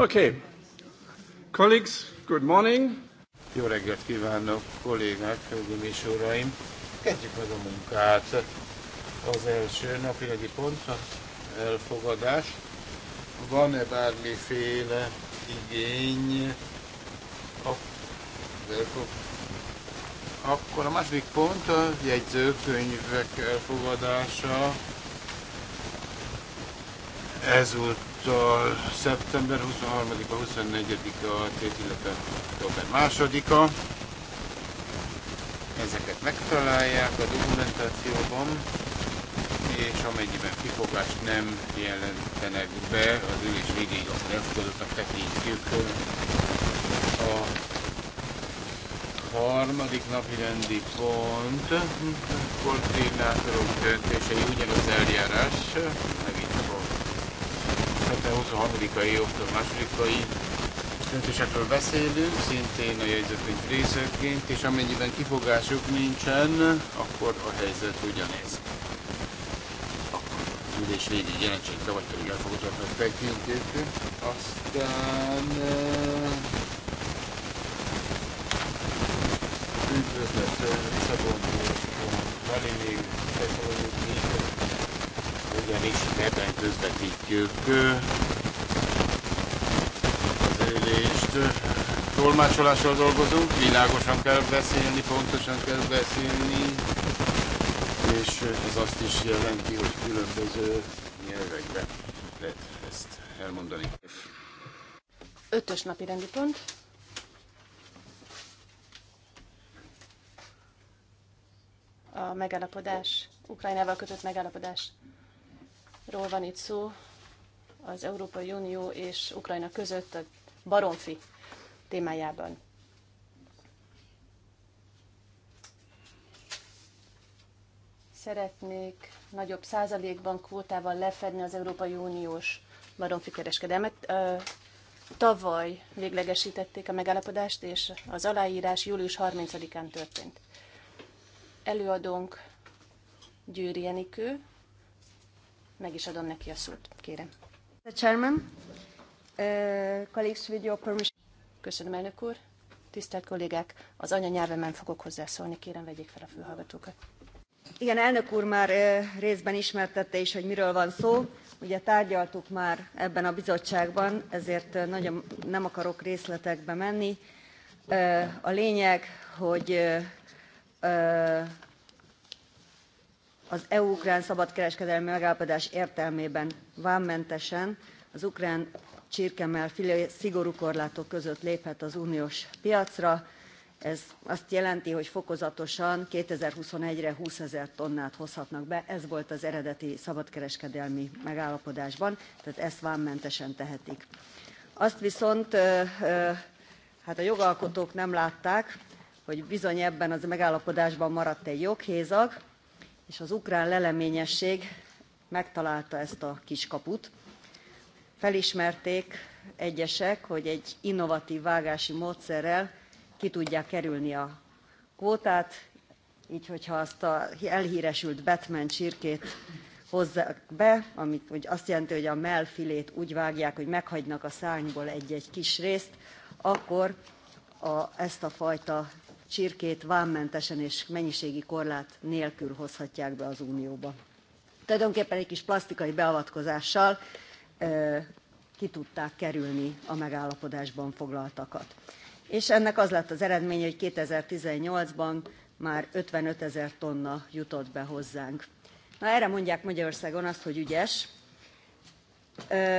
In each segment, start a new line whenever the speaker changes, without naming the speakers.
Okay. Colleagues, good morning.
Jó reggelt kívánok, kollégák, hölgyeim és uraim. Kezdjük meg a munkát. Az első napi egy pont, elfogadás. Van-e bármiféle igény? Akkor a második pont a jegyzőkönyvek elfogadása. Ezúttal a szeptember 23-a, 24-a a tét, illetve október 2-a. Ezeket megtalálják a dokumentációban, és amennyiben kifogást nem jelentenek be, az ülés végéig akkor a tekintjük. A harmadik napi rendi pont, koordinátorok döntései, ugyanaz eljárás, 23-ai, október 2-ai döntésekről beszélünk, szintén a jegyzőkönyv részeként, és amennyiben kifogásuk nincsen, akkor a helyzet ugyanez. Akkor az ülés végig jelentségre vagy pedig elfogadatnak tekintjük. Aztán eh, üdvözlet eh, Lisszabonból felé ugyanis ebben közvetítjük eh, kérdést tolmácsolással dolgozunk, világosan kell beszélni, pontosan kell beszélni, és ez azt is jelenti, hogy különböző nyelvekben lehet ezt elmondani.
Ötös napi rendi pont. A megállapodás, Ukrajnával kötött megállapodásról van itt szó, az Európai Unió és Ukrajna között a baromfi témájában. Szeretnék nagyobb százalékban kvótával lefedni az Európai Uniós baromfi kereskedelmet. Tavaly véglegesítették a megállapodást, és az aláírás július 30-án történt. Előadónk Győri Enikő, meg is adom neki a szót, kérem. The chairman. Uh, colleagues, with your permission. Köszönöm, elnök úr. Tisztelt kollégák, az anyanyelvemen fogok hozzászólni, kérem vegyék fel a fülhallgatókat. Igen, elnök úr már uh, részben
ismertette is, hogy miről van szó. Ugye tárgyaltuk már ebben a bizottságban, ezért uh, nagyon nem akarok részletekbe menni. A lényeg, hogy az EU-ukrán szabadkereskedelmi megállapodás értelmében vámmentesen az ukrán csirkemellfilé szigorú korlátok között léphet az uniós piacra. Ez azt jelenti, hogy fokozatosan 2021-re 20 ezer tonnát hozhatnak be. Ez volt az eredeti szabadkereskedelmi megállapodásban, tehát ezt vámmentesen tehetik. Azt viszont hát a jogalkotók nem látták, hogy bizony ebben az megállapodásban maradt egy joghézag, és az ukrán leleményesség megtalálta ezt a kiskaput felismerték egyesek, hogy egy innovatív vágási módszerrel ki tudják kerülni a kvótát, így hogyha azt a elhíresült Batman csirkét hozzák be, amit hogy azt jelenti, hogy a mellfilét úgy vágják, hogy meghagynak a szárnyból egy-egy kis részt, akkor a, ezt a fajta csirkét vámmentesen és mennyiségi korlát nélkül hozhatják be az Unióba. Tulajdonképpen egy kis plastikai beavatkozással ki tudták kerülni a megállapodásban foglaltakat. És ennek az lett az eredménye, hogy 2018-ban már 55 ezer tonna jutott be hozzánk. Na erre mondják Magyarországon azt, hogy ügyes,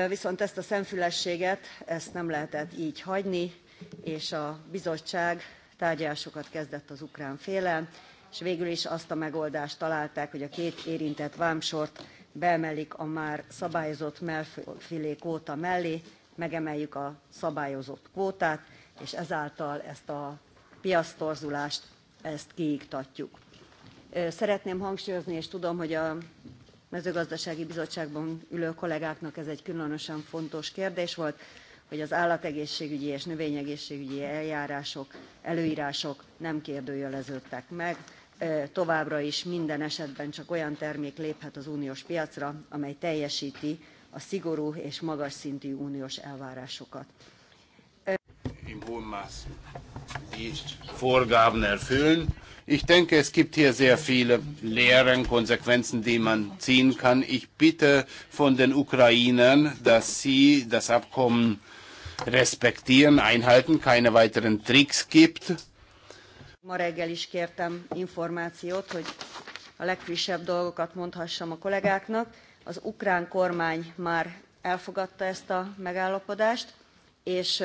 viszont ezt a szemfülességet, ezt nem lehetett így hagyni, és a bizottság tárgyalásokat kezdett az ukrán félel, és végül is azt a megoldást találták, hogy a két érintett vámsort beemelik a már szabályozott melfilé kvóta mellé, megemeljük a szabályozott kvótát, és ezáltal ezt a piasztorzulást, ezt kiiktatjuk. Szeretném hangsúlyozni, és tudom, hogy a mezőgazdasági bizottságban ülő kollégáknak ez egy különösen fontos kérdés volt, hogy az állategészségügyi és növényegészségügyi eljárások, előírások nem kérdőjeleződtek meg, továbbra is minden esetben csak olyan termék léphet az uniós piacra, amely teljesíti a szigorú és magas szintű uniós elvárásokat.
die Vorgaben erfüllen. Ich denke, es gibt hier sehr viele Lehren, Konsequenzen, die man ziehen kann. Ich bitte von den Ukrainern, dass sie das Abkommen respektieren, einhalten, keine weiteren Tricks gibt
Ma reggel is kértem információt, hogy a legfrissebb dolgokat mondhassam a kollégáknak. Az ukrán kormány már elfogadta ezt a megállapodást, és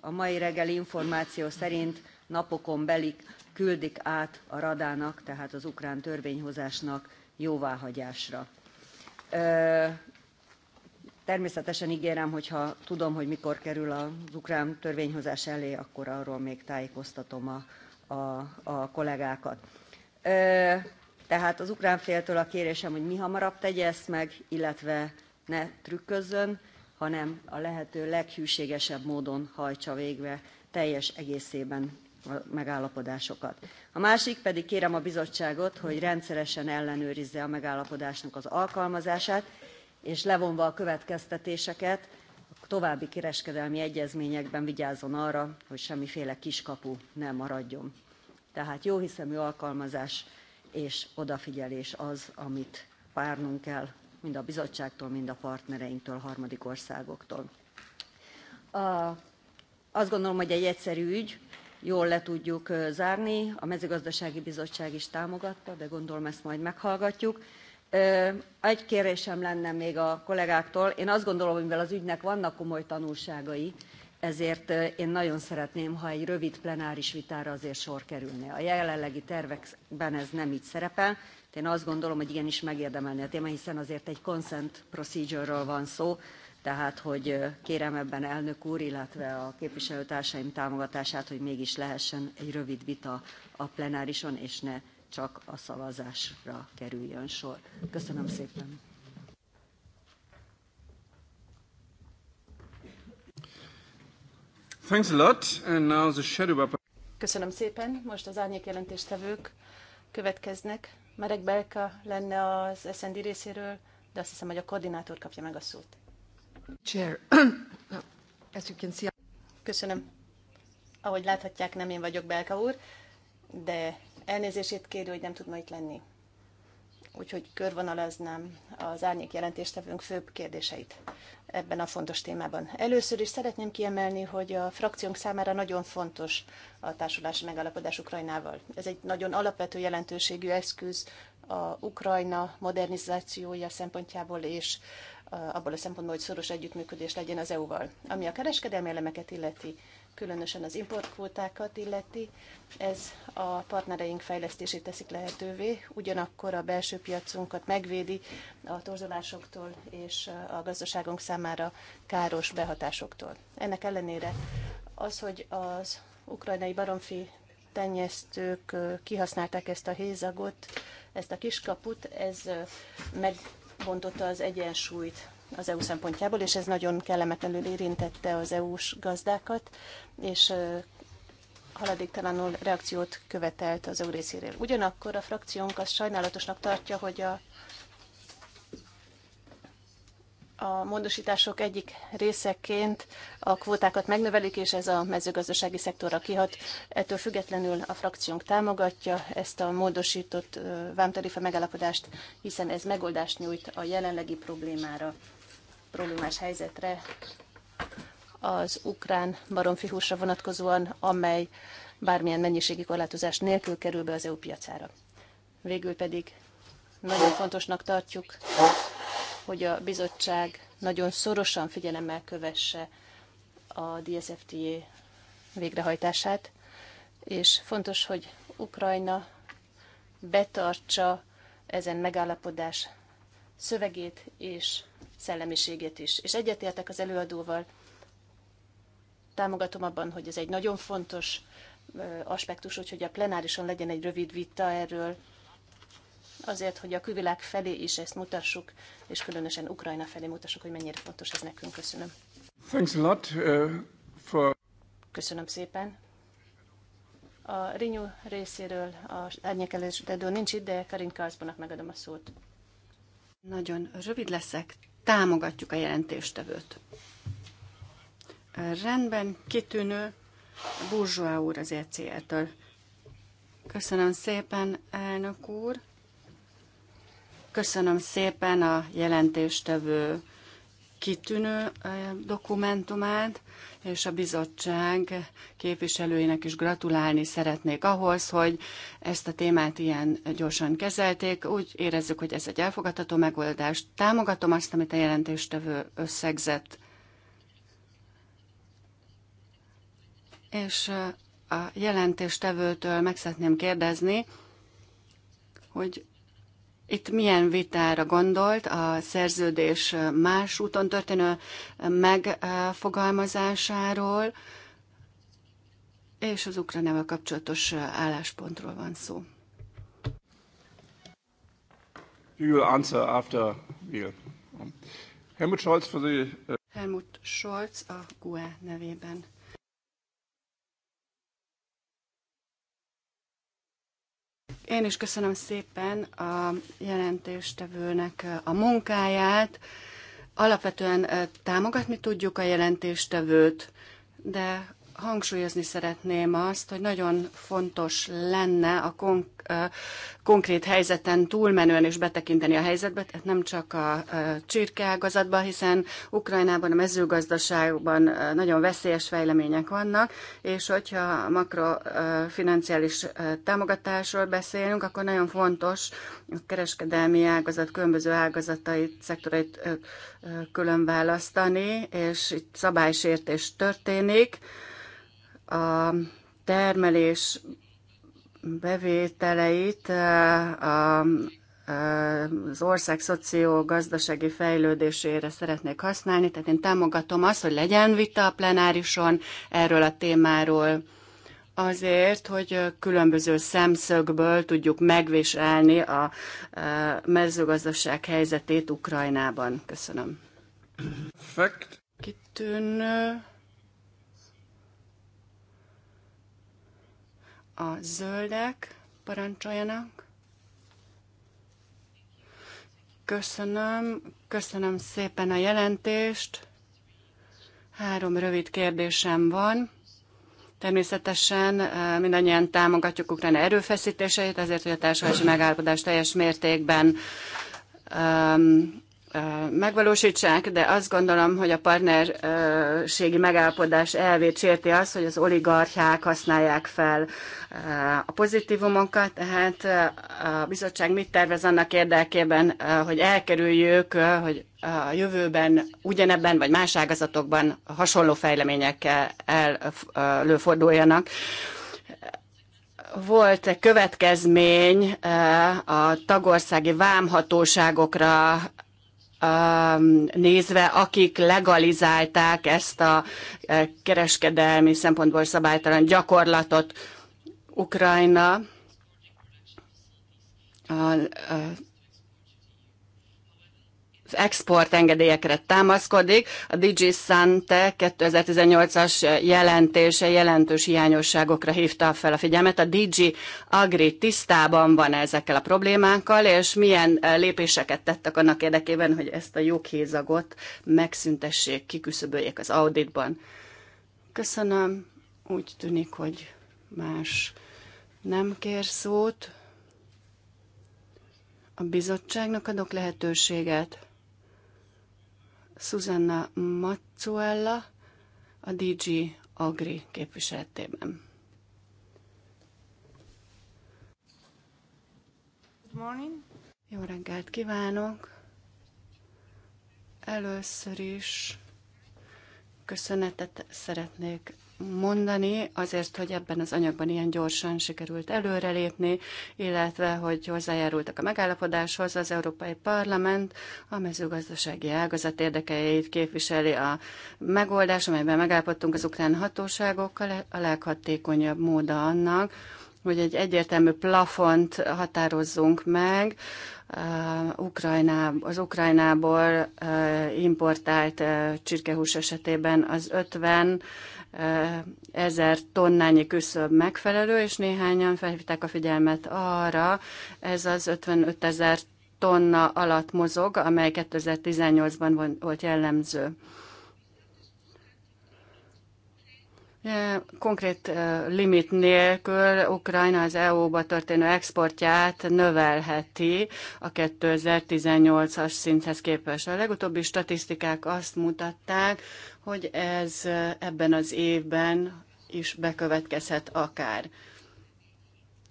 a mai reggeli információ szerint napokon belül küldik át a Radának, tehát az ukrán törvényhozásnak jóváhagyásra. Természetesen ígérem, hogyha tudom, hogy mikor kerül az ukrán törvényhozás elé, akkor arról még tájékoztatom a a, a kollégákat. Ö, tehát az ukrán féltől a kérésem, hogy mi hamarabb tegye ezt meg, illetve ne trükközzön, hanem a lehető leghűségesebb módon hajtsa végre teljes egészében a megállapodásokat. A másik pedig kérem a bizottságot, hogy rendszeresen ellenőrizze a megállapodásnak az alkalmazását, és levonva a következtetéseket, további kereskedelmi egyezményekben vigyázzon arra, hogy semmiféle kiskapu ne maradjon. Tehát jóhiszemű alkalmazás és odafigyelés az, amit párnunk kell mind a bizottságtól, mind a partnereinktől, harmadik országoktól. A, azt gondolom, hogy egy egyszerű ügy, jól le tudjuk zárni. A mezőgazdasági bizottság is támogatta, de gondolom ezt majd meghallgatjuk. Egy kérésem lenne még a kollégáktól. Én azt gondolom, hogy mivel az ügynek vannak komoly tanulságai, ezért én nagyon szeretném, ha egy rövid plenáris vitára azért sor kerülne. A jelenlegi tervekben ez nem így szerepel, de én azt gondolom, hogy igenis megérdemelni a téma, hiszen azért egy consent procedure-ről van szó, tehát hogy kérem ebben elnök úr, illetve a képviselőtársaim támogatását, hogy mégis lehessen egy rövid vita a plenárison, és ne csak a szavazásra kerüljön sor. Köszönöm
szépen! Thanks a lot. And now the shadow
Köszönöm szépen. Most az árnyék jelentéstevők következnek. Marek Belka lenne az SND részéről, de azt hiszem, hogy a koordinátor kapja meg a szót. Chair. As you can see... Köszönöm. Ahogy láthatják, nem én vagyok Belka úr, de Elnézését kérő, hogy nem tud ma itt lenni. Úgyhogy körvonalaznám az árnyék jelentéstevőnk főbb kérdéseit ebben a fontos témában. Először is szeretném kiemelni, hogy a frakciónk számára nagyon fontos a társulási megalapodás Ukrajnával. Ez egy nagyon alapvető jelentőségű eszköz a Ukrajna modernizációja szempontjából és abból a szempontból, hogy szoros együttműködés legyen az EU-val. Ami a kereskedelmi elemeket illeti, különösen az importkvótákat illeti. Ez a partnereink fejlesztését teszik lehetővé, ugyanakkor a belső piacunkat megvédi a torzolásoktól és a gazdaságunk számára káros behatásoktól. Ennek ellenére az, hogy az ukrajnai baromfi tenyésztők kihasználták ezt a hézagot, ezt a kiskaput, ez megbontotta az egyensúlyt az EU szempontjából, és ez nagyon kellemetlenül érintette az EU-s gazdákat, és haladéktalanul reakciót követelt az EU részéről. Ugyanakkor a frakciónk azt sajnálatosnak tartja, hogy a, a módosítások egyik részeként a kvótákat megnövelik, és ez a mezőgazdasági szektorra kihat. Ettől függetlenül a frakciónk támogatja ezt a módosított vámtarifa megállapodást, hiszen ez megoldást nyújt a jelenlegi problémára problémás helyzetre az ukrán baromfi húsra vonatkozóan, amely bármilyen mennyiségi korlátozás nélkül kerül be az EU piacára. Végül pedig nagyon fontosnak tartjuk, hogy a bizottság nagyon szorosan figyelemmel kövesse a DSFTA végrehajtását, és fontos, hogy Ukrajna betartsa ezen megállapodás szövegét és szellemiségét is. És egyetértek az előadóval, támogatom abban, hogy ez egy nagyon fontos aspektus, úgyhogy a plenárison legyen egy rövid vita erről, azért, hogy a külvilág felé is ezt mutassuk, és különösen Ukrajna felé mutassuk, hogy mennyire fontos ez nekünk. Köszönöm.
Thanks a lot, uh, for...
Köszönöm szépen. A Rinyú részéről a de nincs itt, de Karin Karszbonak megadom a szót. Nagyon rövid leszek,
támogatjuk a jelentéstevőt. Rendben, kitűnő, Burzsóá úr az ecl től Köszönöm szépen, elnök úr. Köszönöm szépen a jelentéstevő kitűnő dokumentumát, és a bizottság képviselőinek is gratulálni szeretnék ahhoz, hogy ezt a témát ilyen gyorsan kezelték. Úgy érezzük, hogy ez egy elfogadható megoldás. Támogatom azt, amit a jelentéstevő összegzett. És a jelentéstevőtől meg szeretném kérdezni, hogy itt milyen vitára gondolt a szerződés más úton történő megfogalmazásáról, és az nevel kapcsolatos álláspontról van szó.
You will answer after you. Helmut Scholz for the... Uh, Helmut Scholz a GUE
nevében. Én is köszönöm szépen a jelentéstevőnek a munkáját. Alapvetően támogatni tudjuk a jelentéstevőt, de hangsúlyozni szeretném azt, hogy nagyon fontos lenne a konk- konkrét helyzeten túlmenően is betekinteni a helyzetbe, tehát nem csak a csirkeágazatba, hiszen Ukrajnában, a mezőgazdaságban nagyon veszélyes fejlemények vannak, és hogyha makrofinanciális támogatásról beszélünk, akkor nagyon fontos a kereskedelmi ágazat különböző ágazatait, szektorait külön választani, és itt szabálysértés történik, a termelés bevételeit eh, a eh, az ország szociogazdasági fejlődésére szeretnék használni, tehát én támogatom azt, hogy legyen vita a plenárison erről a témáról, azért, hogy különböző szemszögből tudjuk megviselni a eh, mezőgazdaság helyzetét Ukrajnában. Köszönöm. Perfect. Kitűnő. a zöldek parancsoljanak. Köszönöm, köszönöm szépen a jelentést. Három rövid kérdésem van. Természetesen eh, mindannyian támogatjuk Ukrajna erőfeszítéseit, ezért, hogy a társadalmi megállapodás teljes mértékben um, megvalósítsák, de azt gondolom, hogy a partnerségi megállapodás elvét sérti az, hogy az oligarchák használják fel a pozitívumokat, tehát a bizottság mit tervez annak érdekében, hogy elkerüljük, hogy a jövőben ugyanebben vagy más ágazatokban hasonló fejleményekkel előforduljanak volt következmény a tagországi vámhatóságokra nézve, akik legalizálták ezt a e, kereskedelmi szempontból szabálytalan gyakorlatot. Ukrajna a export engedélyekre támaszkodik. A DG Sante 2018-as jelentése jelentős hiányosságokra hívta fel a figyelmet. A DG Agri tisztában van ezekkel a problémákkal, és milyen eh, lépéseket tettek annak érdekében, hogy ezt a joghézagot megszüntessék, kiküszöböljék az auditban. Köszönöm. Úgy tűnik, hogy más nem kér szót. A bizottságnak adok lehetőséget. Susanna Mazzuella a DG Agri képviseletében. Good morning. Jó reggelt kívánok! Először is köszönetet szeretnék mondani, azért, hogy ebben az anyagban ilyen gyorsan sikerült előrelépni, illetve hogy hozzájárultak a megállapodáshoz az Európai Parlament, a mezőgazdasági ágazat érdekeit képviseli a megoldás, amelyben megállapodtunk az ukrán hatóságokkal, a leghatékonyabb móda annak, hogy egy egyértelmű plafont határozzunk meg uh, Ukrajná, az Ukrajnából uh, importált uh, csirkehús esetében az 50 ezer tonnányi küszöb megfelelő, és néhányan felhívták a figyelmet arra, ez az 55 ezer tonna alatt mozog, amely 2018-ban volt jellemző. E, konkrét e, limit nélkül Ukrajna az EU-ba történő exportját növelheti a 2018-as szinthez képest. A legutóbbi statisztikák azt mutatták, hogy ez ebben az évben is bekövetkezhet akár.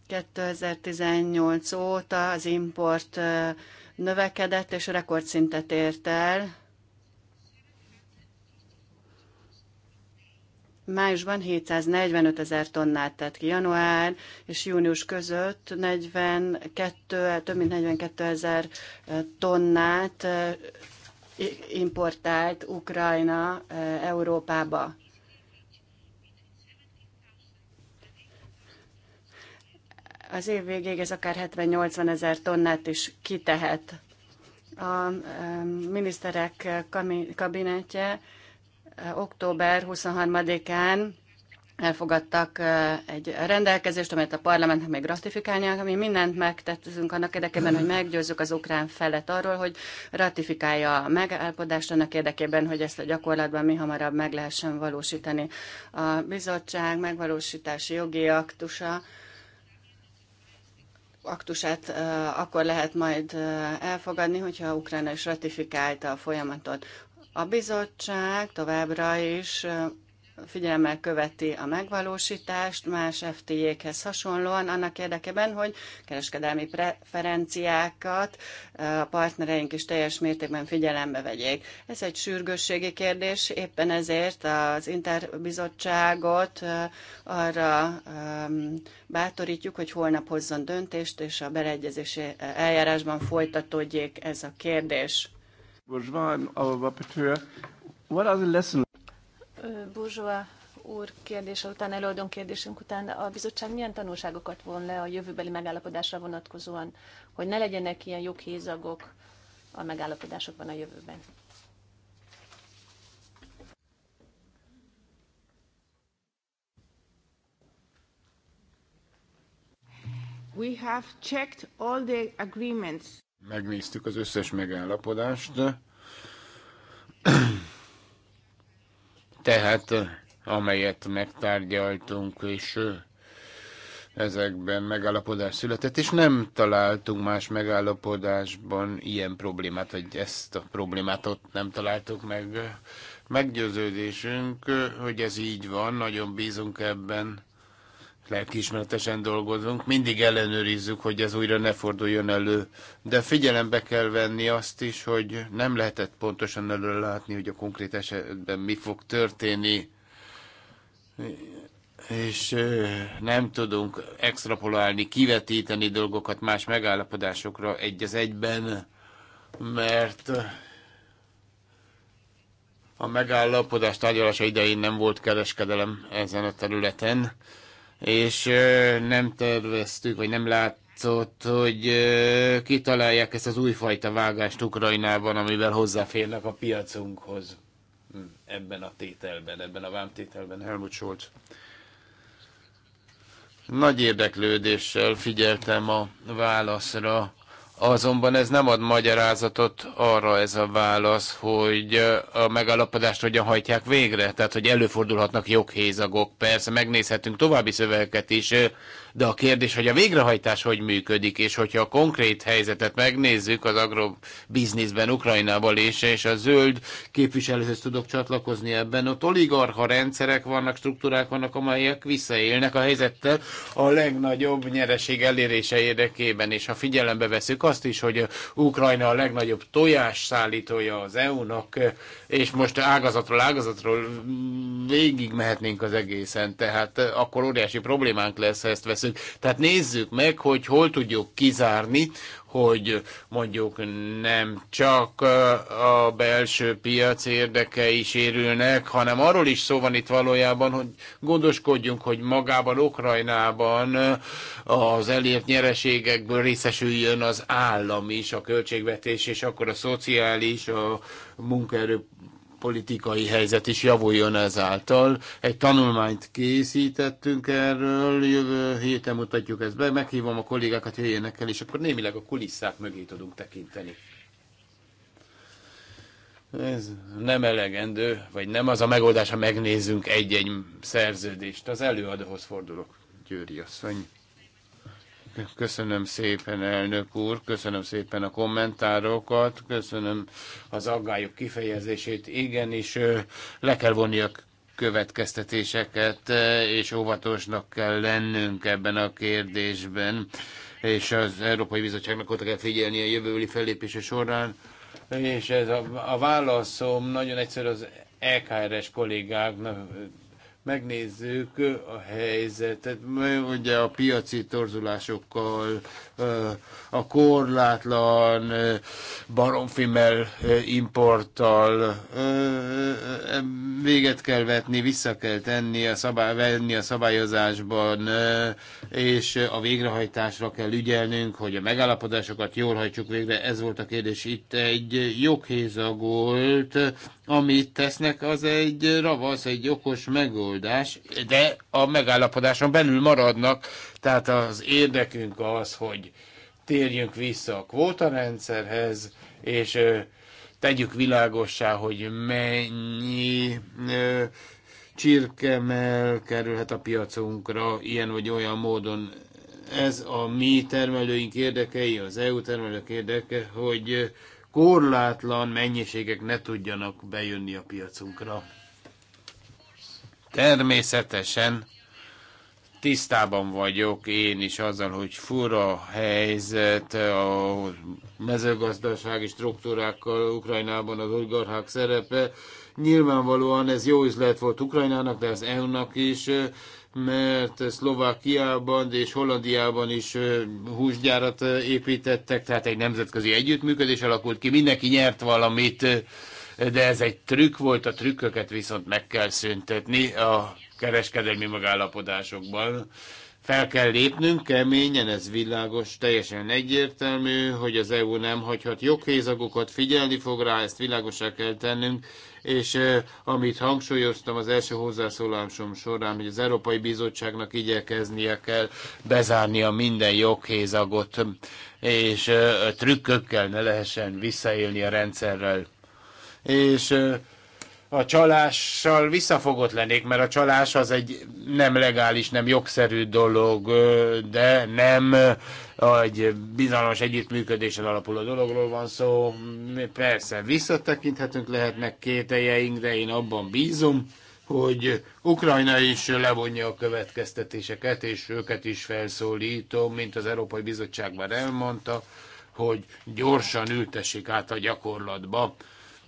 2018 óta az import növekedett és rekordszintet ért el. Májusban 745 ezer tonnát tett ki, január és június között 42, több mint 42 ezer tonnát importált Ukrajna eh, Európába. Az év végéig ez akár 70-80 ezer tonnát is kitehet. A miniszterek kabinetje eh, október 23-án elfogadtak egy rendelkezést, amelyet a parlamentnek még ratifikálni, ami mindent megtettünk annak érdekében, hogy meggyőzzük az ukrán felet arról, hogy ratifikálja a megállapodást annak érdekében, hogy ezt a gyakorlatban mi hamarabb meg lehessen valósítani. A bizottság megvalósítási jogi aktusa aktusát akkor lehet majd elfogadni, hogyha Ukrajna is ratifikálta a folyamatot. A bizottság továbbra is figyelemmel követi a megvalósítást, más FTA-khez hasonlóan, annak érdekében, hogy kereskedelmi preferenciákat a partnereink is teljes mértékben figyelembe vegyék. Ez egy sürgősségi kérdés, éppen ezért az interbizottságot arra bátorítjuk, hogy holnap hozzon döntést, és a beleegyezési eljárásban folytatódjék ez a kérdés.
What are the lessons?
Burzsóa úr kérdése után, előadón kérdésünk után a bizottság milyen tanulságokat von le a jövőbeli megállapodásra vonatkozóan, hogy ne legyenek ilyen joghézagok a megállapodásokban a jövőben?
We have checked all the agreements.
Megnéztük az összes megállapodást tehát eh, amelyet megtárgyaltunk, és eh, ezekben megállapodás született, és nem találtunk más megállapodásban ilyen problémát, vagy ezt a problémát ott nem találtuk meg. Meggyőződésünk, eh, hogy ez így van, nagyon bízunk ebben, lelkiismeretesen dolgozunk, mindig ellenőrizzük, hogy ez újra ne forduljon elő. De figyelembe kell venni azt is, hogy nem lehetett pontosan látni, hogy a konkrét esetben mi fog történni, és nem tudunk extrapolálni, kivetíteni dolgokat más megállapodásokra egy az egyben, mert a megállapodás tárgyalása idején nem volt kereskedelem ezen a területen, és nem terveztük, vagy nem látszott, hogy kitalálják ezt az újfajta vágást Ukrajnában, amivel hozzáférnek a piacunkhoz hm, ebben a tételben, ebben a vámtételben, Helmut Scholz. Nagy érdeklődéssel figyeltem a válaszra Azonban ez nem ad magyarázatot arra ez a válasz, hogy a megállapodást hogyan hajtják végre. Tehát, hogy előfordulhatnak joghézagok. Persze megnézhetünk további szövegeket is, de a kérdés, hogy a végrehajtás hogy működik, és hogyha a konkrét helyzetet megnézzük az agrobizniszben, Ukrajnában és, és a zöld képviselőhöz tudok csatlakozni ebben, ott oligarha rendszerek vannak, struktúrák vannak, amelyek visszaélnek a helyzettel a legnagyobb nyereség elérése érdekében, és ha figyelembe veszük azt is, hogy Ukrajna a legnagyobb tojás szállítója az EU-nak, és most ágazatról ágazatról végig mehetnénk az egészen, tehát akkor óriási problémánk lesz, ha ezt teszünk. Tehát nézzük meg, hogy hol tudjuk kizárni, hogy mondjuk nem csak a belső piac érdekei sérülnek, hanem arról is szó van itt valójában, hogy gondoskodjunk, hogy magában Ukrajnában az elért nyereségekből részesüljön az állam is, a költségvetés, és akkor a szociális, a munkaerő politikai helyzet is javuljon ezáltal. Egy tanulmányt készítettünk erről, jövő héten mutatjuk ezt be, meghívom a kollégákat, jöjjenek el, és akkor némileg a kulisszák mögé tudunk tekinteni. Ez nem elegendő, vagy nem az a megoldás, ha megnézzünk egy-egy szerződést. Az előadóhoz fordulok, Győri asszony. Köszönöm szépen, elnök úr, köszönöm szépen a kommentárokat, köszönöm az aggályok kifejezését. Igenis, le kell vonni a következtetéseket, és óvatosnak kell lennünk ebben a kérdésben, és az Európai Bizottságnak ott kell figyelni a jövőbeli fellépése során. És ez a, a válaszom nagyon egyszerű az EKRS kollégáknak megnézzük a helyzetet, ugye a piaci torzulásokkal, a korlátlan baromfimmel importtal véget kell vetni, vissza kell tenni a, szabály, venni a szabályozásban, és a végrehajtásra kell ügyelnünk, hogy a megállapodásokat jól hajtsuk végre. Ez volt a kérdés. Itt egy joghézagolt, amit tesznek, az egy ravasz, egy okos megoldás megoldás, de a megállapodáson belül maradnak, tehát az érdekünk az, hogy térjünk vissza a kvótarendszerhez, és ö, tegyük világossá, hogy mennyi ö, csirkemel kerülhet a piacunkra ilyen vagy olyan módon. Ez a mi termelőink érdekei, az EU termelők érdeke, hogy korlátlan mennyiségek ne tudjanak bejönni a piacunkra. Természetesen tisztában vagyok én is azzal, hogy fura a helyzet a mezőgazdasági struktúrákkal Ukrajnában az oligarchák szerepe. Nyilvánvalóan ez jó üzlet volt Ukrajnának, de az EU-nak is, mert Szlovákiában és Hollandiában is húsgyárat építettek, tehát egy nemzetközi együttműködés alakult ki, mindenki nyert valamit de ez egy trükk volt, a trükköket viszont meg kell szüntetni a kereskedelmi megállapodásokban. Fel kell lépnünk keményen, ez világos, teljesen egyértelmű, hogy az EU nem hagyhat joghézagokat, figyelni fog rá, ezt világosá kell tennünk, és eh, amit hangsúlyoztam az első hozzászólásom során, hogy az Európai Bizottságnak igyekeznie kell bezárnia minden joghézagot, és eh, trükkökkel ne lehessen visszaélni a rendszerrel és a csalással visszafogott lennék, mert a csalás az egy nem legális, nem jogszerű dolog, de nem egy bizalmas együttműködésen alapuló dologról van szó. Persze visszatekinthetünk, lehetnek kételjeink, de én abban bízom, hogy Ukrajna is levonja a következtetéseket, és őket is felszólítom, mint az Európai Bizottság már elmondta, hogy gyorsan ültessék át a gyakorlatba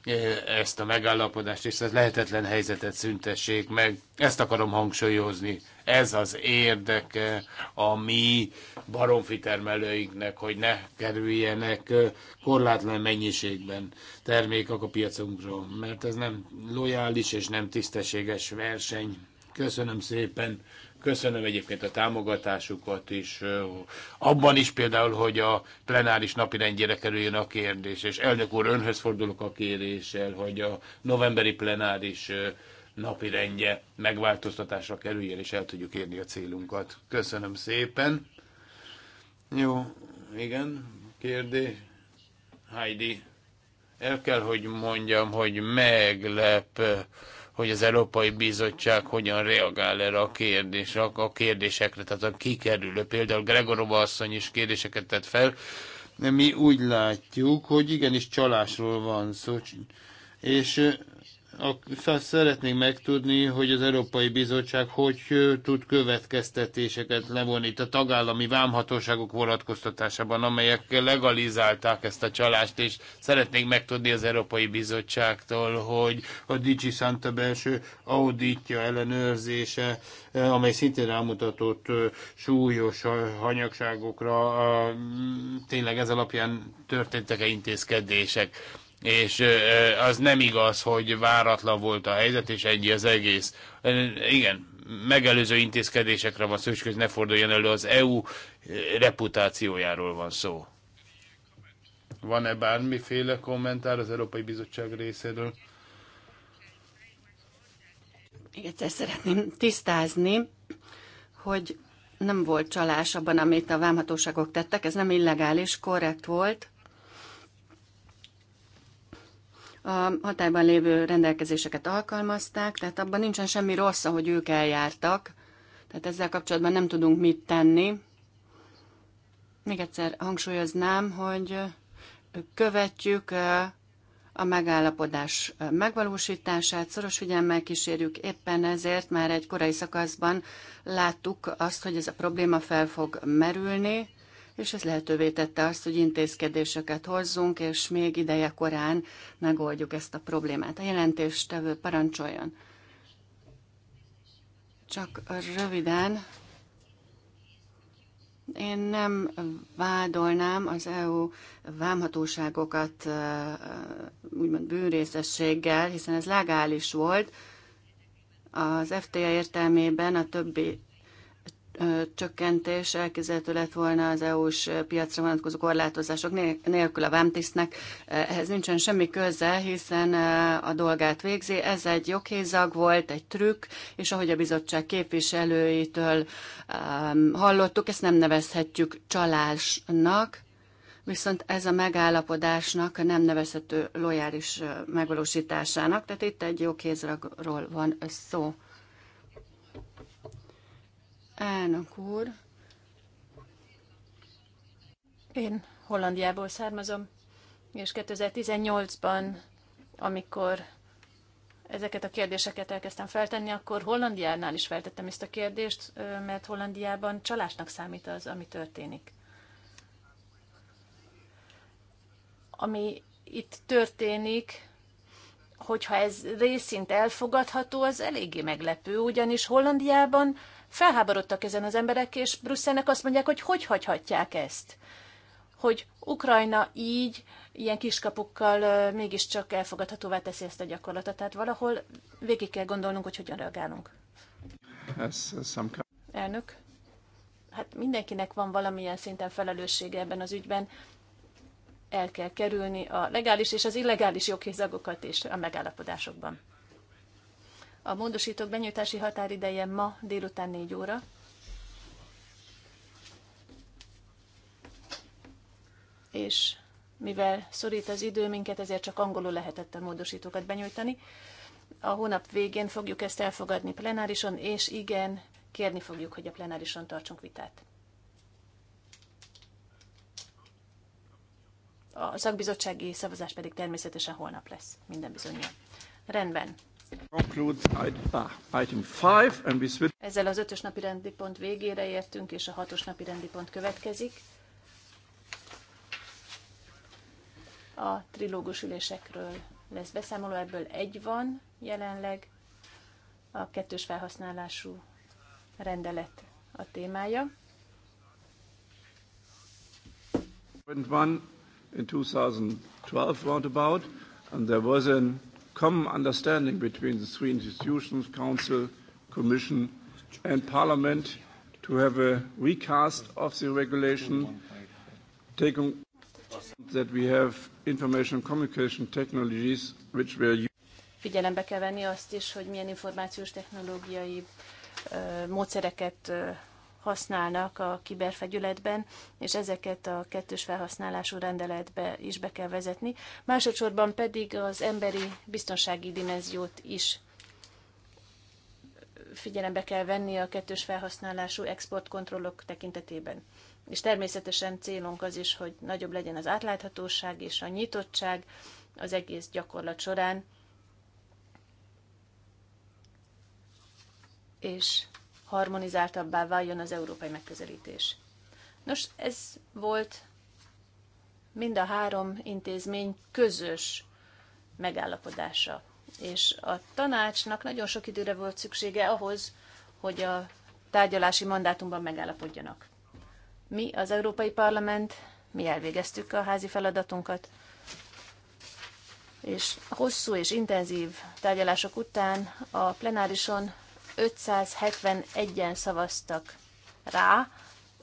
E, ezt a megállapodást, és ez lehetetlen helyzetet szüntessék meg. Ezt akarom hangsúlyozni. Ez az érdeke a mi baromfi termelőinknek, hogy ne kerüljenek e, korlátlan mennyiségben termékek a piacunkról, mert ez nem lojális és nem tisztességes verseny. Köszönöm szépen! Köszönöm egyébként a támogatásukat is. Abban is például, hogy a plenáris napi rendjére kerüljön a kérdés, és elnök úr, önhöz fordulok a kéréssel, hogy a novemberi plenáris napi rendje megváltoztatásra kerüljön, és el tudjuk érni a célunkat. Köszönöm szépen. Jó, igen, kérdés. Heidi, el kell, hogy mondjam, hogy meglep hogy az Európai Bizottság hogyan reagál erre a kérdésre, a kérdésekre, tehát a kikerülő. Például Gregorova asszony is kérdéseket tett fel. Mi úgy látjuk, hogy igenis csalásról van szó, és azt szeretnénk megtudni, hogy az Európai Bizottság hogy tud következtetéseket levonni itt a tagállami vámhatóságok vonatkoztatásában, amelyek legalizálták ezt a csalást, és szeretnénk megtudni az Európai Bizottságtól, hogy a Dicsi Santa belső auditja ellenőrzése, amely szintén rámutatott súlyos hanyagságokra, tényleg ez alapján történtek-e intézkedések és az nem igaz, hogy váratlan volt a helyzet, és egy az egész. Igen, megelőző intézkedésekre van szó, és ne forduljon elő, az EU reputációjáról van szó. Van-e bármiféle kommentár az Európai Bizottság részéről?
Igen, ezt szeretném tisztázni, hogy nem volt csalás abban, amit a vámhatóságok tettek, ez nem illegális, korrekt volt, a hatályban lévő rendelkezéseket alkalmazták, tehát abban nincsen semmi rossz, ahogy ők eljártak, tehát ezzel kapcsolatban nem tudunk mit tenni. Még egyszer hangsúlyoznám, hogy követjük a megállapodás megvalósítását, szoros figyelmmel kísérjük, éppen ezért már egy korai szakaszban láttuk azt, hogy ez a probléma fel fog merülni, és ez lehetővé tette azt, hogy intézkedéseket hozzunk, és még ideje korán megoldjuk ezt a problémát. A jelentéstevő parancsoljon. Csak röviden, én nem vádolnám az EU vámhatóságokat úgymond bűnrészességgel, hiszen ez legális volt. Az FTA értelmében a többi csökkentés elképzelhető lett volna az EU-s piacra vonatkozó korlátozások nélkül a vámtisztnek. Ehhez nincsen semmi köze, hiszen a dolgát végzi. Ez egy joghézag volt, egy trükk, és ahogy a bizottság képviselőitől hallottuk, ezt nem nevezhetjük csalásnak, viszont ez a megállapodásnak nem nevezhető lojális megvalósításának, tehát itt egy joghézagról van szó
elnök úr! Én Hollandiából származom, és 2018-ban, amikor ezeket a kérdéseket elkezdtem feltenni, akkor Hollandiánál is feltettem ezt a kérdést, mert Hollandiában csalásnak számít az, ami történik. Ami itt történik, hogyha ez részint elfogadható, az eléggé meglepő, ugyanis Hollandiában Felháborodtak ezen az emberek, és Brüsszelnek azt mondják, hogy hogy hagyhatják ezt. Hogy Ukrajna így, ilyen kiskapukkal mégiscsak elfogadhatóvá teszi ezt a gyakorlatot. Tehát valahol végig kell gondolnunk, hogy hogyan reagálunk.
Uh,
Elnök, hát mindenkinek van valamilyen szinten felelőssége ebben az ügyben. El kell kerülni a legális és az illegális joghézagokat és a megállapodásokban. A módosítók benyújtási határideje ma délután 4 óra. És mivel szorít az idő minket, ezért csak angolul lehetett a módosítókat benyújtani. A hónap végén fogjuk ezt elfogadni plenárison, és igen, kérni fogjuk, hogy a plenárison tartsunk vitát. A szakbizottsági szavazás pedig természetesen holnap lesz, minden bizonyja. Rendben.
Ah,
Ezzel az ötös napi rendi pont végére értünk, és a hatos napi rendi pont következik. A trilógus ülésekről lesz beszámoló, ebből egy van jelenleg, a kettős felhasználású rendelet a témája.
One in 2012 roundabout, and there was an common understanding between the three institutions, Council, Commission and Parliament to have a recast of the regulation, taking that we have information communication technologies which were
Figyelembe kell venni azt is, hogy milyen információs technológiai uh, módszereket uh, használnak a kiberfegyületben, és ezeket a kettős felhasználású rendeletbe is be kell vezetni. Másodszorban pedig az emberi biztonsági dimenziót is figyelembe kell venni a kettős felhasználású exportkontrollok tekintetében. És természetesen célunk az is, hogy nagyobb legyen az átláthatóság és a nyitottság az egész gyakorlat során, és harmonizáltabbá váljon az európai megközelítés. Nos, ez volt mind a három intézmény közös megállapodása. És a tanácsnak nagyon sok időre volt szüksége ahhoz, hogy a tárgyalási mandátumban megállapodjanak. Mi, az Európai Parlament, mi elvégeztük a házi feladatunkat, és hosszú és intenzív tárgyalások után a plenárison 571-en szavaztak rá,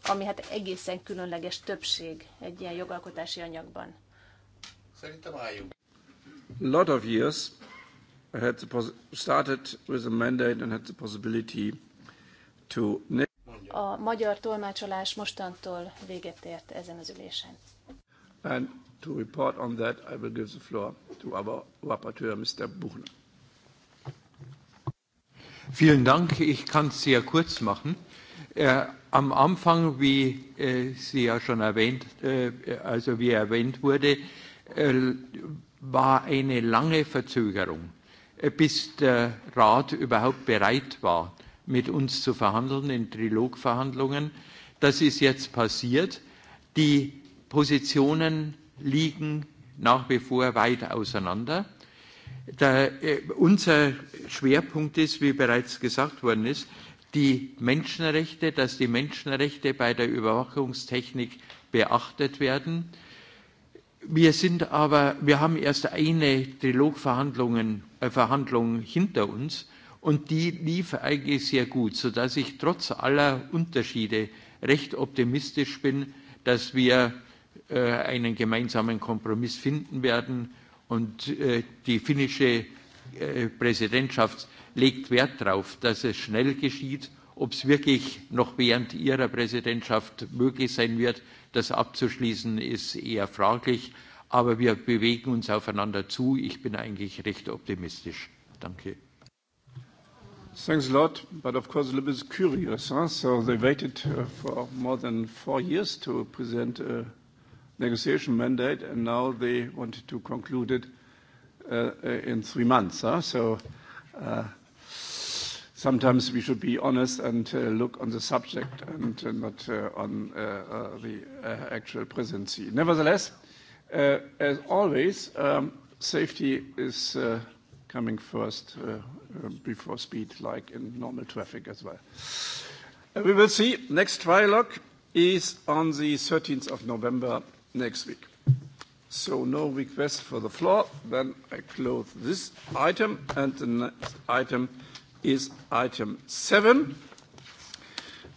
ami hát egészen különleges többség egy ilyen jogalkotási anyagban. Szerintem álljunk.
Lot of years I had the started with a mandate and had the possibility to
a magyar tolmácsolás mostantól véget ért ezen az ülésen.
And to report on that, I will give the floor to our rapporteur, Mr. Buchner.
Vielen Dank. Ich kann es sehr kurz machen. Äh, am Anfang, wie äh, Sie ja schon erwähnt, äh, also wie erwähnt wurde, äh, war eine lange Verzögerung, äh, bis der Rat überhaupt bereit war, mit uns zu verhandeln in Trilogverhandlungen. Das ist jetzt passiert. Die Positionen liegen nach wie vor weit auseinander. Da, äh, unser Schwerpunkt ist, wie bereits gesagt worden ist, die Menschenrechte, dass die Menschenrechte bei der Überwachungstechnik beachtet werden. Wir sind aber, wir haben erst eine Trilogverhandlung äh, Verhandlung hinter uns und die lief eigentlich sehr gut, sodass ich trotz aller Unterschiede recht optimistisch bin, dass wir äh, einen gemeinsamen Kompromiss finden werden Und äh, die finnische äh, Präsidentschaft legt Wert darauf, dass es schnell geschieht. Ob es wirklich noch während ihrer Präsidentschaft möglich sein wird, das abzuschließen, ist eher fraglich. Aber wir bewegen uns aufeinander zu. Ich bin eigentlich recht optimistisch. Danke. Thanks a lot.
But of course, a little bit curious. Huh? So they waited uh, for more than four years to present Uh negotiation mandate, and now they wanted to conclude it uh, uh, in three months. Huh? So uh, sometimes we should be honest and uh, look on the subject and uh, not uh, on uh, uh, the uh, actual presidency. Nevertheless, uh, as always, um, safety is uh, coming first uh, uh before speed, like in normal traffic as well. Uh, we will see. Next trilogue is on the 13th of November next week. So no request for the floor. Then I close this item, and the next item is item seven,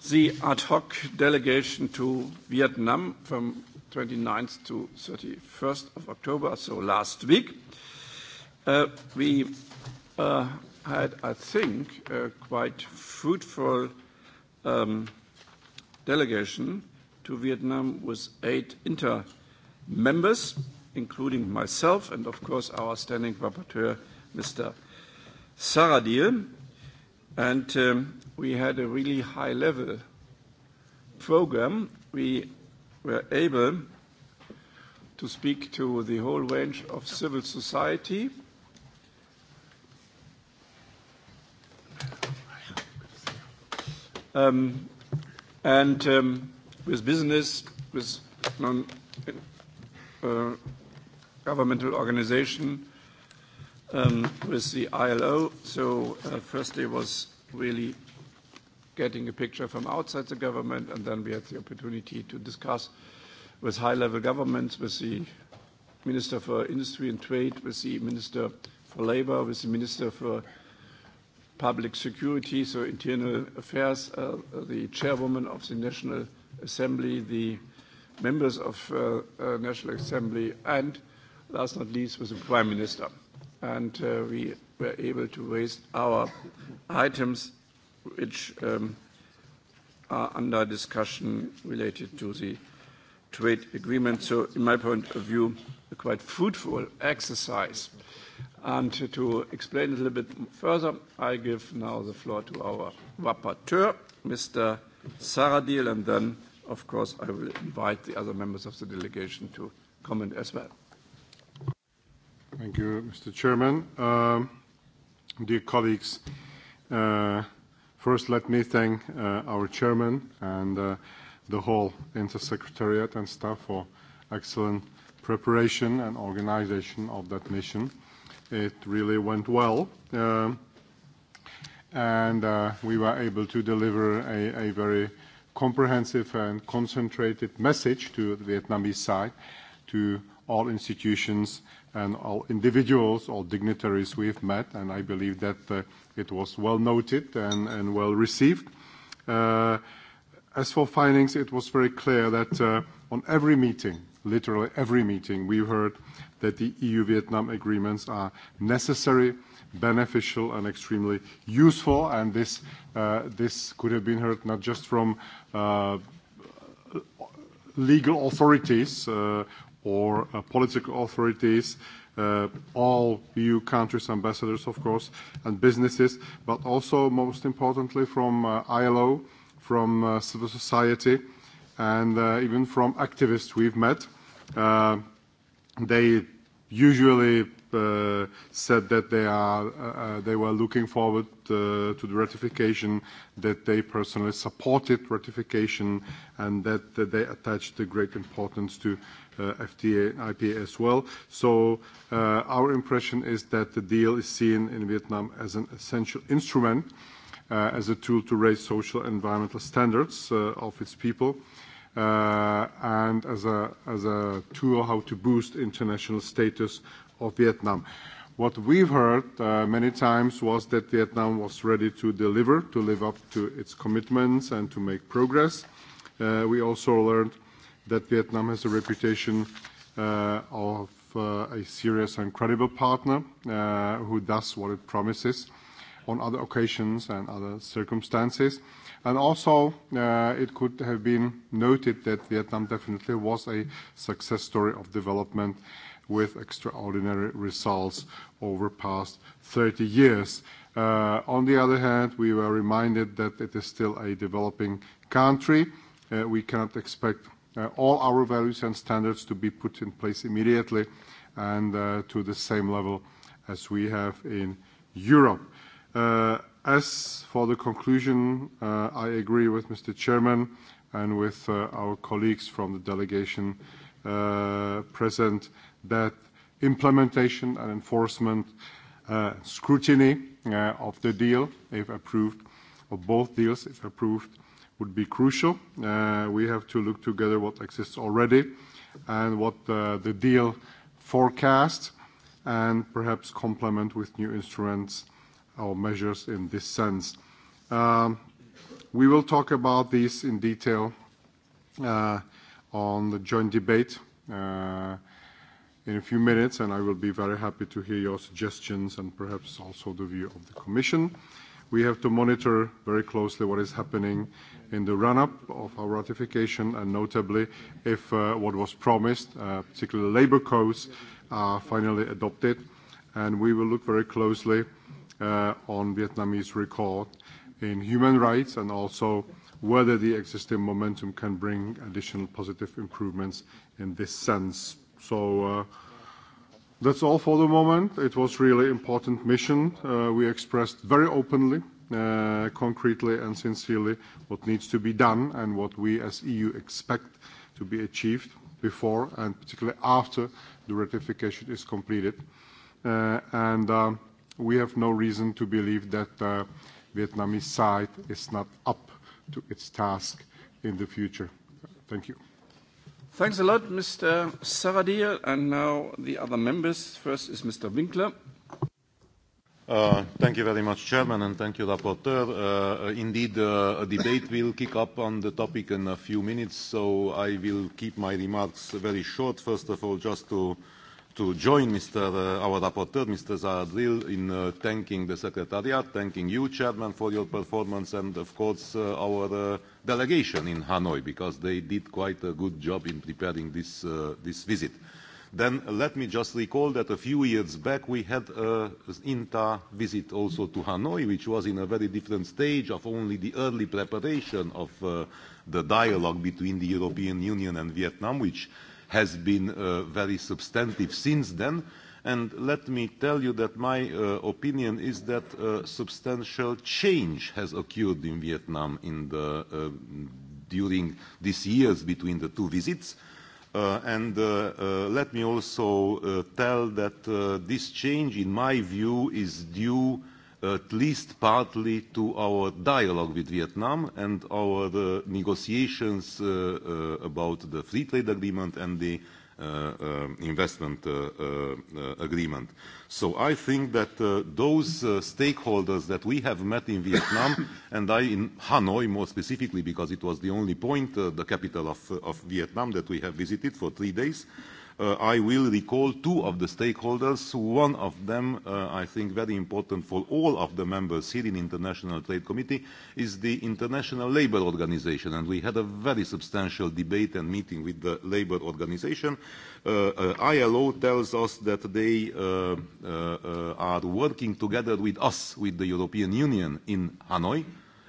the ad hoc delegation to Vietnam from 29th to 31st of October, so last week. Uh, we uh, had, I think, a quite fruitful um, delegation to Vietnam with eight inter members, including myself and, of course, our standing rapporteur, Mr. Saradil. And um, we had a really high level program. We were able to speak to the whole range of civil society. Um, and um, with business, with äh, non-governmental uh, organization, um, with the ILO. So uh, first day was really getting a picture from outside the government, and then we had the opportunity to discuss with high-level governments, with the Minister for Industry and Trade, with the Minister for Labor, with the Minister for Public Security, so Internal Affairs, uh, the chairwoman of the National Assembly, the members of uh, uh, National Assembly, and last not least with the Prime Minister. And uh, we were able to raise our items which um, are under discussion related to the trade agreement. So in my point of view, a quite fruitful exercise. And to explain a little bit further, I give now the floor to our rapporteur, Mr. Saradil, and then of course, I will invite the other members of the delegation to comment as well. Thank you, Mr. Chairman. Um, dear colleagues, uh,
first let me thank uh, our chairman and uh, the whole inter-secretariat and staff for excellent preparation and organization of that mission. It really went well. Um, and uh, we were able to deliver a, a very comprehensive and concentrated message to the Vietnamese side, to all institutions and all individuals, all dignitaries we've met, and I believe that uh, it was well noted and, and well received. Uh, as for findings, it was very clear that uh, on every meeting, literally every meeting, we heard that the EU-Vietnam agreements are necessary beneficial and extremely useful. And this, uh, this could have been heard not just from uh, legal authorities uh, or uh, political authorities, uh, all EU countries, ambassadors, of course, and businesses, but also, most importantly, from uh, ILO, from uh, civil society, and uh, even from activists we've met. Uh, they usually Uh, said that they are uh, uh, they were looking forward to the ratification, that they personally supported ratification, and that, they attached a great importance to FTA and IPA as well. So uh, our impression is that the deal is seen in Vietnam as an essential instrument, uh, as a tool to raise social and environmental standards uh, of its people. Uh, and as a, as a tool how to boost international status of Vietnam. What we've heard uh, many times was that Vietnam was ready to deliver, to live up to its commitments and to make progress. Uh, we also learned that Vietnam has a reputation uh, of uh, a serious and credible partner uh, who does what it promises on other occasions and other circumstances. And also, uh, it could have been noted that Vietnam definitely was a success story of development uh, with extraordinary results over past 30 years. Uh, on the other hand, we were reminded that it is still a developing country. Uh, we cannot expect uh, all our values and standards to be put in place immediately and uh, to the same level as we have in Europe. Uh, as for the conclusion, uh, I agree with Mr. Chairman and with uh, our colleagues from the delegation uh, present that implementation and enforcement uh, scrutiny uh, of the deal, if approved, of both deals, if approved, would be crucial. Uh, we have to look together what exists already and what uh, the deal forecasts, and perhaps complement with new instruments or measures in this sense. Um, we will talk about these in detail uh, on the joint debate uh, in a few minutes, and I will be very happy to hear your suggestions and perhaps also the view of the Commission. We have to monitor very closely what is happening in the run-up of our ratification, and notably if uh, what was promised, uh, particularly labour codes, are finally adopted. And we will look very closely uh, on Vietnamese record in human rights and also whether the existing momentum can bring additional positive improvements in this sense. So uh, that's all for the moment. It was really important mission. Uh, we expressed very openly, uh, concretely and sincerely what needs to be done and what we as EU expect to be achieved before and particularly after the ratification is completed. and we have no reason to believe that the Vietnamese side is not up to its task in the future. Thank you.
Thanks a lot, Mr. Savadil. And now the other members. First is Mr. Winkler. Uh, thank you very much, Chairman, and thank you, Rapporteur. Uh, uh,
indeed, uh, a debate will kick up on the topic in a few minutes, so I will keep my remarks very short. First of all, just to uh, to join Mr. Uh, our rapporteur, Mr. Zadril, in uh, thanking the Secretariat, thanking you, Chairman, for your performance, and of course uh, our uh, delegation in Hanoi, because they did quite a good job in preparing this, uh, this visit. Then uh, let me just recall that a few years back we had uh, an INTA visit also to Hanoi, which was in a very different stage of only the early preparation of uh, the dialogue between the European Union and Vietnam, which has been uh, very substantive since then. And let me tell you that my uh, opinion is that uh, substantial change has occurred in Vietnam in the, uh, during these years between the two visits. Uh, and uh, uh, let me also uh, tell that uh, this change, in my view, is due at least partly to our dialogue with Vietnam and our uh, negotiations uh, uh, about the free trade agreement and the uh, uh, investment uh, uh, agreement. So I think that uh, those uh, stakeholders that we have met in Vietnam, and I in Hanoi more specifically because it was the only point, uh, the capital of, of Vietnam that we have visited for three days, uh, uh, I will recall two of the stakeholders. One of them, uh, I think very important for all of the members here in International Trade Committee, is the International Labour Organization. And we had a very substantial debate and meeting with the Labour Organization. Uh, uh, ILO tells us that they uh, uh, uh, are working together with us, with the European Union in Hanoi,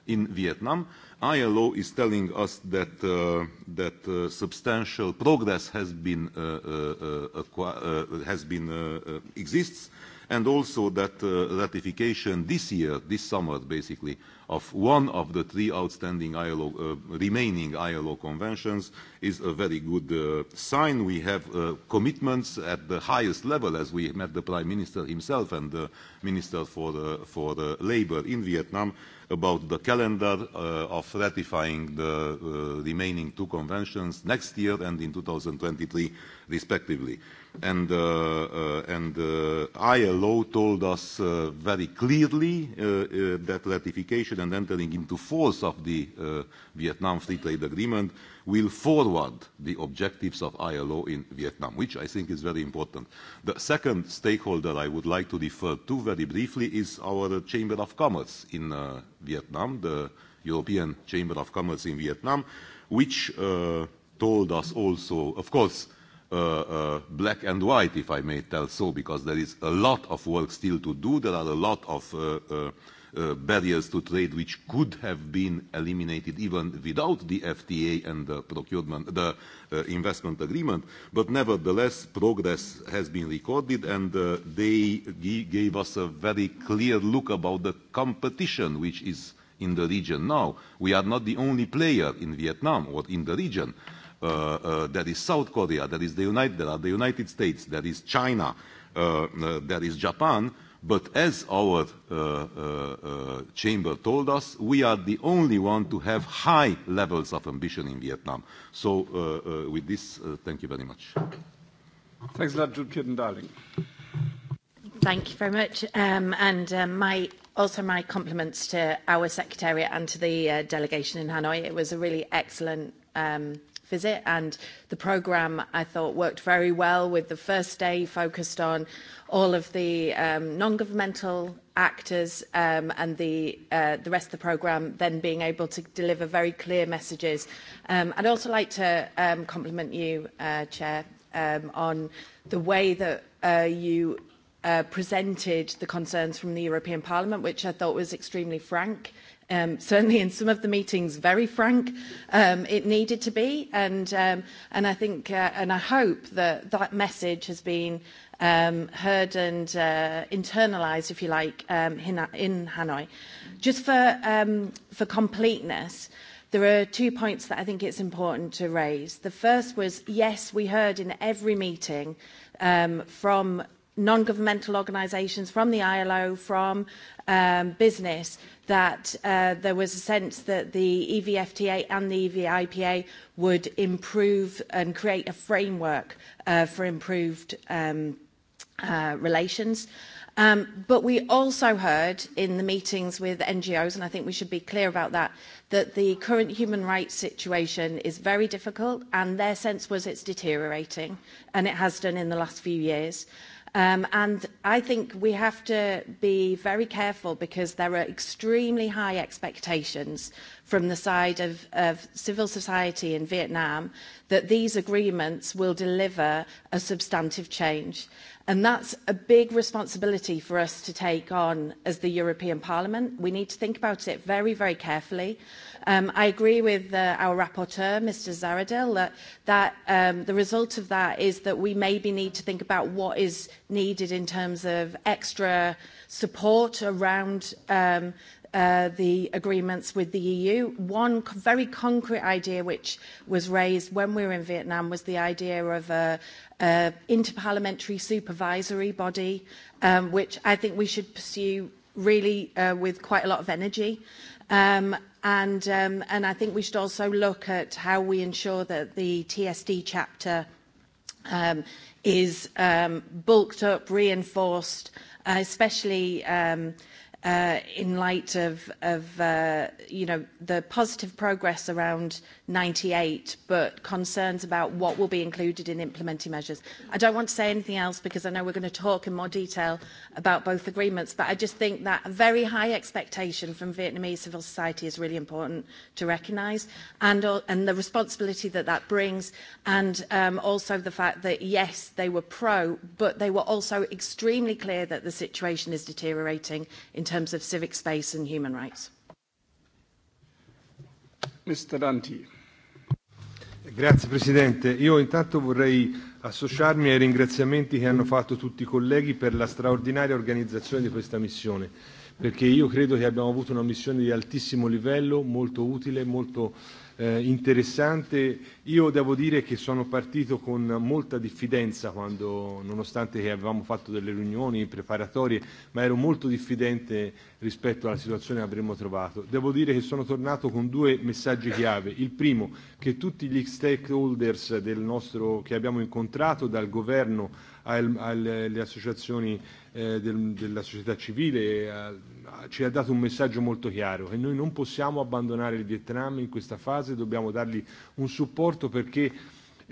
in Vietnam ILO is telling us that, uh, that uh, substantial progress has been, uh, uh, uh, uh has been uh, uh, exists, and also that uh, ratification this year, this summer basically, of one of the three outstanding ILO, uh, remaining ILO conventions is a very good uh, sign. We have uh, commitments at the highest level, as we met the Prime Minister himself and the Minister for, uh, for uh, Labour in Vietnam, about the calendar uh, of ratifying the uh, remaining two conventions next year and in 2023, respectively. And, uh, uh, and uh, ILO told us uh, very clearly uh, uh, that ratification and entering into force of the uh, Vietnam Free Trade Agreement will forward the objectives of ILO in Vietnam, which I think is very important. The second stakeholder I would like to refer to very briefly is our Chamber of Commerce in uh, Vietnam, the European Chamber of Commerce in Vietnam, which uh, told us also, of course, Uh, uh, black and white, if I may tell so, because there is a lot of work still to do. There are a lot of uh, uh, Uh, barriers to trade which could have been eliminated even without the FTA and the procurement, the uh, investment agreement. But nevertheless, progress has been recorded, and uh, they g- gave us a very clear look about the competition which is in the region now. We are not the only player in Vietnam or in the region. Uh, uh, there is South Korea, there is the United, there are the United States, there is China, uh, uh, there is Japan, But as our uh, uh, uh, chamber told us, we are the only one to have high levels of ambition in Vietnam. So uh, uh, with this, uh, thank you very much.
Thanks a lot, Jude Kidden-Darling.
Thank you very much. Um, and um, my, also my compliments to our secretariat and to the uh, delegation in Hanoi. It was a really excellent um, visit and the programme I thought worked very well with the first day focused on all of the um, non-governmental actors um, and the, uh, the rest of the programme then being able to deliver very clear messages. Um, I'd also like to um, compliment you, uh, Chair, um, on the way that uh, you uh, presented the concerns from the European Parliament, which I thought was extremely frank um, certainly in some of the meetings, very frank. Um, it needed to be, and um, and I think uh, and I hope that that message has been um, heard and uh, internalised, if you like, um, in, in Hanoi. Just for um, for completeness. There are two points that I think it's important to raise. The first was, yes, we heard in every meeting um, from non-governmental organisations, from the ILO, from um, business, that uh, there was a sense that the EVFTA and the EVIPA would improve and create a framework uh, for improved um, uh, relations. Um, but we also heard in the meetings with NGOs, and I think we should be clear about that, that the current human rights situation is very difficult, and their sense was it's deteriorating, and it has done in the last few years. Um, and I think we have to be very careful because there are extremely high expectations from the side of, of civil society in Vietnam that these agreements will deliver a substantive change. And that's a big responsibility for us to take on as the European Parliament. We need to think about it very, very carefully. Um, I agree with uh, our rapporteur, Mr. Zaradil, that, that um, the result of that is that we maybe need to think about what is needed in terms of extra support around um, uh, the agreements with the EU. One very concrete idea which was raised when we were in Vietnam was the idea of an interparliamentary supervisory body, um, which I think we should pursue really uh, with quite a lot of energy. Um, And, um, and I think we should also look at how we ensure that the TSD chapter um, is um, bulked up, reinforced, uh, especially um, uh, in light of, of uh, you know, the positive progress around 98, but concerns about what will be included in implementing measures. I don't want to say anything else because I know we're going to talk in more detail about both agreements, but I just think that a very high expectation from Vietnamese civil society is really important to recognise, and, and the responsibility that that brings, and um, also the fact that, yes, they were pro, but they were also extremely clear that the situation is deteriorating in terms of civic space and human rights.
Mr. Danti. Grazie Presidente. Io intanto vorrei associarmi ai ringraziamenti che hanno fatto tutti i colleghi per la straordinaria organizzazione di questa missione, perché io credo che abbiamo avuto una missione di altissimo livello, molto utile, molto eh, interessante. Io devo dire che sono partito con molta diffidenza quando, nonostante che avevamo fatto delle riunioni preparatorie, ma ero molto diffidente rispetto alla situazione che avremmo trovato. Devo dire che sono tornato con due messaggi chiave. Il primo, che tutti gli stakeholders del nostro, che abbiamo incontrato, dal governo alle associazioni eh, del, della società civile eh, ci ha dato un messaggio molto chiaro che noi non possiamo abbandonare il Vietnam in questa fase, dobbiamo dargli un supporto perché eh,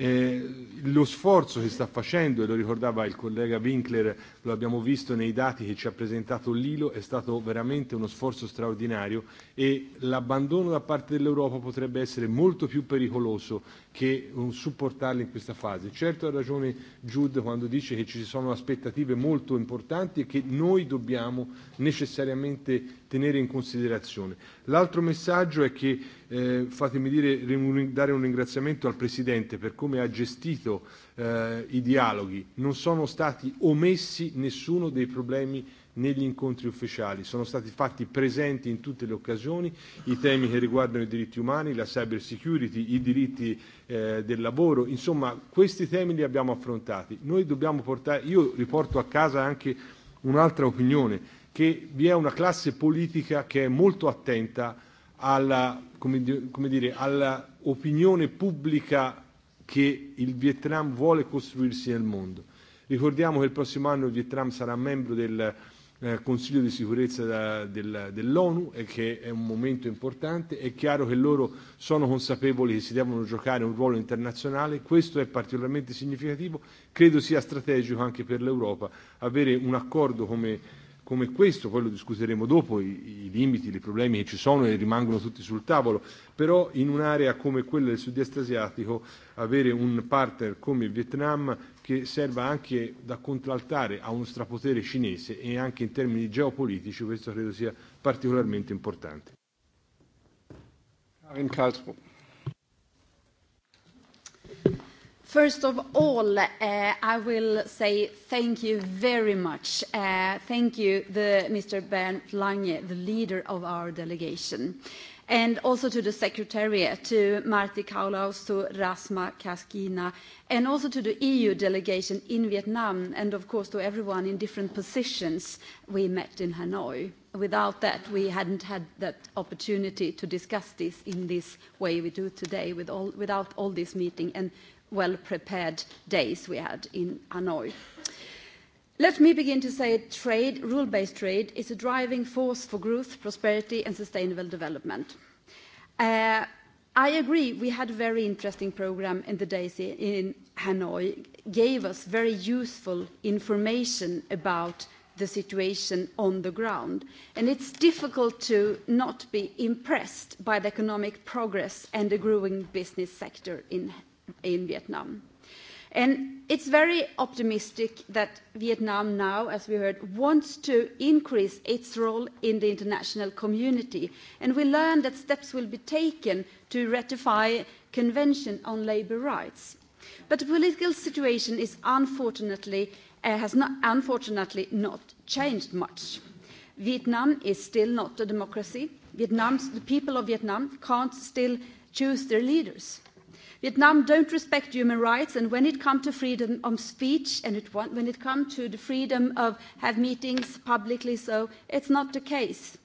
Eh, lo sforzo che sta facendo, e lo ricordava il collega Winkler, lo abbiamo visto nei dati che ci ha presentato Lilo, è stato veramente uno sforzo straordinario e l'abbandono da parte dell'Europa potrebbe essere molto più pericoloso che un um, supportarli in questa fase. Certo ha ragione Jude quando dice che ci sono aspettative molto importanti e che noi dobbiamo necessariamente tenere in considerazione. L'altro messaggio è che eh, fatemi dire, dare un ringraziamento al Presidente per come ha gestito eh, i dialoghi. Non sono stati omessi nessuno dei problemi negli incontri ufficiali. Sono stati fatti presenti in tutte le occasioni i temi che riguardano i diritti umani, la cyber security, i diritti eh, del lavoro, insomma questi temi li abbiamo affrontati. Noi dobbiamo portare, io riporto a casa anche un'altra opinione, che vi è una classe politica che è molto attenta alla, come, come dire, all'opinione pubblica che il Vietnam vuole costruirsi nel mondo. Ricordiamo che il prossimo anno il Vietnam sarà membro del eh, Consiglio di sicurezza del, dell'ONU e che è un momento importante. È chiaro che loro sono consapevoli che si devono giocare un ruolo internazionale. Questo è particolarmente significativo. Credo sia strategico anche per l'Europa avere un accordo come come questo, poi lo discuteremo dopo, i, i limiti, i problemi che ci sono e rimangono tutti sul tavolo, però in un'area come quella del sud-est asiatico avere un partner come il Vietnam che serva anche da contraltare a uno strapotere cinese e anche in termini geopolitici questo credo sia particolarmente importante. In Karlsruhe.
First of all, uh, I will say thank you very much. Uh, thank you, the, Mr. Bernd Lange, the leader of our delegation, and also to the Secretariat, to Marti Kaulaus, to Rasma Kaskina, and also to the EU delegation in Vietnam, and of course to everyone in different positions we met in Hanoi. Without that, we hadn't had that opportunity to discuss this in this way we do today, with all, without all this meeting and well-prepared days we had in Hanoi. Let me begin to say trade, rule-based trade, is a driving force for growth, prosperity and sustainable development. Uh, I agree, we had a very interesting program in the days in Hanoi, gave us very useful information about the situation on the ground. And it's difficult to not be impressed by the economic progress and the growing business sector in in Vietnam. And it's very optimistic that Vietnam now, as we heard, wants to increase its role in the international community. And we learned that steps will be taken to ratify Convention on Labour Rights. But the political situation is unfortunately, eh, has not, unfortunately not changed much. Vietnam is still not a democracy. the people of Vietnam can't still choose their leaders Vietnam don't respect human rights, and when it comes to freedom of speech and it when it comes to the freedom of have meetings publicly, so it's not the case.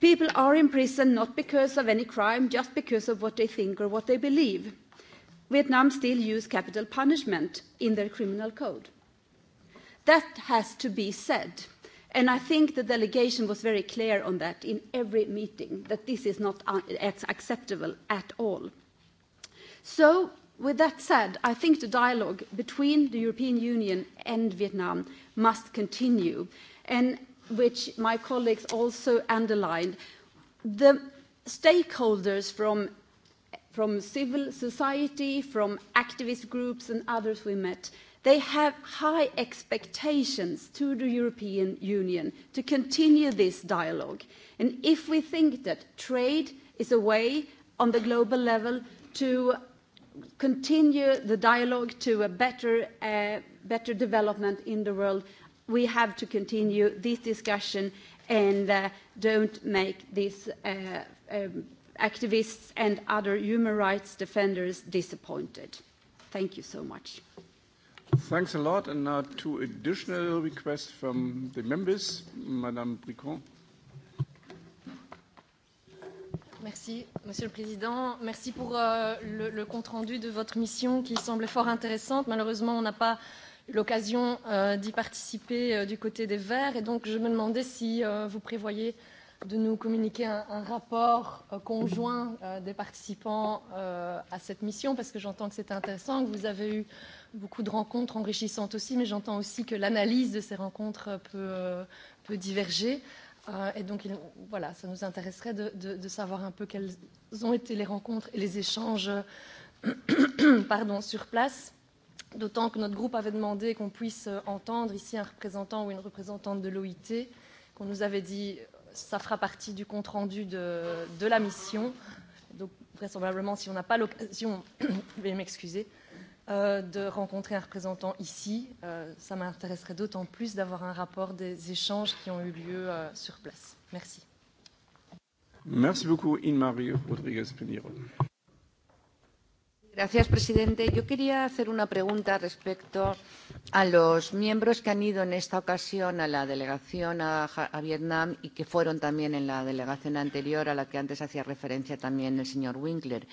People are in prison not because of any crime, just because of what they think or what they believe. Vietnam still use capital punishment in their criminal code. That has to be said. And I think the delegation was very clear on that in every meeting, that this is not uh, acceptable at all. So with that said, I think the dialogue between the European Union and Vietnam must continue, and which my colleagues also underlined. The stakeholders from, from civil society, from activist groups and others we met, they have high expectations to the European Union to continue this dialogue. And if we think that trade is a way on the global level to continue the dialogue to a better, uh, better development in the world, we have to continue this discussion and uh, don't make these uh, um, activists and other human rights defenders disappointed. Thank you so much.
Thanks a lot. And now two additional requests from the members. Madame Bricon.
Merci, Monsieur le Président. Merci pour euh, le, le compte-rendu de votre mission qui semble fort intéressante. Malheureusement, on n'a pas l'occasion euh, d'y participer euh, du côté des Verts. Et donc, je me demandais si euh, vous prévoyez de nous communiquer un, un rapport euh, conjoint euh, des participants euh, à cette mission, parce que j'entends que c'est intéressant, que vous avez eu beaucoup de rencontres enrichissantes aussi, mais j'entends aussi que l'analyse de ces rencontres euh, peut, euh, peut diverger. Euh, Euh, et donc, il, voilà, ça nous intéresserait de, de, de savoir un peu quelles ont été les rencontres et les échanges pardon, sur place, d'autant que notre groupe avait demandé qu'on puisse entendre ici un représentant ou une représentante de l'OIT, qu'on nous avait dit ça fera partie du compte-rendu de, de la mission. Donc, vraisemblablement, si on n'a pas l'occasion, vais m'excuser, euh, Euh, de rencontrer un représentant ici. Euh, ça m'intéresserait d'autant plus d'avoir un rapport des échanges qui ont eu lieu euh, sur place. Merci.
Merci beaucoup, Inmario Rodriguez Pinheiro.
Gracias, presidente. Yo quería
hacer una pregunta respecto a los miembros que han ido en esta ocasión a la delegación a, a Vietnam y que fueron también en la delegación anterior a la que antes hacía referencia también el señor Winkler.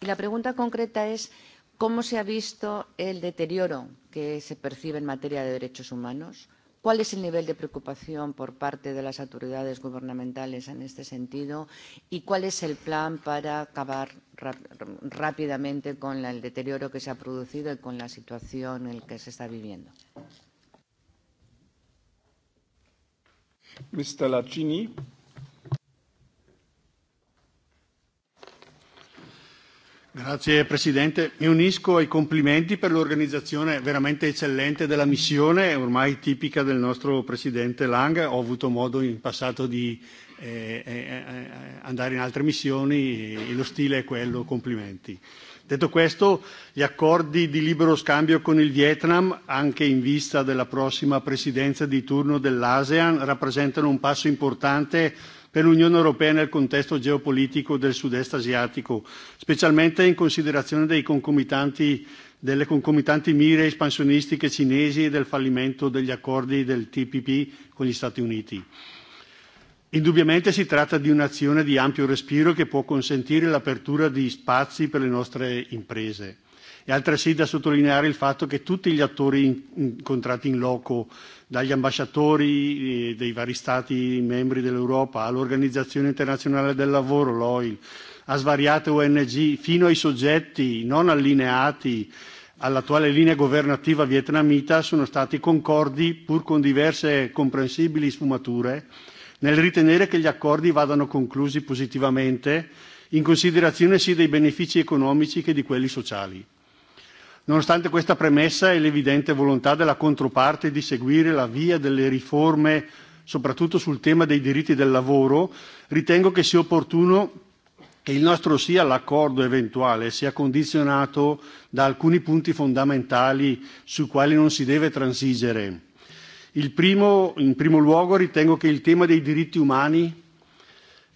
Y la pregunta concreta es cómo se ha visto el deterioro que se percibe en materia de derechos humanos, cuál es el nivel de preocupación por parte de las autoridades gubernamentales en este sentido y cuál es el plan para acabar rápidamente con el deterioro que se ha producido y con la situación en la que se está viviendo. Mr. Lacini.
Grazie Presidente, mi unisco ai complimenti per l'organizzazione veramente eccellente della missione, ormai tipica del nostro Presidente Lang. Ho avuto modo in passato di eh, eh, eh, andare in altre missioni e lo stile è quello, complimenti. Detto questo, gli accordi di libero scambio con il Vietnam, anche in vista della prossima presidenza di turno dell'ASEAN, rappresentano un passo importante per l'Unione Europea nel contesto geopolitico del sud-est asiatico, specialmente in considerazione dei concomitanti delle concomitanti mire espansionistiche cinesi e del fallimento degli accordi del TPP con gli Stati Uniti. Indubbiamente si tratta di un'azione di ampio respiro che può consentire l'apertura di spazi per le nostre imprese. È e altresì da sottolineare il fatto che tutti gli attori incontrati in loco, dagli ambasciatori eh, dei vari Stati membri dell'Europa all'Organizzazione internazionale del lavoro, l'OIL, a svariate ONG, fino ai soggetti non allineati all'attuale linea governativa vietnamita, sono stati concordi, pur con diverse comprensibili sfumature, nel ritenere che gli accordi vadano conclusi positivamente, in considerazione sia dei benefici economici che di quelli sociali. Nonostante questa premessa e l'evidente volontà della controparte di seguire la via delle riforme, soprattutto sul tema dei diritti del lavoro, ritengo che sia opportuno che il nostro sì all'accordo eventuale sia condizionato da alcuni punti fondamentali sui quali non si deve transigere. Il primo, in primo luogo ritengo che il tema dei diritti umani,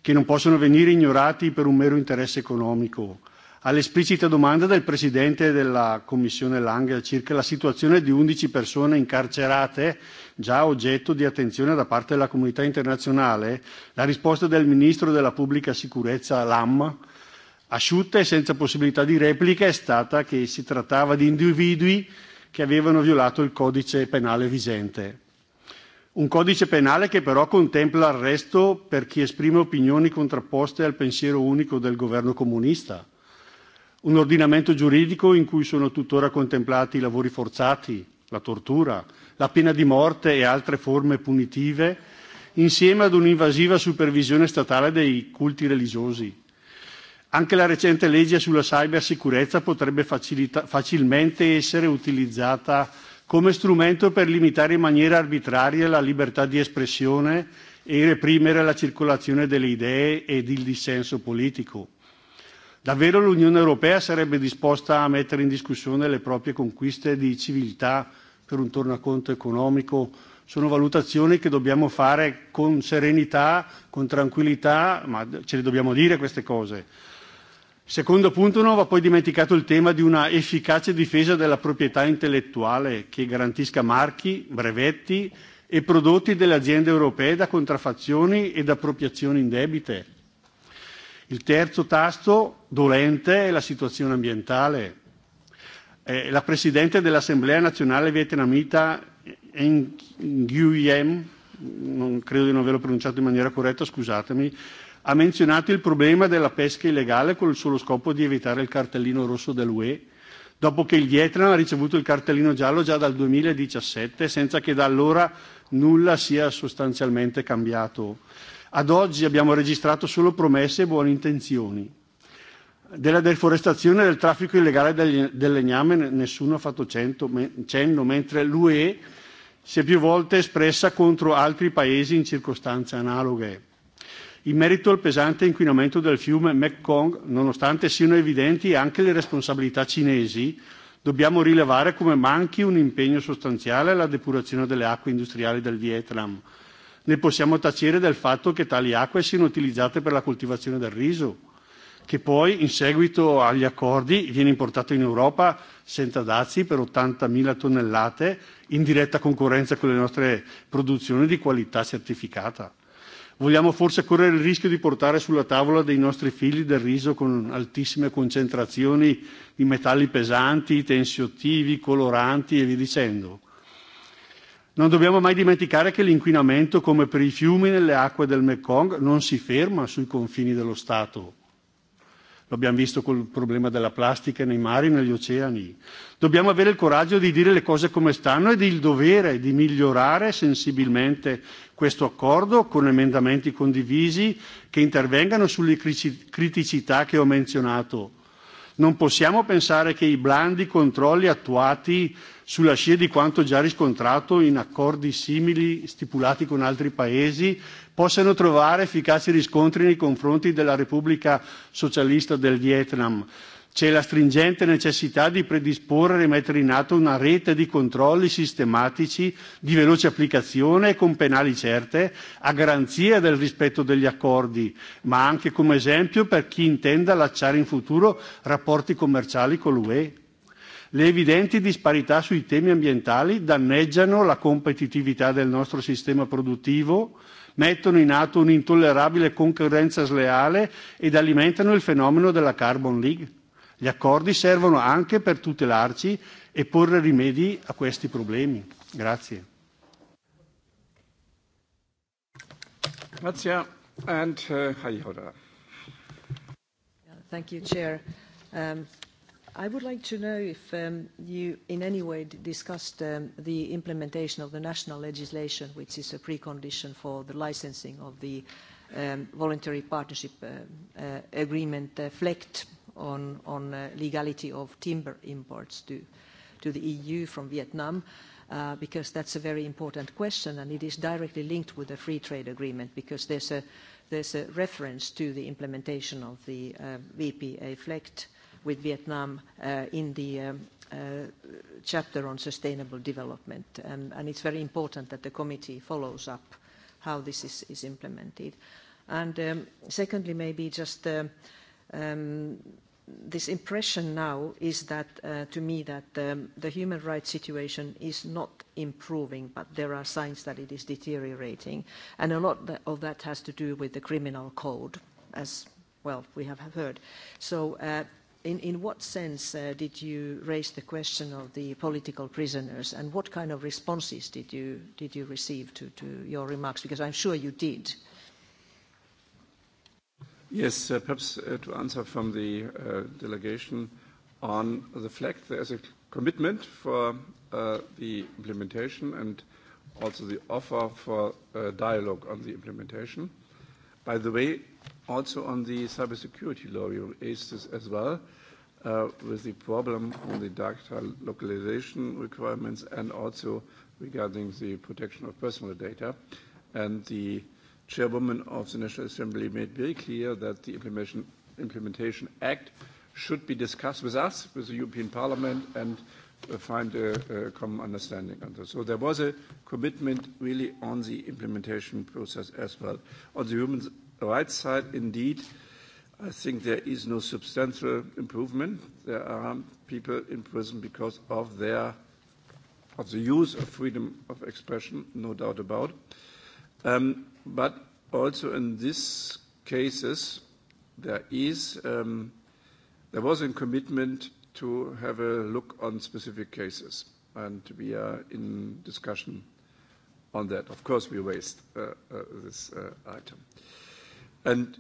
che non possono venire ignorati per un mero interesse economico, all'esplicita domanda del Presidente della Commissione Lange circa la situazione di 11 persone incarcerate già oggetto di attenzione da parte della comunità internazionale, la risposta del Ministro della Pubblica Sicurezza Lam, asciutta e senza possibilità di replica, è stata che si trattava di individui che avevano violato il codice penale vigente. Un codice penale che però contempla l'arresto per chi esprime opinioni contrapposte al pensiero unico del governo comunista, un ordinamento giuridico in cui sono tuttora contemplati i lavori forzati, la tortura, la pena di morte e altre forme punitive, insieme ad un'invasiva supervisione statale dei culti religiosi. Anche la recente legge sulla cybersicurezza potrebbe facilita- facilmente essere utilizzata come strumento per limitare in maniera arbitraria la libertà di espressione e reprimere la circolazione delle idee ed il dissenso politico. Davvero l'Unione Europea sarebbe disposta a mettere in discussione le proprie conquiste di civiltà per un tornaconto economico? Sono valutazioni che dobbiamo fare con serenità, con tranquillità, ma ce le dobbiamo dire queste cose. Secondo punto, non va poi dimenticato il tema di una efficace difesa della proprietà intellettuale che garantisca marchi, brevetti e prodotti delle aziende europee da contraffazioni ed appropriazioni indebite Il terzo tasto dolente è la situazione ambientale. Eh, la Presidente dell'Assemblea nazionale vietnamita Nguyen, non, credo di non averlo pronunciato in maniera corretta, scusatemi, ha menzionato il problema della pesca illegale con il solo scopo di evitare il cartellino rosso dell'UE, dopo che il Vietnam ha ricevuto il cartellino giallo già dal 2017, senza che da allora nulla sia sostanzialmente cambiato. Ad oggi abbiamo registrato solo promesse e buone intenzioni. Della deforestazione e del traffico illegale del del legname nessuno ha fatto cento, me, cenno, mentre l'UE si è più volte espressa contro altri paesi in circostanze analoghe. In merito al pesante inquinamento del fiume Mekong, nonostante siano evidenti anche le responsabilità cinesi, dobbiamo rilevare come manchi un impegno sostanziale alla depurazione delle acque industriali del Vietnam ne possiamo tacere del fatto che tali acque siano utilizzate per la coltivazione del riso, che poi in seguito agli accordi viene importato in Europa senza dazi per 80.000 tonnellate in diretta concorrenza con le nostre produzioni di qualità certificata. Vogliamo forse correre il rischio di portare sulla tavola dei nostri figli del riso con altissime concentrazioni di metalli pesanti, tensioattivi, coloranti e via dicendo? Non dobbiamo mai dimenticare che l'inquinamento, come per i fiumi nelle acque del Mekong, non si ferma sui confini dello Stato. Lo abbiamo visto col problema della plastica nei mari e negli oceani. Dobbiamo avere il coraggio di dire le cose come stanno e il dovere di migliorare sensibilmente questo accordo con emendamenti condivisi che intervengano sulle criticità che ho menzionato Non possiamo pensare che i blandi controlli attuati sulla scia di quanto già riscontrato in accordi simili stipulati con altri paesi possano trovare efficaci riscontri nei confronti della Repubblica Socialista del Vietnam. C'è la stringente necessità di predisporre e mettere in atto una rete di controlli sistematici di veloce applicazione e con penali certe a garanzia del rispetto degli accordi, ma anche come esempio per chi intenda allacciare in futuro rapporti commerciali con l'UE. Le evidenti disparità sui temi ambientali danneggiano la competitività del nostro sistema produttivo, mettono in atto un'intollerabile concorrenza sleale ed alimentano il fenomeno della Carbon League. Gli accordi servono anche per tutelarci e porre rimedi a questi problemi. Grazie.
Marzia and uh,
Thank you, Chair. Um, I would like to know if um, you in any way discussed um, the implementation of the national legislation, which is a precondition for the licensing of the um, voluntary partnership uh, uh, agreement, uh, FLECT, on, on uh, legality of timber imports to, to the EU from Vietnam, uh, because that's a very important question and it is directly linked with the free trade agreement because there's a, there's a reference to the implementation of the uh, VPA FLECT with Vietnam uh, in the um, Uh, chapter on sustainable development, and, and it's very important that the committee follows up how this is, is implemented. And um, secondly, maybe just uh, um, um this impression now is that, uh, to me, that um, the human rights situation is not improving, but there are signs that it is deteriorating. And a lot of that has to do with the criminal code, as well, we have heard. So uh, in, in what sense uh, did you raise the question of the political prisoners and what kind of responses did you, did you receive to, to your remarks? Because I'm sure you did. Uh,
Yes, uh, perhaps uh, to answer from the uh, delegation on the flag, there is a commitment for uh, the implementation and also the offer for uh, dialogue on the implementation. By the way, also on the cybersecurity law, you raised this as well, uh, with the problem on the data localization requirements and also regarding the protection of personal data and the uh, chairwoman of the National Assembly made very clear that the Implementation, implementation Act should be discussed with us, with the European Parliament, and uh, find a, a common understanding on this. So there was a commitment really on the implementation process as well. On the human rights side, indeed, I think there is no substantial improvement. There are people in prison because of their of the use of freedom of expression, no doubt about. Um, But also in these cases, there is um, there was a commitment to have a look on specific cases, and we are in discussion on that. Of course, we waste uh, uh, this uh, item. And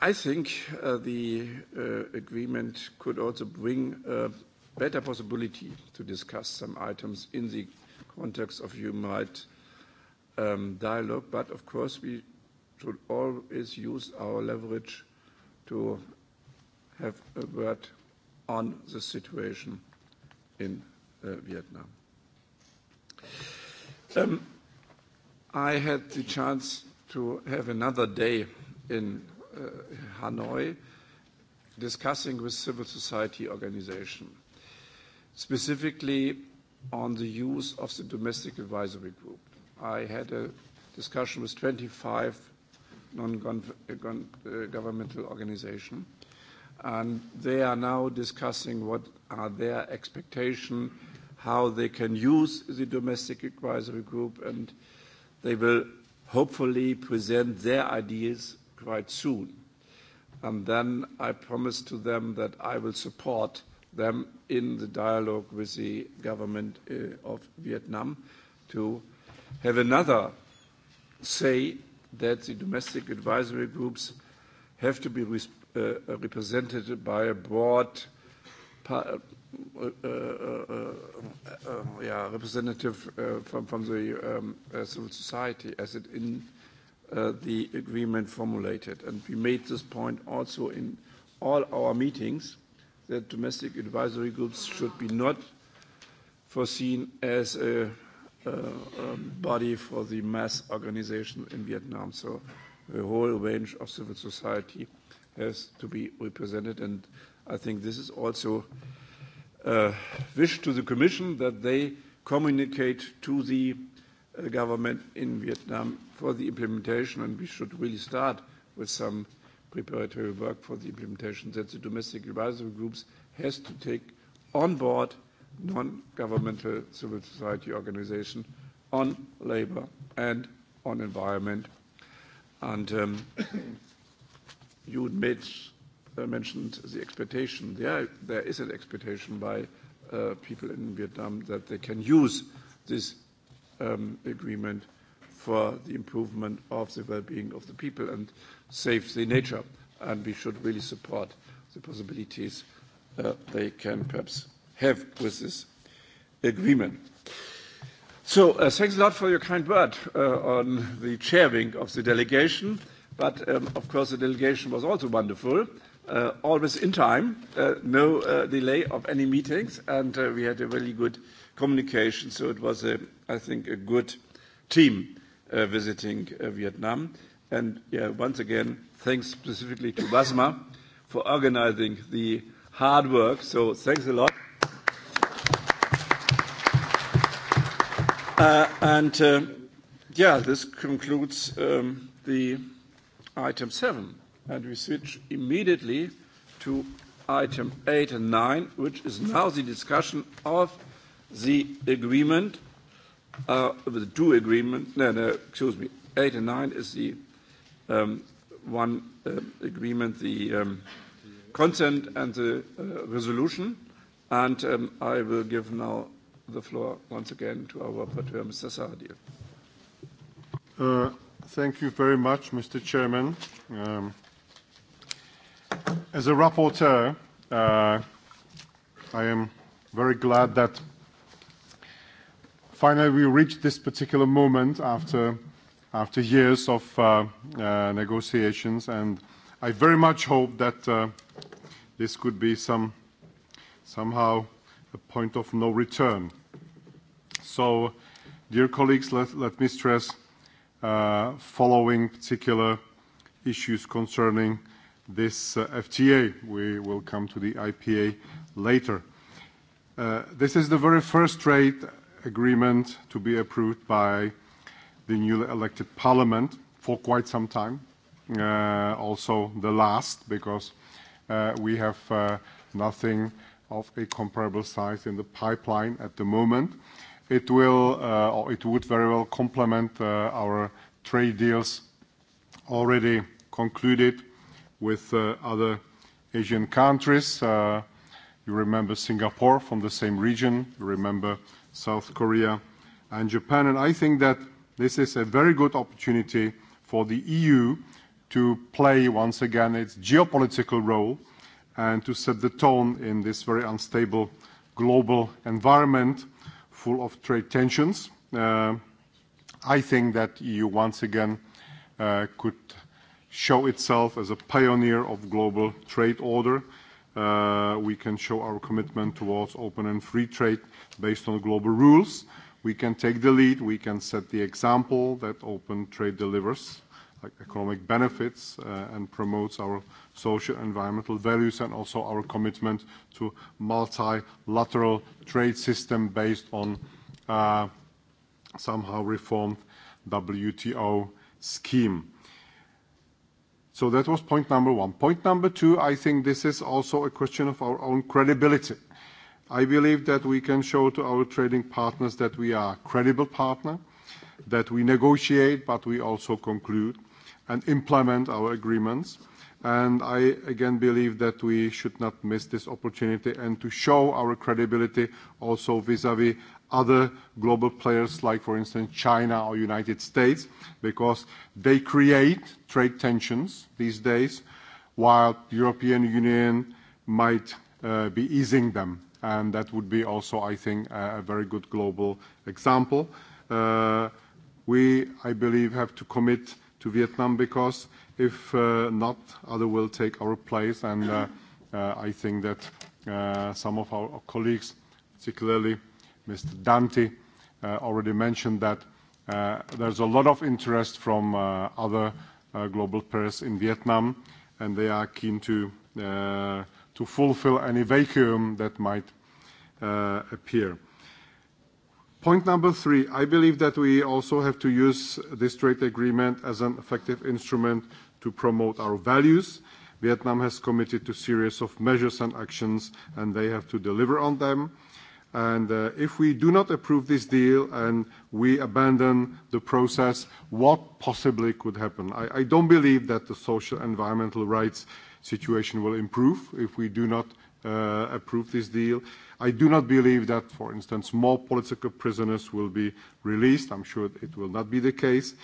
I think uh, the uh, agreement could also bring a better possibility to discuss some items in the context of human rights um, dialogue, but of course we should always use our leverage to have a word on the situation in uh, Vietnam. Um, I had the chance to have another day in uh, Hanoi discussing with civil society organization, specifically on the use of the domestic advisory group. I had a discussion with 25 non-governmental organizations, and they are now discussing what are their expectations, how they can use the domestic advisory group, and they will hopefully present their ideas quite soon. And then I promise to them that I will support them in the dialogue with the government uh, of Vietnam to have another say that the domestic advisory groups have to be uh, uh, represented by a broad uh, uh, uh, uh, yeah, representative uh, from, from the um, uh, civil society as it in uh, the agreement formulated. And we made this point also in all our meetings that domestic advisory groups should be not foreseen as a body for the mass organization in Vietnam. So the whole range of civil society has to be represented. And I think this is also a wish to the Commission that they communicate to the uh, government in Vietnam for the implementation. And we should really start with some preparatory work for the implementation that the domestic advisory groups has to take on board – non-governmental civil society organization on labor and on environment. And um, you made, uh, mentioned the expectation. There, there is an expectation by uh, people in Vietnam that they can use this um, agreement for the improvement of the well-being of the people and save the nature. And we should really support the possibilities uh, they can perhaps have with this agreement. So uh, thanks a lot for your kind word uh, on the chairing of the delegation. But um, of course, the delegation was also wonderful. Uh, always in time, uh, no uh, delay of any meetings, and uh, we had a really good communication. So it was, a, I think, a good team uh, visiting uh, Vietnam. And yeah, once again, thanks specifically to Basma for organizing the hard work. So thanks a lot. Uh, and uh, yeah, this concludes um, the item seven, and we switch immediately to item eight and nine, which is now the discussion of the agreement, uh, the two agreement. No, no, excuse me. Eight and nine is the um, one uh, agreement, the um, consent and the uh, resolution. And um, I will give now the floor once again to our rapporteur, Mr. Sahadil.
Uh, thank you very much, Mr. Chairman. Um, as a rapporteur, uh, I am very glad that finally we reached this particular moment after, after years of uh, uh, negotiations, and I very much hope that uh, this could be some, somehow a point of no return. So, dear colleagues, let, let me stress uh, following particular issues concerning this uh, FTA. We will come to the IPA later. Uh, this is the very first trade agreement to be approved by the newly elected parliament for quite some time. Uh, also the last, because uh, we have uh, nothing of a comparable size in the pipeline at the moment. It will, uh, or it would very well complement uh, our trade deals already concluded with uh, other Asian countries. you remember Singapore from the same region. You remember South Korea and Japan. And I think that this is a very good opportunity for the EU to play once again its geopolitical role and to set the tone in this very unstable global environment full of trade tensions. Uh, I think that EU once again uh, could show itself as a pioneer of global trade order. Uh, we can show our commitment towards open and free trade based on global rules. We can take the lead. We can set the example that open trade delivers, like economic benefits, and promotes our social environmental values and also our commitment to multilateral trade system based on uh, somehow reformed WTO scheme. So that was point number one. Point number two, I think this is also a question of our own credibility. I believe that we can show to our trading partners that we are a credible partner, that we negotiate, but we also conclude and implement our agreements. Uh, And I again believe that we should not miss this opportunity and to show our credibility also vis-à-vis other global players like, for instance, China or United States, because they create trade tensions these days, while European Union might uh, be easing them. And that would be also, I think, a, very good global example. Uh, we, I believe, have to commit to Vietnam because If uh, not, other will take our place, and uh, uh, I think that some of our colleagues, particularly Mr. Danti, already mentioned that there's a lot of interest from other global players in Vietnam, and they are keen to fulfill any vacuum that might appear. Point number three, I believe that we also have to use this trade agreement as an effective instrument to promote our values. Vietnam has committed to series of measures and actions, and they have to deliver on them. And uh, if we do not approve this deal and we abandon the process, what possibly could happen? I, I don't believe that the social environmental rights situation will improve if we do not uh, approve this deal. I do not believe that, for instance, more political prisoners will be released. I'm sure it will not be the case. Uh,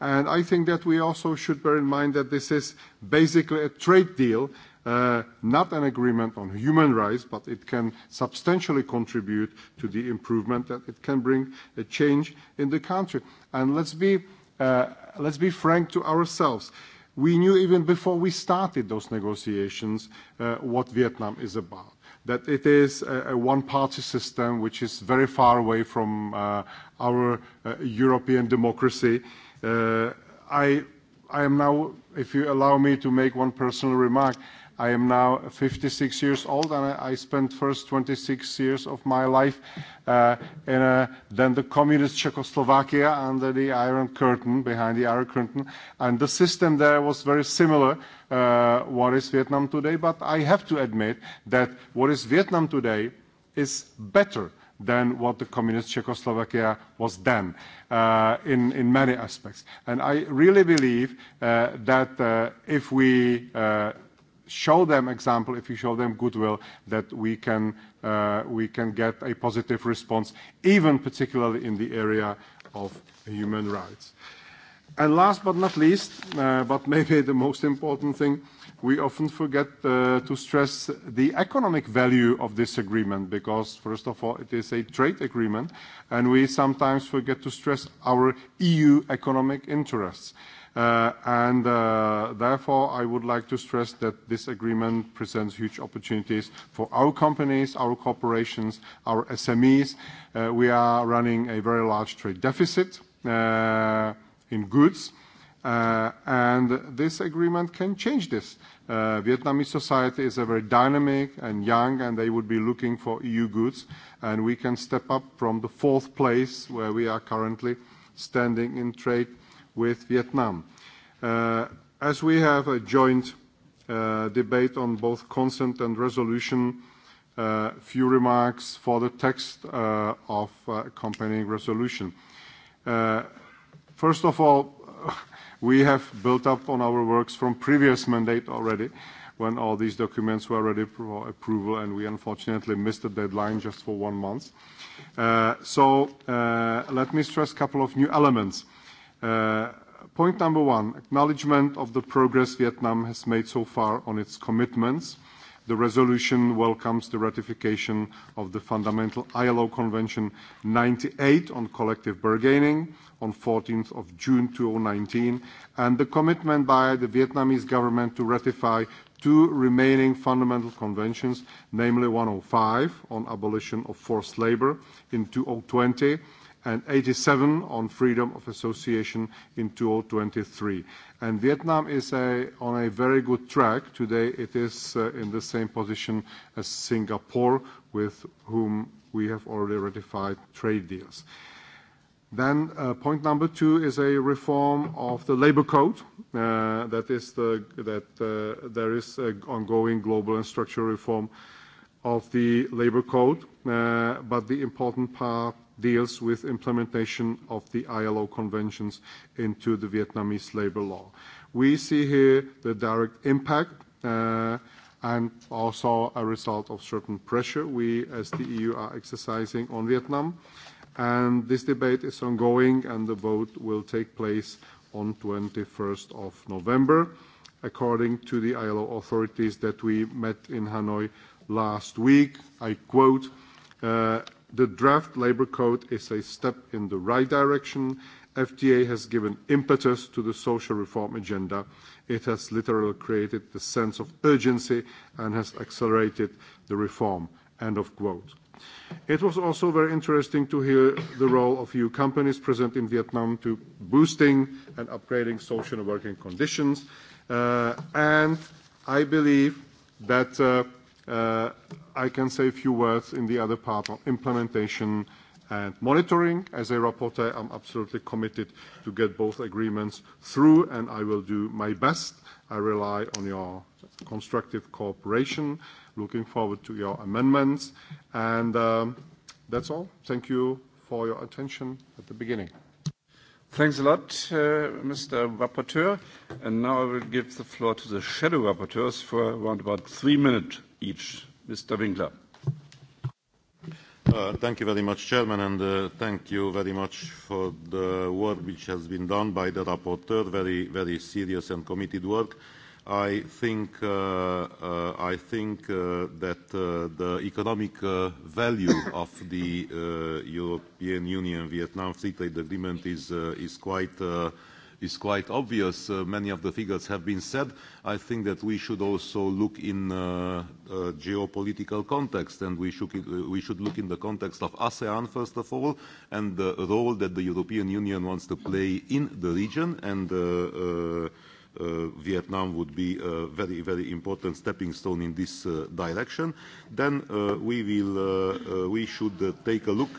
And I think that we also should bear in mind that this is basically a trade deal, uh, not an agreement on human rights, but it can substantially contribute to the improvement that it can bring a change in the country. And let's be, uh, let's be frank to ourselves. We knew even before we started those negotiations uh, what Vietnam is about that it is a, a one-party system which is very far away from uh, our uh, European democracy. Uh, Uh, I, I am now, if you allow me to make one personal remark, I am now 56 years old, and I, I spent first 26 years of my life uh, in a, then the communist Czechoslovakia under the Iron Curtain, behind the Iron Curtain, and the system there was very similar uh, what is Vietnam today. But I have to admit that what is Vietnam today is better than what the communist Czechoslovakia was then uh, in, in many aspects. And I really believe uh, that uh, if we uh, show them example, if we show them goodwill, that we can, uh, we can get a positive response, even particularly in the area of human rights. And last but not least, uh, but maybe the most important thing, uh, we often forget uh, to stress the economic value of this agreement because, first of all, it is a trade agreement, and we sometimes forget to stress our EU economic interests. Uh, and uh, therefore, I would like to stress that this agreement presents huge opportunities for our companies, our corporations, our SMEs. Uh, we are running a very large trade deficit uh, in goods, Uh, and this agreement can change this. Uh, Vietnamese society is a very dynamic and young, and they would be looking for EU goods, and we can step up from the fourth place where we are currently standing in trade with Vietnam. Uh, as we have a joint uh, debate on both consent and resolution, a uh, few remarks for the text uh, of uh, accompanying resolution. Uh, first of all, We have built up on our works from previous mandate already when all these documents were ready for approval, and we unfortunately missed the deadline just for one month. Uh, so uh, let me stress a couple of new elements. Uh, point number one, acknowledgement of the progress Vietnam has made so far on its commitments. Uh, The resolution welcomes the ratification of the Fundamental ILO Convention 98 on collective bargaining on 14th of June 2019 and the commitment by the Vietnamese government to ratify two remaining fundamental conventions, namely 105 on abolition of forced labor in 2020 and 87 on freedom of association in 2023. And Vietnam is a, on a very good track. Today it is uh, in the same position as Singapore, with whom we have already ratified trade deals. Then uh, point number two is a reform of the labor code. Uh, that is the, that uh, there is a ongoing global and structural reform of the labor code. Uh, but the important part deals with implementation of the ILO conventions into the Vietnamese labor law. We see here the direct impact uh, and also a result of certain pressure we as the EU are exercising on Vietnam. And this debate is ongoing and the vote will take place on 21st of November, according to the ILO authorities that we met in Hanoi last week. I quote, uh, The draft labour code is a step in the right direction. FTA has given impetus to the social reform agenda. It has literally created the sense of urgency and has accelerated the reform. End of quote. It was also very interesting to hear the role of EU companies present in Vietnam to boosting and upgrading social and working conditions. Uh, and I believe that uh, Uh, I can say a few words in the other part on implementation and monitoring. As a rapporteur, I'm absolutely committed to get both agreements through, and I will do my best. I rely on your constructive cooperation. Looking forward to your amendments. And um, that's
all. Thank you for your attention at the beginning. Thanks a lot, uh, Mr. Rapporteur. And now I will give the floor to the shadow rapporteurs for around about three minutes each. Mr. Winkler. Uh, thank you
very much, Chairman, and uh, thank you very much for the work which has been done by the rapporteur, very, very serious and committed work. I think, uh, uh, I think uh, that uh, the economic uh, value of the uh, European Union-Vietnam Free Trade Agreement is, uh, is quite uh, is quite obvious. Uh, many of the figures have been said. I think that we should also look in uh, uh, geopolitical context, and we should, uh, we should look in the context of ASEAN, first of all, and the role that the European Union wants to play in the region, and uh, uh, Uh, Vietnam would be a very, very important stepping stone in this uh, direction. Then uh, we, will, uh, uh, we should uh, take a look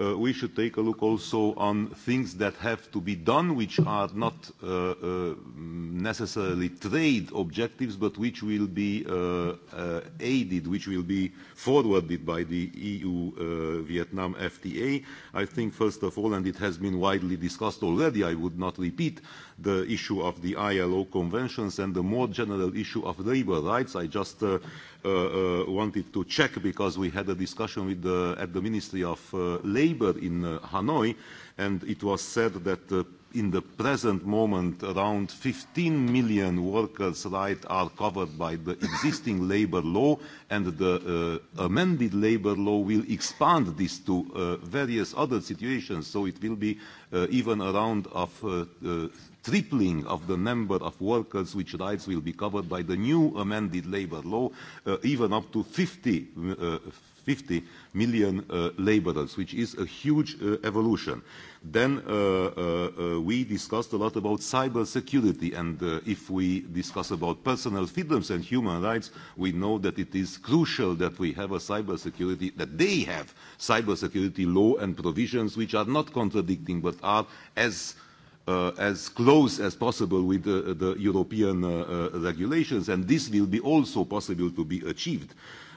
uh, we should take a look also on things that have to be done, which are not uh, uh, necessarily trade objectives, but which will be uh, uh, aided, which will be forwarded by the EU-Vietnam uh, FTA. I think, first of all, and it has been widely discussed already, I would not repeat, the issue of the ILO conventions and the more general issue of labor rights. I just uh, Uh, uh, wanted to check because we had a discussion with the, at the Ministry of uh, Labor in uh, Hanoi, and it was said that uh, in the present moment around 15 million workers' rights are covered by the existing labor law and the uh, amended labor law will expand this to uh, various other situations so it will be uh, even around of uh, uh, tripling of the number of workers which rights will be covered by the new amended labor law uh, even up to 50 uh, 50 million uh, laborers, which is a huge uh, evolution. Then uh, uh, uh, we discussed a lot about cyber security, and uh, if we discuss about personal freedoms and human rights, we know that it is crucial that we have a cyber security, that they have cyber security law and provisions which are not contradicting but are as uh, as close as possible with uh, the European uh, uh, regulations, and this will be also possible to be achieved.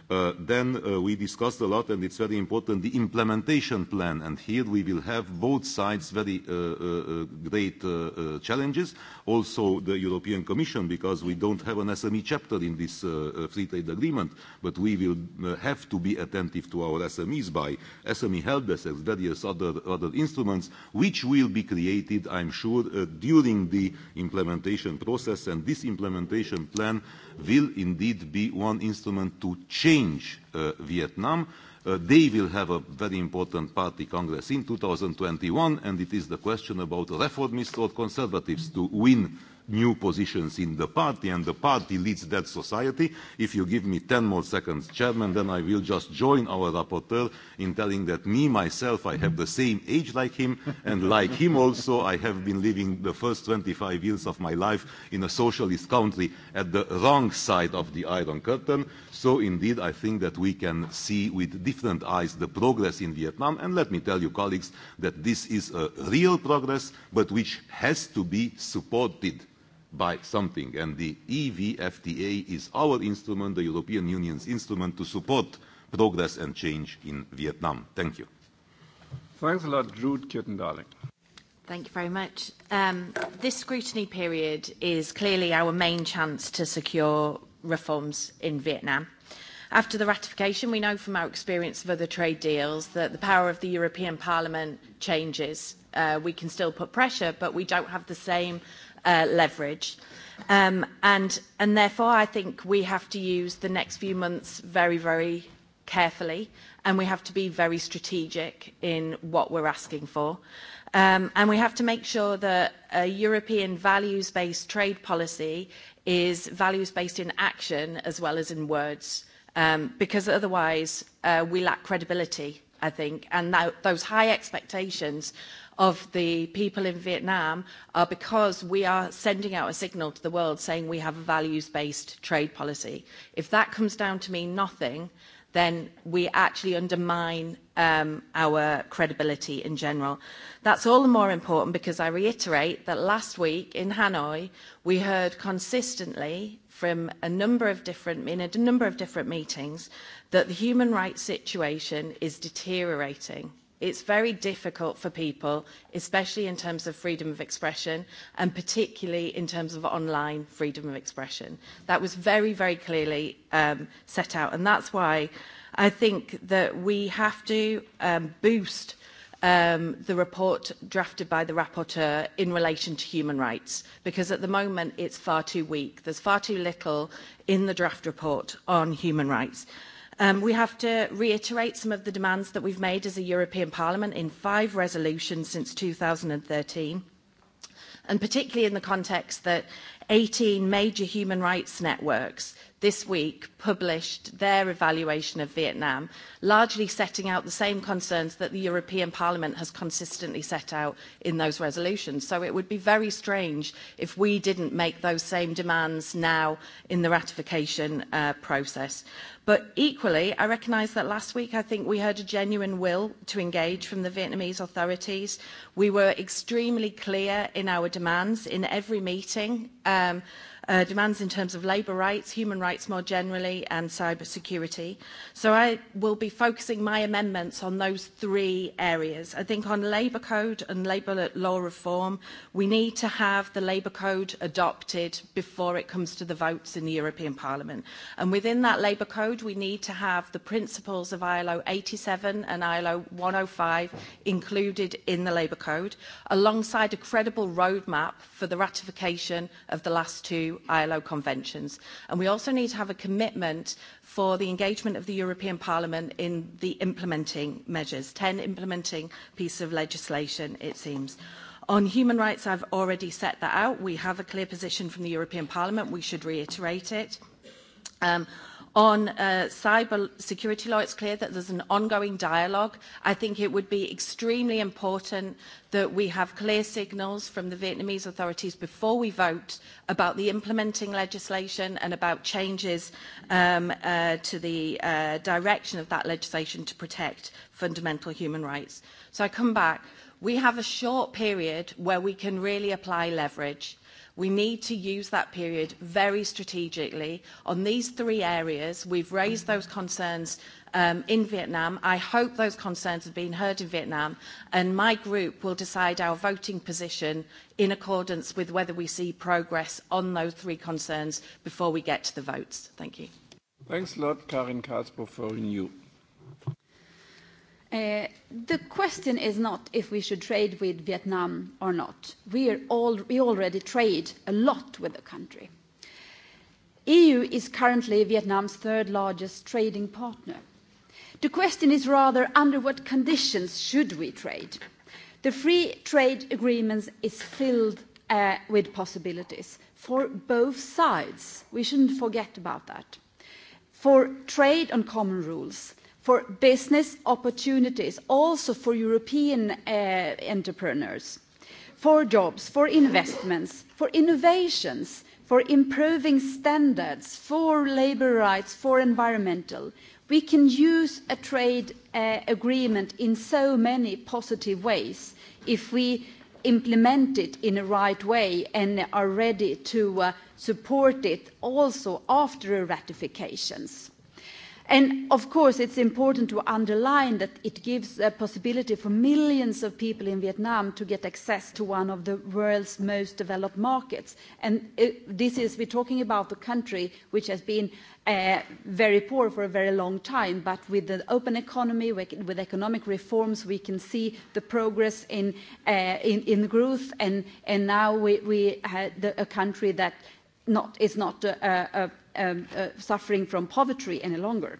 Uh, then uh, we discussed a lot, and it's very important, the implementation plan. And here we will have both sides very uh, uh, uh great uh, uh, challenges. Also the European Commission, because we don't have an SME chapter in this uh, uh, free trade agreement, but we will uh, have to be attentive to our SMEs by SME help desk, various other, other instruments, which will be created, I'm sure, uh, during the implementation process. And this implementation plan will indeed be one instrument to change uh, Vietnam. Uh, they will have a very important party congress in 2021, and it is the question about reformists or conservatives to win new positions in the party and the party leads that society. If you give me 10 more seconds, Chairman, then I will just join our rapporteur in telling that me, myself, I have the same age like him and like him also I have been living the first 25 years of my life in a socialist country at the wrong side of the Iron Curtain. So indeed, I think that we can see with different eyes the progress in Vietnam. And let me tell you, colleagues, that this is a real progress, but which has to be supported by something. And the EVFTA is our instrument, the European Union's instrument to support progress and change in Vietnam. Thank you.
Thanks a lot, Jude Kitten-Darling.
Thank you very much. Um, this scrutiny period is clearly our main chance to secure reforms in Vietnam. After the ratification, we know from our experience of other trade deals that the power of the European Parliament changes. Uh, we can still put pressure, but we don't have the same Uh, leverage. Um, and, therefore, I think we have to use the next few months very, very carefully, and we have to be very strategic in what we're asking for. Um, and we have to make sure that a European values-based trade policy is values-based in action as well as in words, um, because otherwise uh, we lack credibility, I think, and those high expectations of the people in Vietnam are because we are sending out a signal to the world saying we have a values-based trade policy. If that comes down to mean nothing, then we actually undermine um, our credibility in general. That's all the more important because I reiterate that last week in Hanoi, we heard consistently from a number of different, in a number of different meetings, that the human rights situation is deteriorating It's very difficult for people, especially in terms of freedom of expression and particularly in terms of online freedom of expression. That was very, very clearly um, set out. And that's why I think that we have to um, boost um, the report drafted by the rapporteur in relation to human rights, because at the moment it's far too weak. There's far too little in the draft report on human rights. Um, we have to reiterate some of the demands that we've made as a European Parliament in five resolutions since 2013, and particularly in the context that 18 major human rights networks this week published their evaluation of Vietnam, largely setting out the same concerns that the European Parliament has consistently set out in those resolutions. So it would be very strange if we didn't make those same demands now in the ratification uh, process. But equally, I recognise that last week I think we heard a genuine will to engage from the Vietnamese authorities. We were extremely clear in our demands in every meeting, um, uh, demands in terms of labour rights, human rights, rights more generally and cybersecurity. So I will be focusing my amendments on those three areas. I think on labour code and labour law reform, we need to have the labour code adopted before it comes to the votes in the European Parliament. And within that labour code, we need to have the principles of ILO 87 and ILO 105 included in the labour code, alongside a credible roadmap for the ratification of the last two ILO conventions. And we also need need to have a commitment for the engagement of the European Parliament in the implementing measures, 10 implementing pieces of legislation, it seems. On human rights, I've already set that out. We have a clear position from the European Parliament. We should reiterate it. Um, On uh, cyber security law, it's clear that there's an ongoing dialogue. I think it would be extremely important that we have clear signals from the Vietnamese authorities before we vote about the implementing legislation and about changes um, uh, to the uh, direction of that legislation to protect fundamental human rights. So I come back. We have a short period where we can really apply leverage We need to use that period very strategically. On these three areas, we've raised those concerns um, in Vietnam. I hope those concerns have been heard in Vietnam, and my group will decide our voting position in accordance with whether we see progress on those three concerns before we get to the votes. Thank you.
Thanks a lot, Karin Kasper, for new
Uh,
the question is not if we should trade with Vietnam or not. We, are all, we already trade a lot with the country. EU is currently Vietnam's third largest trading partner. The question is rather under what conditions should we trade? The free trade agreements is filled uh, with possibilities for both sides. We shouldn't forget about that. For trade on common rules, for business opportunities, also for European uh, entrepreneurs, for jobs, for investments, for innovations, for improving standards, for labour rights, for environmental. We can use a trade uh, agreement in so many positive ways if we implement it in the right way and are ready to uh, support it also after ratifications. And of course, it's important to underline that it gives a possibility for millions of people in Vietnam to get access to one of the world's most developed markets. And it, uh, this is, we're talking about the country which has been uh, very poor for a very long time, but with the open economy, with economic reforms, we can see the progress in, uh, in, in growth, and, and now we, we have the, a country that not, is not a, uh, a uh, um, uh, suffering from poverty any longer.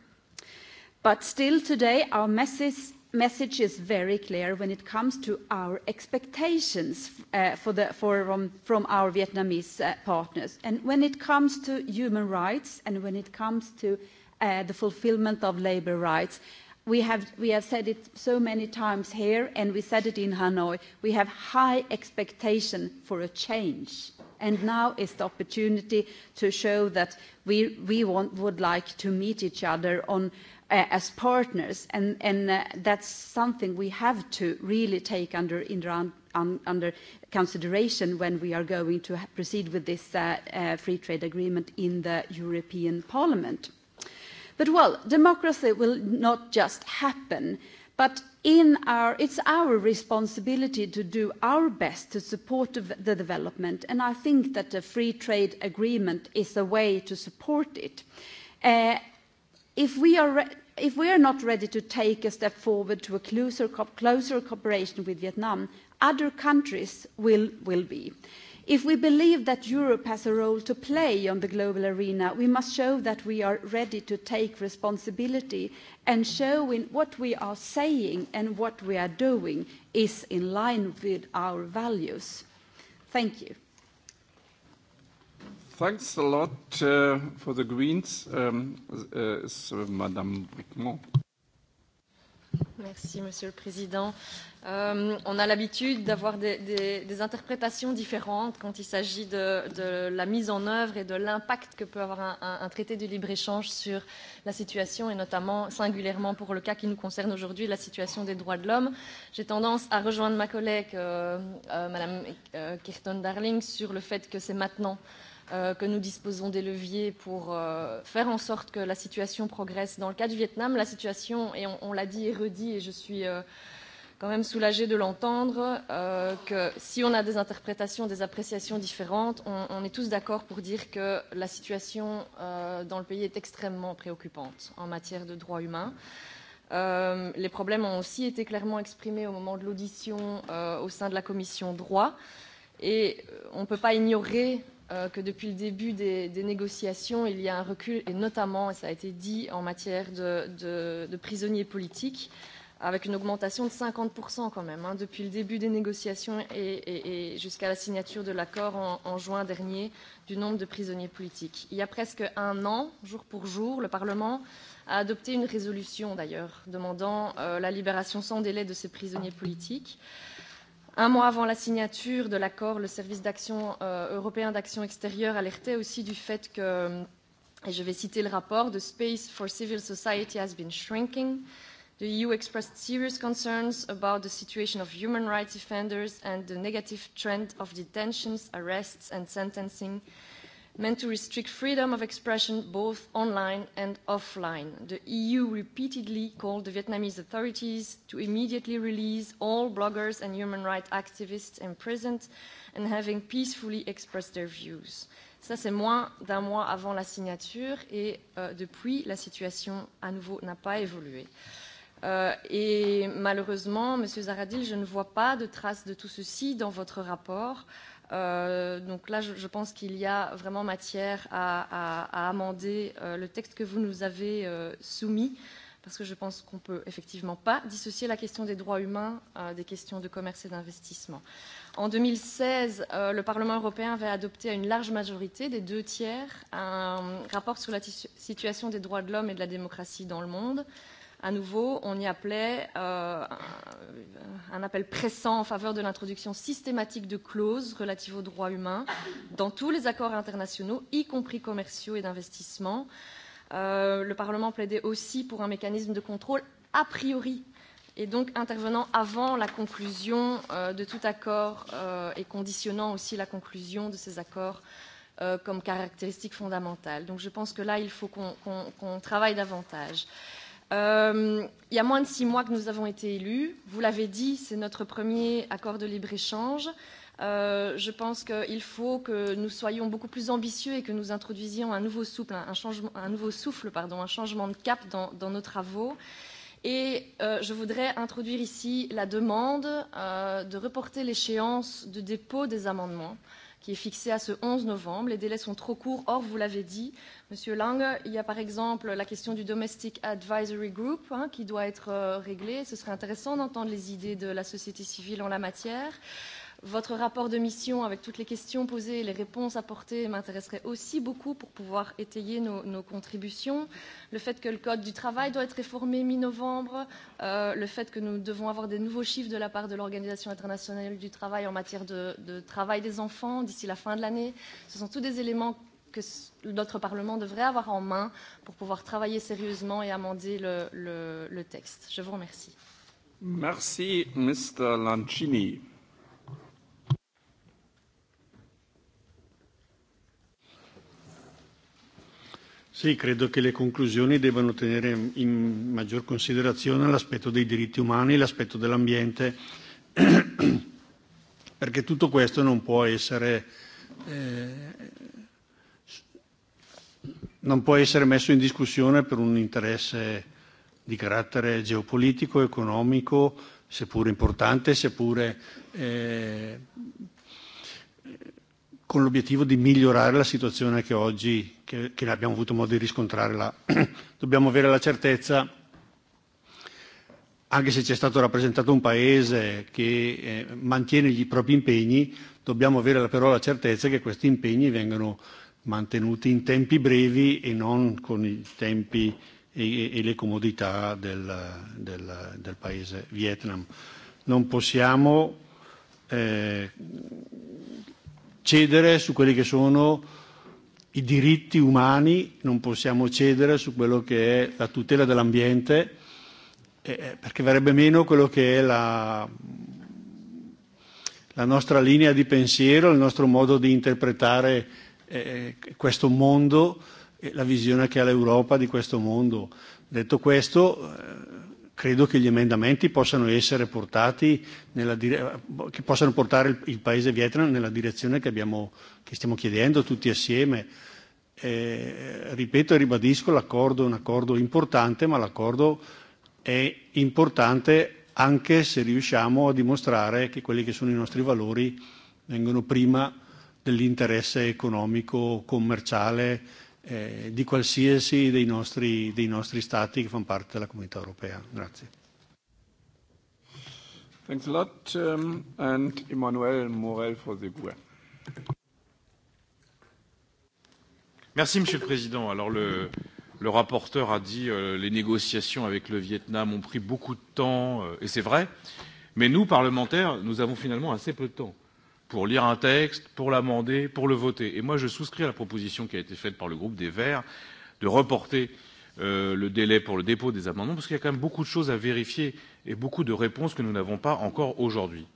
But still today, our message, message is very clear when it comes to our expectations uh, for the, for, um, from our Vietnamese uh, partners. And when it comes to human rights and when it comes to uh, the fulfillment of labor rights, we have, we have said it so many times here and we said it in Hanoi, we have high expectation for a change And now is the opportunity to show that we, we want, would like to meet each other on, uh, as partners. And, and uh, that's something we have to really take under, in, un, under consideration when we are going to proceed with this uh, uh, free trade agreement in the European Parliament. But well, democracy will not just happen. But it's our responsibility to do our best to support the development, and I think that a free trade agreement is a way to support it. Uh, if we are not ready to take a step forward to a closer, cooperation with Vietnam, other countries will, be. If we believe that Europe has a role to play on the global arena, we must show that we are ready to take responsibility and show in what we are saying and what we are doing is in line with our values. Thank you.
Thanks a lot uh, for the Greens. Um, uh, uh Madame Bricmont.
Merci, Monsieur le Président. Euh, on a l'habitude d'avoir des, des, des interprétations différentes quand il s'agit de, de la mise en œuvre et de l'impact que peut avoir un, un, un traité de libre-échange sur la situation, et notamment singulièrement pour le cas qui nous concerne aujourd'hui, la situation des droits de l'homme. J'ai tendance à rejoindre ma collègue, euh, euh, Madame euh, Kirton Darling, sur le fait que c'est maintenant euh, Euh, que nous disposons des leviers pour euh, faire en sorte que la situation progresse. Dans le cas du Vietnam, la situation, et on, on l'a dit et redit, et je suis euh, quand même soulagée de l'entendre, euh, que si on a des interprétations, des appréciations différentes, on, on est tous d'accord pour dire que la situation euh, dans le pays est extrêmement préoccupante en matière de droits humains. Euh, les problèmes ont aussi été clairement exprimés au moment de l'audition euh, au sein de la commission droit. Et on ne peut pas ignorer euh, que depuis le début des, des négociations, il y a un recul, et notamment, et ça a été dit, en matière de, de, de prisonniers politiques, avec une augmentation de 50% quand même, hein, depuis le début des négociations et, et, et jusqu'à la signature de l'accord en, en juin dernier, du nombre de prisonniers politiques. Il y a presque un an, jour pour jour, le Parlement a adopté une résolution d'ailleurs demandant euh, la libération sans délai de ces prisonniers politiques. Un mois avant la signature de l'accord, le service d'action euh, européen d'action extérieure alertait aussi du fait que, et je vais citer le rapport, The space for civil society has been shrinking. The EU expressed serious concerns about the situation of human rights defenders and the negative trend of detentions, arrests and sentencing meant to restrict freedom of expression both online and offline. The EU repeatedly called the Vietnamese authorities to immediately release all bloggers and human rights activists imprisoned and having peacefully expressed their views. Ça, c'est moins d'un mois avant la signature et euh, depuis, la situation à nouveau n'a pas évolué. Euh, et malheureusement, Monsieur Zaradil, je ne vois pas de traces de tout ceci dans votre rapport. Euh, Euh, donc là, je, je pense qu'il y a vraiment matière à, à, à amender euh, le texte que vous nous avez euh, soumis, parce que je pense qu'on ne peut effectivement pas dissocier la question des droits humains euh, des questions de commerce et d'investissement. En 2016, euh, le Parlement européen avait adopté à une large majorité des deux tiers un rapport sur la situation des droits de l'homme et de la démocratie dans le monde à nouveau, on y appelait euh, un appel pressant en faveur de l'introduction systématique de clauses relatives aux droits humains dans tous les accords internationaux, y compris commerciaux et d'investissement. Euh, le Parlement plaidait aussi pour un mécanisme de contrôle a priori et donc intervenant avant la conclusion euh, de tout accord euh, et conditionnant aussi la conclusion de ces accords euh, comme caractéristique fondamentale. Donc je pense que là, il faut qu'on qu qu travaille davantage. Euh, Euh, il y a moins de six mois que nous avons été élus. Vous l'avez dit, c'est notre premier accord de libre-échange. Euh, je pense qu'il faut que nous soyons beaucoup plus ambitieux et que nous introduisions un nouveau souffle, un, changement, un, nouveau souffle, pardon, un changement de cap dans, dans nos travaux. Et euh, je voudrais introduire ici la demande euh, de reporter l'échéance de dépôt des amendements euh, qui est fixé à ce 11 novembre. Les délais sont trop courts. Or, vous l'avez dit, Monsieur Lange, il y a par exemple la question du Domestic Advisory Group hein, qui doit être euh, réglée. Ce serait intéressant d'entendre les idées de la société civile en la matière. Euh, Votre rapport de mission avec toutes les questions posées et les réponses apportées m'intéresserait aussi beaucoup pour pouvoir étayer nos, nos contributions. Le fait que le Code du travail doit être réformé mi-novembre, euh, le fait que nous devons avoir des nouveaux chiffres de la part de l'Organisation internationale du travail en matière de, de travail des enfants d'ici la fin de l'année, ce sont tous des éléments que notre Parlement devrait avoir en main pour pouvoir travailler sérieusement et amender le, le, le texte. Je vous remercie.
Merci, Mr. Lancini.
Sì, credo che le conclusioni debbano tenere in maggior considerazione l'aspetto dei diritti umani e l'aspetto dell'ambiente, perché tutto questo non può essere, eh, non può essere messo in discussione per un interesse di carattere geopolitico, economico, seppure importante, seppure eh, con l'obiettivo di migliorare la situazione che oggi che, che abbiamo avuto modo di riscontrare là. Dobbiamo avere la certezza, anche se c'è stato rappresentato un paese che eh, mantiene i propri impegni, dobbiamo avere però la certezza che questi impegni vengano mantenuti in tempi brevi e non con i tempi e, e, e le comodità del, del, del paese Vietnam. Non possiamo eh, cedere su quelli che sono i diritti umani, non possiamo cedere su quello che è la tutela dell'ambiente, eh, perché verrebbe meno quello che è la, la nostra linea di pensiero, il nostro modo di interpretare eh, questo mondo e la visione che ha l'Europa di questo mondo. Detto questo, eh, credo che gli emendamenti possano essere portati nella dire- che possano portare il, il paese Vietnam nella direzione che, abbiamo, che stiamo chiedendo tutti assieme. Eh, ripeto e ribadisco, l'accordo è un accordo importante, ma l'accordo è importante anche se riusciamo a dimostrare che quelli che sono i nostri valori vengono prima dell'interesse economico, commerciale eh, di qualsiasi dei nostri, dei nostri stati che fanno parte della comunità europea. Grazie.
Thanks a lot. Um, and Emmanuel Morel for the GUE.
Merci, Monsieur le Président. Alors, le, le rapporteur a dit euh, les négociations avec le Vietnam ont pris beaucoup de temps, euh, et c'est vrai. Mais nous, parlementaires, nous avons finalement assez peu de temps pour lire un texte, pour l'amender, pour le voter. Et moi, je souscris à la proposition qui a été faite par le groupe des Verts de reporter euh, le délai pour le dépôt des amendements, parce qu'il y a quand même beaucoup de choses à vérifier et beaucoup de réponses que nous n'avons pas encore aujourd'hui.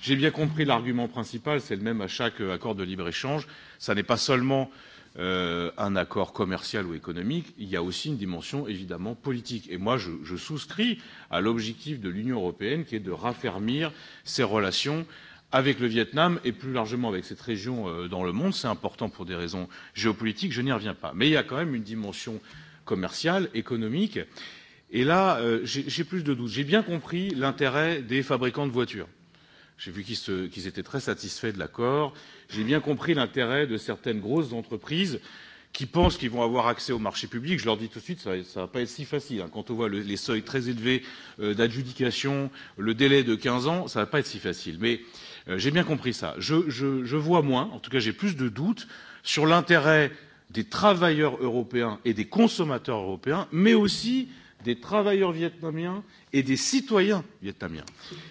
J'ai bien compris l'argument principal, c'est le même à chaque accord de libre-échange. Ça n'est pas seulement euh, un accord commercial ou économique, il y a aussi une dimension évidemment politique. Et moi, je, je souscris à l'objectif de l'Union européenne qui est de raffermir ses relations avec le Vietnam et plus largement avec cette région euh, dans le monde. C'est important pour des raisons géopolitiques, je n'y reviens pas. Mais il y a quand même une dimension commerciale, économique. Et là, euh, j'ai plus de doutes. J'ai bien compris l'intérêt des fabricants de voitures. J'ai vu qu'ils qu étaient très satisfaits de l'accord. J'ai bien compris l'intérêt de certaines grosses entreprises qui pensent qu'ils vont avoir accès au marché public, je leur dis tout de suite, ça ne va pas être si facile. Hein. Quand on voit le, les seuils très élevés euh, d'adjudication, le délai de 15 ans, ça ne va pas être si facile. Mais euh, Euh, j'ai bien compris ça. Je, je, je vois moins, en tout cas j'ai plus de doutes sur l'intérêt des travailleurs européens et des consommateurs européens, mais aussi des travailleurs vietnamiens et des citoyens vietnamiens.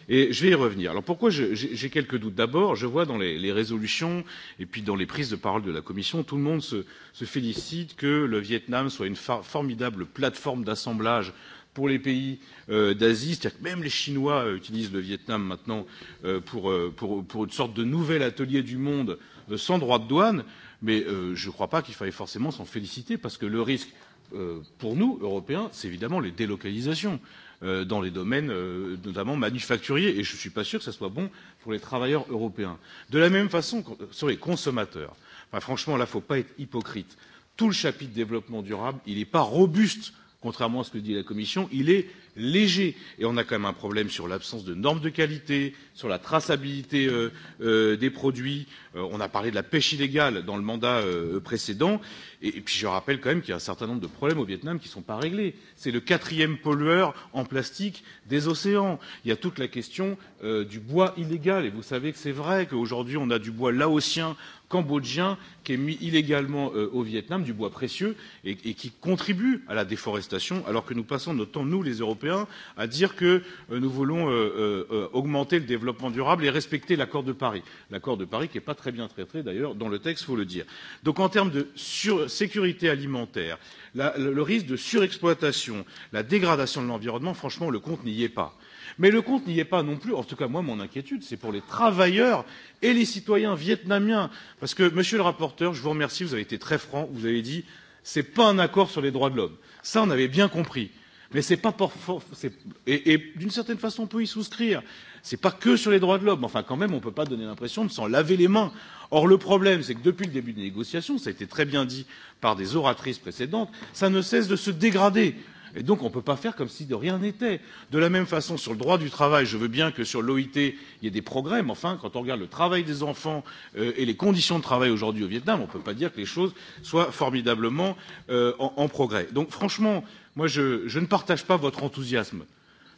Et je vais y revenir. Alors pourquoi j'ai quelques doutes D'abord, je vois dans les, les résolutions et puis dans les prises de parole de la Commission, tout le monde se, se félicite que le Vietnam soit une formidable plateforme d'assemblage euh, pour les pays euh, d'Asie, c'est-à-dire que même les Chinois euh, utilisent le Vietnam maintenant euh, pour, euh, pour, pour une sorte de nouvel atelier du monde euh, sans droit de douane, mais euh, je ne crois pas qu'il fallait forcément s'en féliciter, parce que le risque euh, pour nous, Européens, c'est évidemment les délocalisations euh, dans les domaines euh, notamment manufacturiers, et je ne suis pas sûr que ce soit bon pour les travailleurs européens. De la même façon, euh, sur les consommateurs, enfin, franchement, là, il ne faut pas être hypocrite. Tout le chapitre développement durable, il n'est pas robuste contrairement à ce que dit la Commission, il est léger. Et on a quand même un problème sur l'absence de normes de qualité, sur la traçabilité euh, euh, des produits. Euh, on a parlé de la pêche illégale dans le mandat euh, précédent. Et, et puis je rappelle quand même qu'il y a un certain nombre de problèmes au Vietnam qui ne sont pas réglés. C'est le quatrième pollueur en plastique des océans. Il y a toute la question euh, du bois illégal. Et vous savez que c'est vrai qu'aujourd'hui on a du bois laotien cambodgien qui est mis illégalement euh, au Vietnam, du bois précieux, et, et qui contribue à la déforestation, alors que nous passons notre temps, nous les Européens, européen à dire que euh, nous voulons euh, euh, augmenter le développement durable et respecter l'accord de Paris. L'accord de Paris qui n'est pas très bien traité d'ailleurs dans le texte, il faut le dire. Donc en termes de sur sécurité alimentaire, la, le, le risque de surexploitation, la dégradation de l'environnement, franchement, le compte n'y est pas. Mais le compte n'y est pas non plus. En tout cas, moi, mon inquiétude, c'est pour les travailleurs et les citoyens vietnamiens. Parce que, monsieur le rapporteur, je vous remercie, vous avez été très franc, vous avez dit, c'est pas un accord sur les droits de l'homme. Ça, on avait bien compris. Mais c'est pas pour, et, et d'une certaine façon, on peut y souscrire. C'est pas que sur les droits de l'homme. Enfin, quand même, on peut pas donner l'impression de s'en laver les mains. Or, le problème, c'est que depuis le début des négociations, ça a été très bien dit par des oratrices précédentes, ça ne cesse de se dégrader. Et donc, on ne peut pas faire comme si de rien n'était. De la même façon, sur le droit du travail, je veux bien que sur l'OIT, il y ait des progrès, mais enfin, quand on regarde le travail des enfants euh, et les conditions de travail aujourd'hui au Vietnam, on ne peut pas dire que les choses soient formidablement euh, en, en progrès. Donc, franchement, euh, Moi, je, je ne partage pas votre enthousiasme.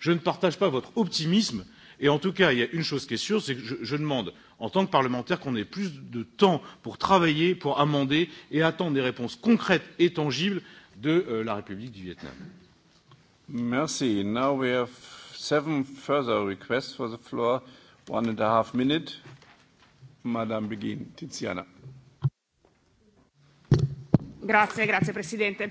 Je ne partage pas votre optimisme. Et en tout cas, il y a une chose qui est sûre, c'est que je, je demande, en tant que parlementaire, qu'on ait plus de temps pour travailler, pour amender et attendre des réponses concrètes et tangibles de euh, la République du Vietnam.
Merci. Now we have seven further requests for the floor. One and a half minute. Madame Begin, Tiziana.
Grazie, grazie Presidente.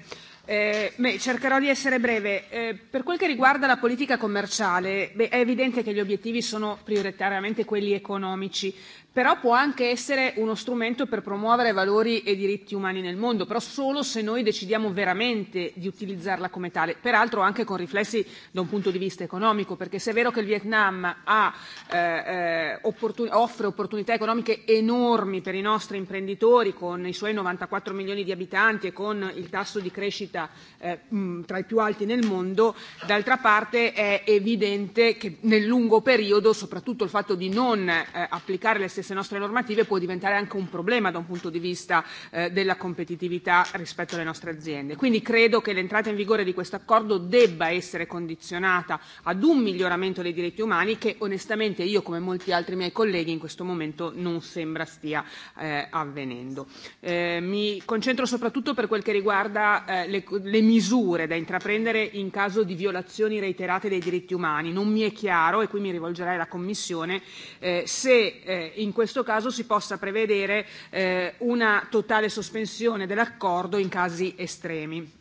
Eh, beh, cercherò di essere breve. Eh, per quel che riguarda la politica commerciale, beh, è evidente che gli obiettivi sono prioritariamente quelli economici, però può anche essere uno strumento per promuovere valori e diritti umani nel mondo, però solo se noi decidiamo veramente di utilizzarla come tale, peraltro anche con riflessi da un punto di vista economico, perché se è vero che il Vietnam ha, eh, eh opportun- offre opportunità economiche enormi per i nostri imprenditori, con i suoi 94 milioni di abitanti e con il tasso di crescita eh, mh, tra i più alti nel mondo, d'altra parte è evidente che nel lungo periodo, soprattutto il fatto di non eh, applicare le stesse queste nostre normative può diventare anche un problema da un punto di vista eh, della competitività rispetto alle nostre aziende. Quindi credo che l'entrata in vigore di questo accordo debba essere condizionata ad un miglioramento dei diritti umani che onestamente io come molti altri miei colleghi in questo momento non sembra stia eh, avvenendo. Eh, mi concentro soprattutto per quel che riguarda eh, le, le misure da intraprendere in caso di violazioni reiterate dei diritti umani. Non mi è chiaro, e qui mi rivolgerai alla Commissione, eh, se eh, in in questo caso si possa prevedere eh, una totale sospensione dell'accordo in casi estremi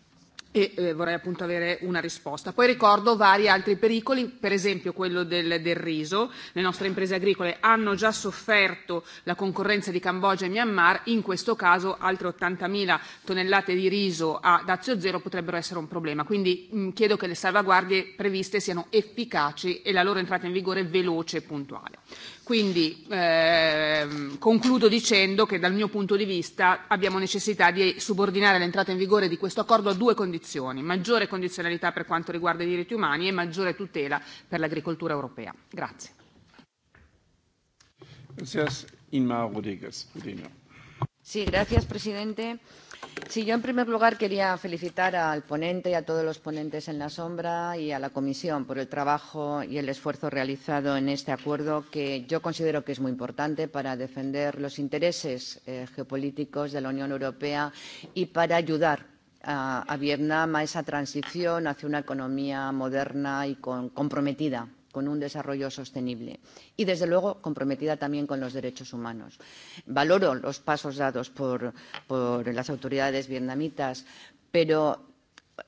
e eh, vorrei appunto avere una risposta. Poi ricordo vari altri pericoli, per esempio quello del, del riso. Le nostre imprese agricole hanno già sofferto la concorrenza di Cambogia e Myanmar, in questo caso altre 80.000 tonnellate di riso a dazio zero potrebbero essere un problema. Quindi mh, mm, chiedo che le salvaguardie previste siano efficaci e la loro entrata in vigore veloce e puntuale. Quindi ehm, concludo dicendo che dal mio punto di vista abbiamo necessità di subordinare l'entrata in vigore di questo accordo a due condizioni, maggiore condizionalità per quanto riguarda i diritti umani e maggiore tutela per l'agricoltura europea.
Grazie.
Gracias, Inma Rodríguez.
Sí, gracias, presidente. Sí, yo en primer lugar quería felicitar al ponente y a todos los ponentes en la sombra y a la comisión por el trabajo y el esfuerzo realizado en este acuerdo que yo considero que es muy importante para defender los intereses eh, geopolíticos de la Unión Europea y para ayudar a, a Vietnam a esa transición hacia una economía moderna y con, comprometida con un desarrollo sostenible y, desde luego, comprometida también con los derechos humanos. Valoro los pasos dados por, por las autoridades vietnamitas, pero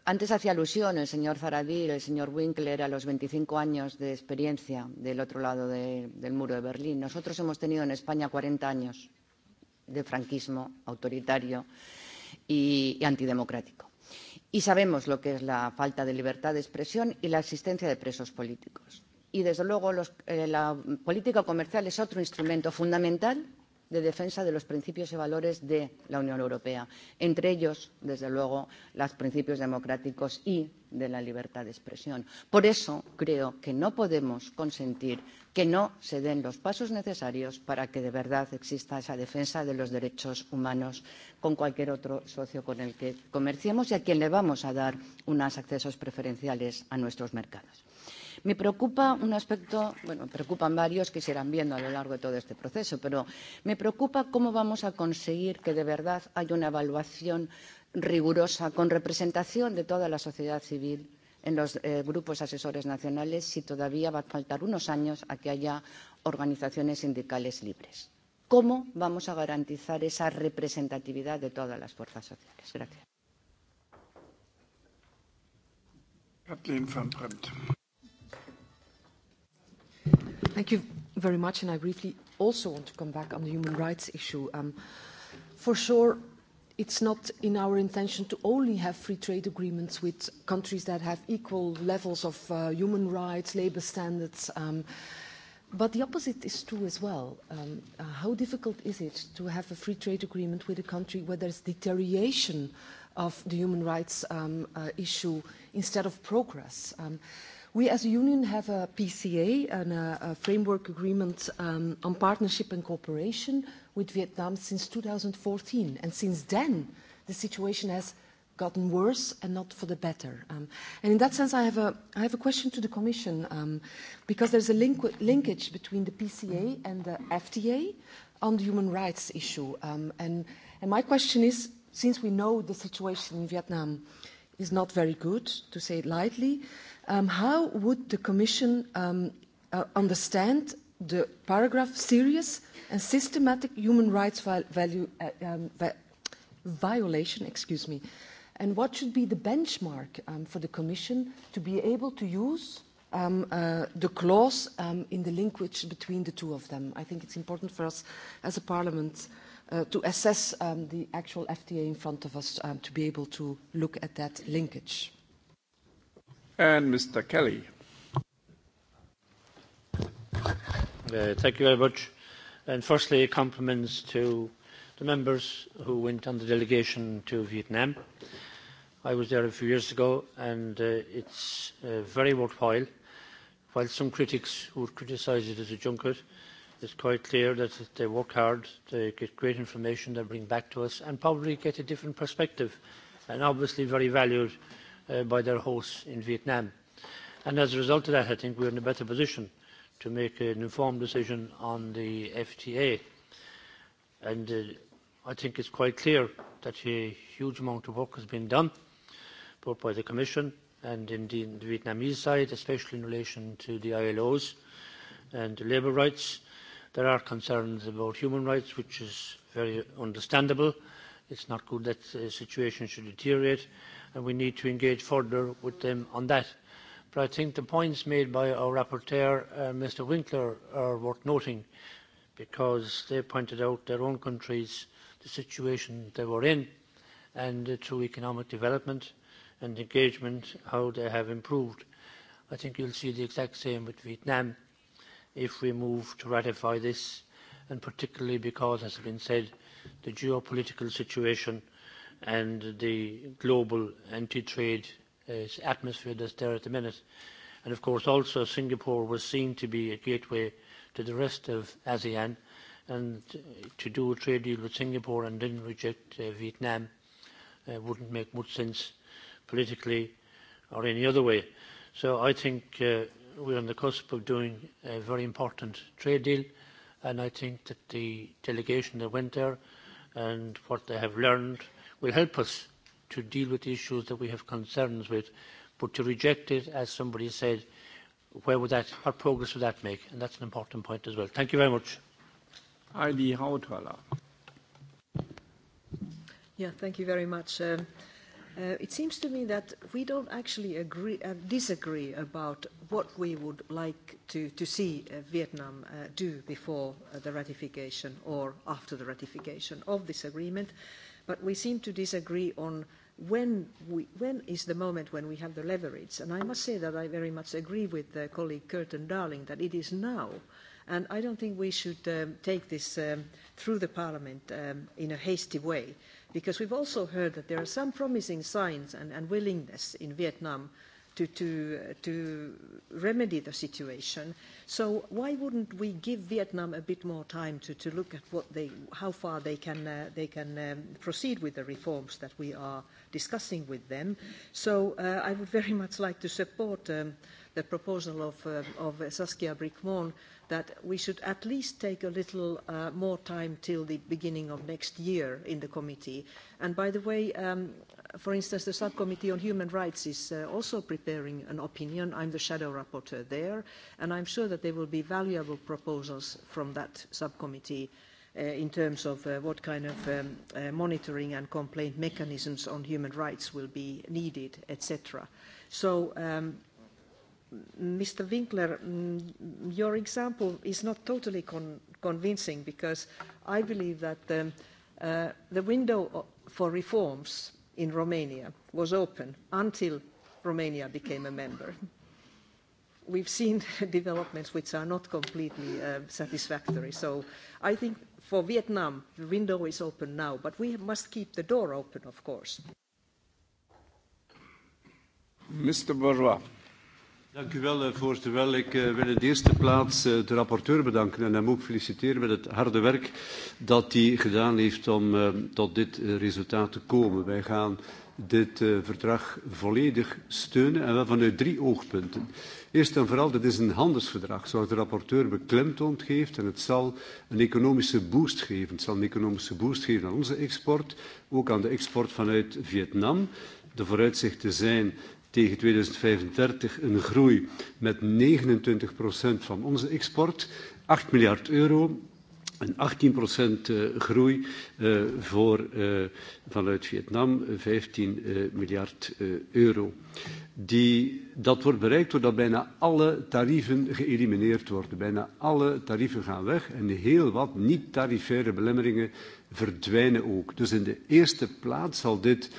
Antes hacía alusión el señor Zaradir, el señor Winkler, a los 25 años de experiencia del otro lado de, del muro de Berlín. Nosotros hemos tenido en España 40 años de franquismo autoritario y, y antidemocrático. Y sabemos lo que es la falta de libertad de expresión y la existencia de presos políticos y desde luego los, eh, la política comercial es otro instrumento fundamental de defensa de los principios y valores de la Unión Europea, entre ellos, desde luego, los principios democráticos y de la libertad de expresión. Por eso creo que no podemos consentir que no se den los pasos necesarios para que de verdad exista esa defensa de los derechos humanos con cualquier otro socio con el que comerciemos y a quien le vamos a dar unos accesos preferenciales a nuestros mercados. Me preocupa un aspecto, bueno, me preocupan varios que se irán viendo a lo largo de todo este proceso, pero me preocupa cómo vamos a conseguir que de verdad haya una evaluación rigurosa con representación de toda la sociedad civil en los eh, grupos asesores nacionales si todavía va a faltar unos años a que haya organizaciones sindicales libres. ¿Cómo vamos a garantizar esa representatividad de todas las fuerzas sociales? Gracias.
Kathleen van Bremt.
Thank you very much. And I briefly also want to come back on the human rights issue. Um, for sure, it's not in our intention to only have free trade agreements with countries that have equal levels of uh, human rights, labor standards. Um, but the opposite is true as well. Um, uh, how difficult is it to have a free trade agreement with a country where there's deterioration of the human rights uh, issue instead of progress? We as a union have a PCA, and a, framework agreement um, on partnership and cooperation with Vietnam since 2014. And since then, the situation has gotten worse and not for the better. Um, and in that sense, I have a, I have a question to the Commission, um, because there's a link, linkage between the PCA and the FTA on the human rights issue. Um, and, and my question is, since we know the situation in Vietnam is not very good, to say it lightly, Um, how would the Commission um, uh, understand the paragraph serious and systematic human rights value, uh, um, violation, excuse me, and what should be the benchmark um, for the Commission to be able to use um, uh, the clause um, in the linkage between the two of them? I think it's important for us as a Parliament uh, to assess um, the actual FTA in front of us um, to be able to look at that linkage.
And Mr. Kelly. Uh, thank you very much. And firstly, compliments to the members who went on the delegation to Vietnam. I was there a few years ago, and uh, it's uh, very worthwhile. While some critics would criticise it as a junket, it's quite clear that they work hard, they get great information they bring back to us, and probably get a different perspective, and obviously very valued Uh, by their hosts in Vietnam. And as a result of that, I think we're in a better position to make an informed decision on the FTA. And uh, I think it's quite clear that a huge amount of work has been done, both by the Commission and indeed the Vietnamese side, especially in relation to the ILOs and labour rights. There are concerns about human rights, which is very understandable. It's not good that the uh, situation should deteriorate and we need to engage further with them on that. But I think the points made by our rapporteur, uh, Mr Winkler, are worth noting because they pointed out their own countries, the situation they were in, and uh, through economic development and engagement, how they have improved. I think you'll see the exact same with Vietnam if we move to ratify this, and particularly because, as has been said, the geopolitical situation and the global anti-trade uh, atmosphere that's there at the minute. And of course also Singapore was seen to be a gateway to the rest of ASEAN and uh, to do a trade deal with Singapore and then reject uh, Vietnam uh, wouldn't make much sense politically or any other way. So I think uh, we're on the cusp of doing a very important trade deal and I think that the delegation that went there and what they have learned – will help us to deal with issues that we have concerns with, but to reject it, as somebody said, where would that, what progress would that make? And that's an important point as well. Thank you very much. Heidi Hautala.
Yeah, thank you very much. Um, Uh, it seems to me that we don't actually agree, uh, disagree about what we would like to, to see uh, Vietnam uh, do before the ratification or after the ratification of this agreement. Uh, but we seem to disagree on when, we, when is the moment when we have the leverage. And I must say that I very much agree with uh, colleague Curtin Darling that it is now. And I don't think we should um, take this um, through the Parliament um, in a hasty way, because we've also heard that there are some promising signs and, and willingness in Vietnam to, to, to remedy the situation. So why wouldn't we give Vietnam a bit more time to, to look at what they, how far they can, uh, they can um, proceed with the reforms that we are discussing with them? So uh, I would very much like to support um, the proposal of, uh, of Saskia Brickmon that we should at least take a little uh, more time till the beginning of next year in the committee. And by the way, um, for instance, the subcommittee on human rights is uh, also preparing an opinion. I'm the shadow rapporteur there, and I'm sure that there will be valuable proposals from that subcommittee Uh, in terms of uh, what kind of um, uh, monitoring and complaint mechanisms on human rights will be needed, etc. So um, Mr. Winkler, mm, your example is not totally con convincing because I believe that um, uh, the window for reforms in Romania was open until Romania became a member. We've seen developments which are not completely uh, satisfactory. So I think for Vietnam, the window is open now, but we must keep the door open, of course.
Mr. Bourgeois. Dank u wel, eh, voorzitter. Wel, ik uh, wil in de eerste plaats uh, de rapporteur bedanken en hem ook feliciteren met het harde werk dat hij gedaan heeft om uh, tot dit uh, resultaat te komen. Wij gaan dit uh, verdrag volledig steunen en wel vanuit drie oogpunten. Eerst en vooral, dit is een handelsverdrag, zoals de rapporteur beklemtoond heeft. En het zal een economische boost geven. Het zal een economische boost geven aan onze export, ook aan de export vanuit Vietnam. De vooruitzichten zijn tegen 2035 een groei met 29 van onze export, 8 miljard euro een 18% eh, groei eh, voor, eh, vanuit Vietnam, 15 miljard euro. Die, dat wordt bereikt doordat bijna alle tarieven geëlimineerd worden. Bijna alle tarieven gaan weg en heel wat niet-tarifaire belemmeringen verdwijnen ook. Dus in de eerste plaats zal dit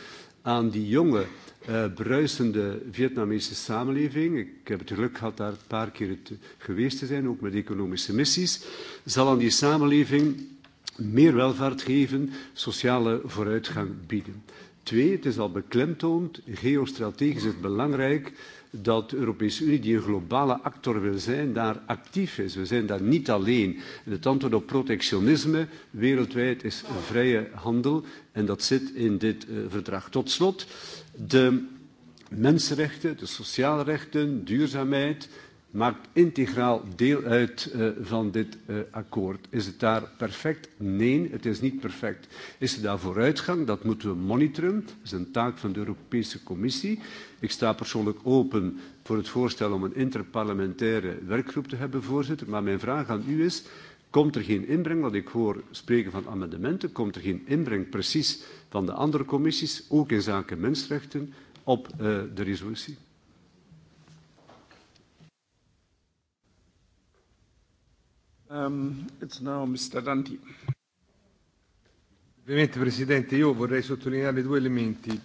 aan die jonge uh, bruisende Vietnamese samenleving. Ik heb het geluk gehad daar een paar keer te, geweest te zijn, ook met economische missies. Zal aan die samenleving meer welvaart geven, sociale vooruitgang bieden. Twee, het is al beklemtoond, geostrategisch is het belangrijk dat de Europese Unie, die een globale actor wil zijn, daar actief is. We zijn daar niet alleen. En het antwoord op protectionisme wereldwijd is een vrije handel. En dat zit in dit uh, verdrag. Tot slot, uh, de mensenrechten, de sociale rechten, duurzaamheid maakt integraal deel uit uh, van dit uh, akkoord. Is het daar perfect? Nee, het is niet perfect. Is er daar vooruitgang? Dat moeten we monitoren. Dat is een taak van de Europese Commissie. Ik sta persoonlijk open voor het voorstel om een interparlementaire werkgroep te hebben, voorzitter. Maar mijn vraag aan u is, komt er geen inbreng? Want ik hoor spreken van amendementen. Komt er geen inbreng precies van de andere commissies, ook in zaken mensenrechten, op uh, de resolutie.
Um, it's now Mr. Danti.
Ovviamente Presidente, io vorrei sottolineare due elementi.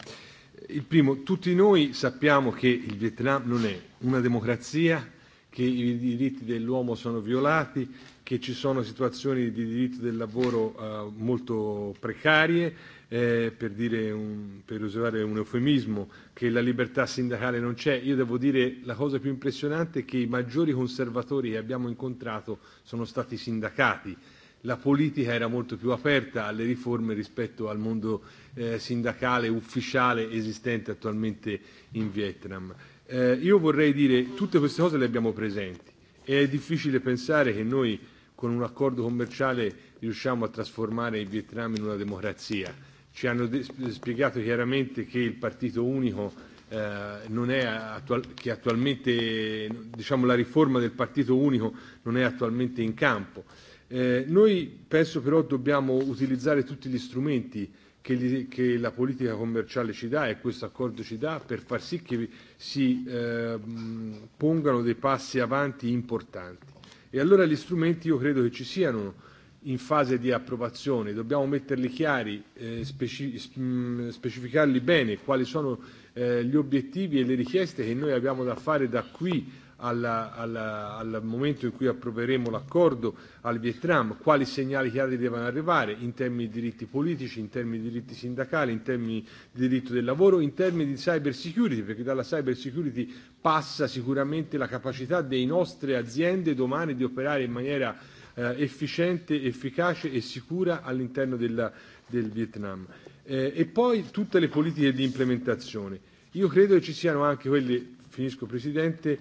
Il primo, tutti noi sappiamo che il Vietnam non è una democrazia che i diritti dell'uomo sono violati, che ci sono situazioni di diritto del lavoro uh, molto precarie, eh, per, dire un, per usare un eufemismo, che la libertà sindacale non c'è. Io devo dire la cosa più impressionante è che i maggiori conservatori che abbiamo incontrato sono stati sindacati. La politica era molto più aperta alle riforme rispetto al mondo eh, sindacale ufficiale esistente attualmente in Vietnam. Eh, io vorrei dire, tutte queste cose le abbiamo presenti e è difficile pensare che noi con un accordo commerciale riusciamo a trasformare il Vietnam in una democrazia. Ci hanno de- spiegato chiaramente che il partito unico eh, non è attual- che attualmente diciamo, la riforma del partito unico non è attualmente in campo. Eh, noi penso però dobbiamo utilizzare tutti gli strumenti eh, che, gli, che la politica commerciale ci dà e questo accordo ci dà per far sì che si eh, pongano dei passi avanti importanti. E allora gli strumenti io credo che ci siano in fase di approvazione, dobbiamo metterli chiari, eh, speci- mm, specificarli bene quali sono eh, gli obiettivi e le richieste che noi abbiamo da fare da qui alla, alla, al momento in cui approveremo l'accordo al Vietnam, quali segnali chiari devono arrivare in termini di diritti politici, in termini di diritti sindacali, in termini di diritto del lavoro, in termini di cyber security, perché dalla cyber security passa sicuramente la capacità delle nostre aziende domani di operare in maniera eh, efficiente, efficace e sicura all'interno della, del Vietnam. Eh, e poi tutte le politiche di implementazione. Io credo che ci siano anche quelle, finisco Presidente,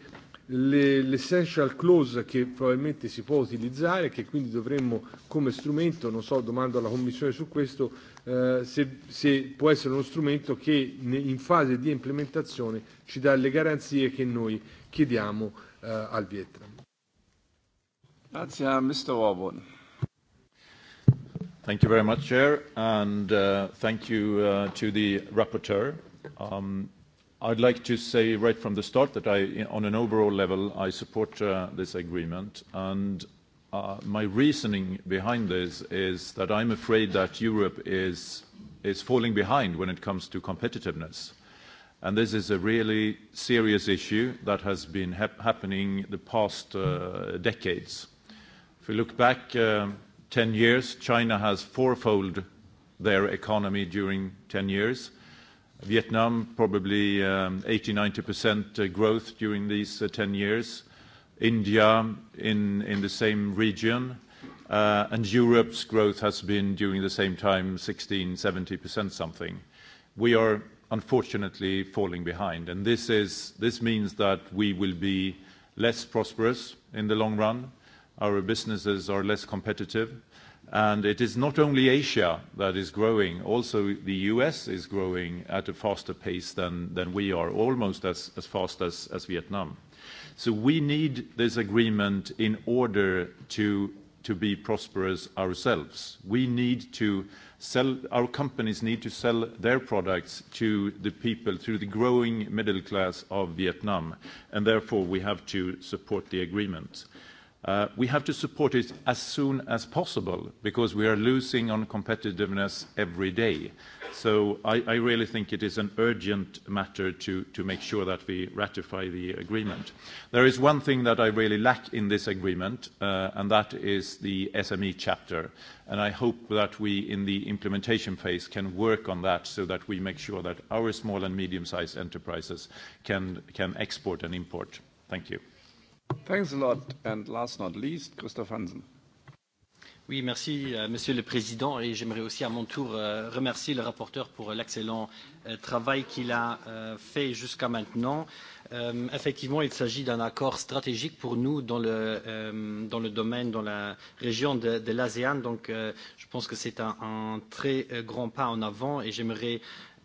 l'essential clause che probabilmente si può utilizzare, che quindi dovremmo come strumento, non so, domando alla Commissione su questo, eh, se, se può essere uno strumento che in fase di implementazione ci dà le garanzie che noi chiediamo eh, al Vietnam. Grazie, a Mr. Warburton. Thank you very much, Chair,
and uh, thank you uh, to the Rapporteur. Um, I'd like to say right from the start that I, on an overall level, I support uh, this agreement. And uh, my reasoning behind this is that I'm afraid that Europe is, falling behind when it comes to competitiveness. And this is a really serious issue that has been happening the past uh, decades. If we look back 10 um, years, China has fourfold their economy during 10 years Vietnam, probably 80%-90% um, uh, growth during these 10 uh, years. India in, the same region. Uh, and Europe's growth has been, during the same time, 16%-70% something. We are unfortunately falling behind, and this means that we will be less prosperous in the long run. Our businesses are less competitive, And it is not only Asia that is growing, also the U.S. is growing at a faster pace than, we are, almost as, fast as, Vietnam. So we need this agreement in order to, to be prosperous ourselves. We need to sell, our companies need to sell their products to the people through the growing middle class of Vietnam, and therefore we have to support the agreement. Uh, we have to support it as soon as possible because we are losing on competitiveness every day. So I, really think it is an urgent matter to, make sure that we ratify the agreement. There is one thing that I really lack in this agreement, uh, and that is the SME chapter. And I hope that we, in the implementation phase, can work on that so that we make sure that our small and medium-sized enterprises can export and import. Thank you.
Thanks a lot. And last not least, Christoph Hansen. Oui, merci euh, Monsieur le Président et j'aimerais aussi à mon tour euh, remercier le rapporteur pour euh, l'excellent travail qu'il a fait jusqu'à maintenant. effectivement, il s'agit d'un accord stratégique pour nous dans le, dans le domaine, dans la région de, de l'ASEAN. Donc je pense que c'est un, un très grand pas en avant et j'aimerais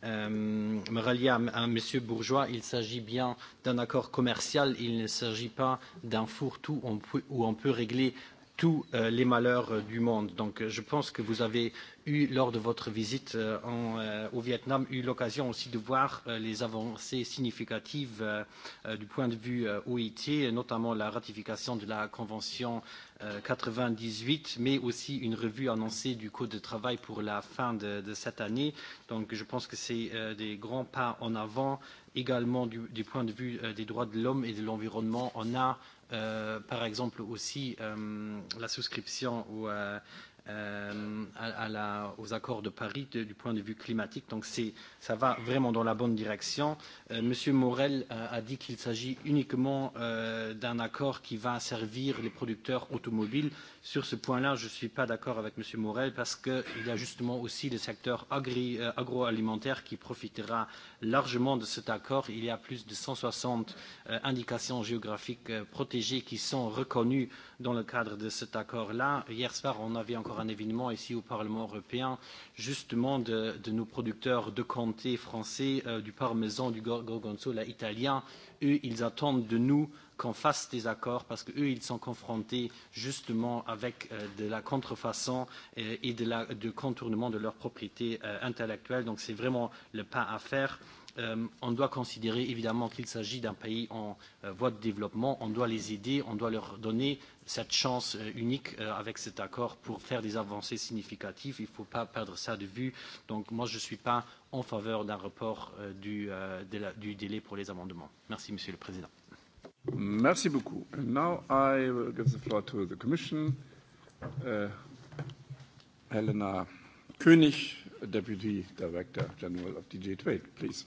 Euh, me relier à, à M. Bourgeois, il s'agit bien d'un accord commercial, il ne s'agit pas d'un fourre-tout où on peut régler tous euh, les malheurs euh, du monde. Donc euh, je pense que vous avez eu, lors de votre visite euh, en, euh, au Vietnam, eu l'occasion aussi de voir euh, les avancées significatives euh, euh, du point de vue euh, OIT, notamment la ratification de la Convention euh, 98, mais aussi une revue annoncée du Code de travail pour la fin de, de cette année. Donc je pense que c'est euh, des grands pas en avant également du, du point de vue euh, des droits de l'homme et de l'environnement. On a Euh, par exemple aussi euh, la souscription ou euh, euh, à, à la, aux accords de Paris de, du point de vue climatique. Donc ça va vraiment dans la bonne direction. Euh, Monsieur Morel a, euh, a dit qu'il s'agit uniquement euh, d'un accord qui va servir les producteurs automobiles. Sur ce point-là, je ne suis pas d'accord avec Monsieur Morel parce qu'il y a justement aussi le secteur agri, euh, agroalimentaire qui profitera largement de cet accord. Il y a plus de 160 euh, indications géographiques euh, protégées qui sont reconnues dans le cadre de cet accord-là. Hier soir, on avait encore un événement ici au Parlement européen, justement de, de nos producteurs de comté français, euh, du parmesan, du gorgonzola italien. Eux, ils attendent de nous qu'on fasse des accords parce qu'eux, ils sont confrontés justement avec euh, de la contrefaçon euh, et de la, du contournement de leur propriété euh, intellectuelle. Donc c'est vraiment le pas à faire euh, on doit considérer évidemment qu'il s'agit d'un pays en euh, voie de développement, on doit les aider, on doit leur donner cette chance euh, unique euh, avec cet accord pour faire des avancées significatives. Il ne faut pas perdre ça de vue. Donc moi, je ne suis pas en faveur d'un report euh, du, euh, de la, du délai pour les amendements. Merci, Monsieur le Président.
Merci beaucoup. And now I will give the floor to the Commission. Uh, Helena König, Deputy Director General of DG Trade, please.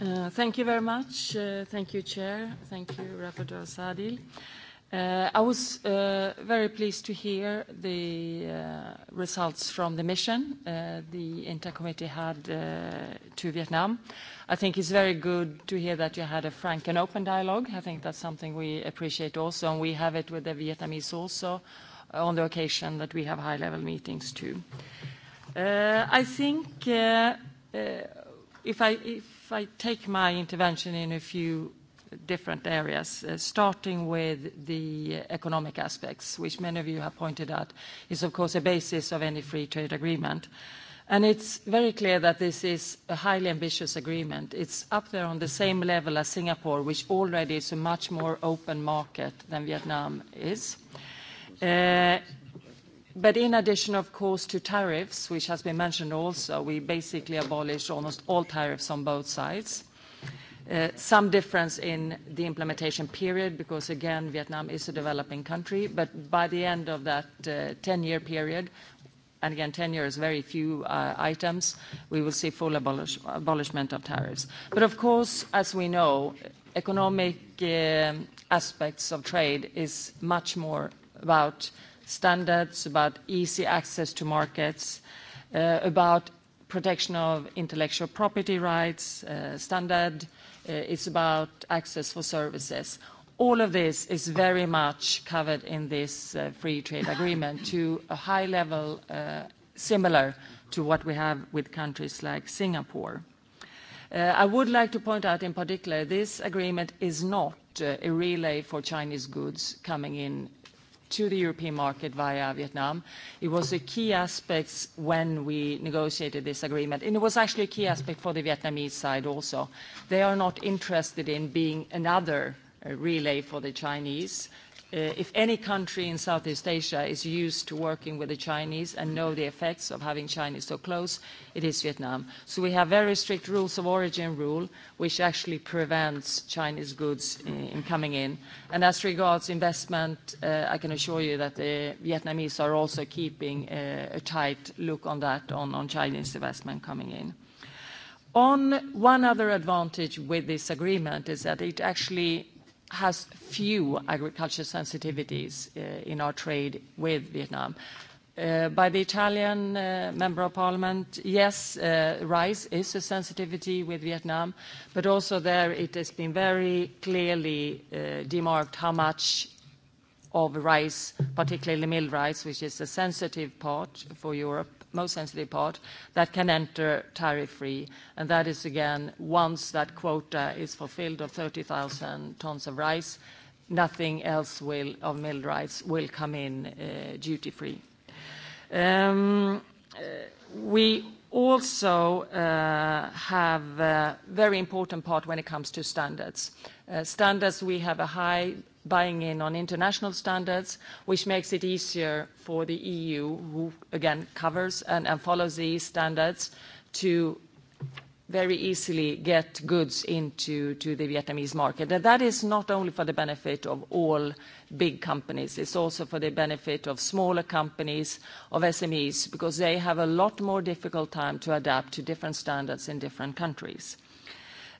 Uh, thank you very much. Uh, thank you, Chair. Thank you, Rapporteur Sadil. Uh, I was uh, very pleased to hear the uh, results from the mission uh, the INTA committee had uh, to Vietnam. I think it's very good to hear that you had a frank and open dialogue. I think that's something we appreciate also, and we have it with the Vietnamese also on the occasion that we have high-level meetings too. Uh, I think uh, uh, if, I, if if I take my intervention in a few different areas, uh, starting with the economic aspects, which many of you have pointed out is, of course, a basis of any free trade agreement. And it's very clear that this is a highly ambitious agreement. It's up there on the same level as Singapore, which already is a much more open market than Vietnam is. Uh, But in addition, of course, to tariffs, which has been mentioned also, we basically abolished almost all tariffs on both sides. Uh, some difference in the implementation period because, again, Vietnam is a developing country, but by the end of that 10-year uh, period, and again, 10 years, very few uh, items, we will see full abolishment of tariffs. But of course, as we know, economic um, aspects of trade is much more about standards, about easy access to markets, uh, about protection of intellectual property rights, uh, standard, uh, it's about access for services. All of this is very much covered in this free trade agreement to a high level similar to what we have with countries like Singapore. I would like to point out in particular, this agreement is not a relay for Chinese goods coming in to the European market via Vietnam. It was a key aspect when we negotiated this agreement, and it was actually a key aspect for the Vietnamese side also. They are not interested in being another uh, relay for the Chinese. Uh, if any country in Southeast Asia is used to working with the Chinese and know the effects of having Chinese so close, it is Vietnam. So we have very strict rules of origin rule, which actually prevents Chinese goods uh, in coming in. And as regards investment, uh, I can assure you that the Vietnamese are also keeping a, tight look on that, on, on Chinese investment coming in. On one other advantage with this agreement is that it actually has few agriculture sensitivities uh, in our trade with Vietnam. Uh, by the Italian uh, Member of Parliament, yes, rice is a sensitivity with Vietnam, but also there it has been very clearly demarked how much of rice, particularly milled rice, which is a sensitive part for Europe, most sensitive part that can enter tariff-free, that is again, once that quota is fulfilled of 30,000 tons of rice, nothing else of milled rice will come in uh, duty-free. Um, uh, we also uh, have a very important part when it comes to standards. Standards, we have a high buying in on international standards, which makes it easier for the EU, who again covers and, follows these standards, to very easily get goods into the Vietnamese market. And that is not only for the benefit of all big companies, it's also for the benefit of smaller companies, of SMEs, because they have a lot more difficult time to adapt to different standards in different countries.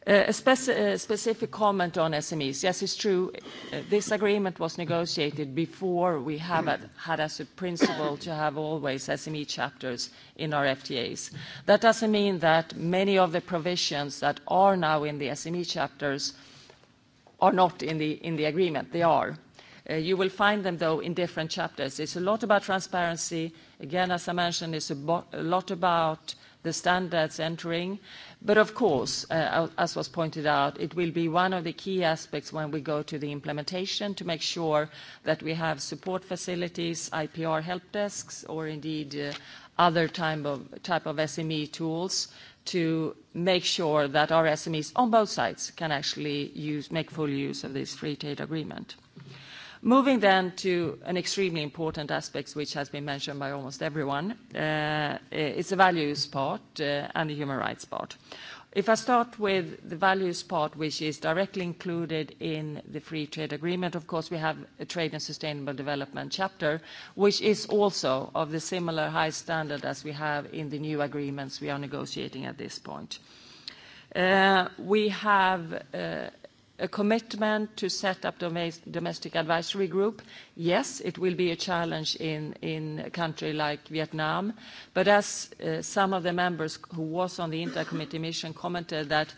Uh, a uh, specific comment on SMEs. Yes, it's true, uh, this agreement was negotiated before we have had as a principle to have always SME chapters in our FTAs. That doesn't mean that many of the provisions that are now in the SME chapters are not in the, agreement. They are. you will find them, though, in different chapters. It's a lot about transparency. Again, as I mentioned, it's a lot about the standards entering. But of course, uh, as was pointed out, it will be one of the key aspects when we go to the implementation to make sure that we have support facilities, IPR help desks, or indeed uh, other type of, type of SME tools to make sure that our SMEs on both sides can actually use, make full use of this free trade agreement. Moving then to an extremely important aspect, which has been mentioned by almost everyone, uh, it's the values part uh, and the human rights part. If I start with the values part, which is directly included in the free trade agreement, of course, we have a trade and sustainable development chapter, which is also of the similar high standard as we have in the new agreements we are negotiating at this point. Uh, we have a commitment to set up domestic advisory group. Yes, it will be a challenge in, in a country like Vietnam, but as uh, some of the members who was on the intercommittee mission commented that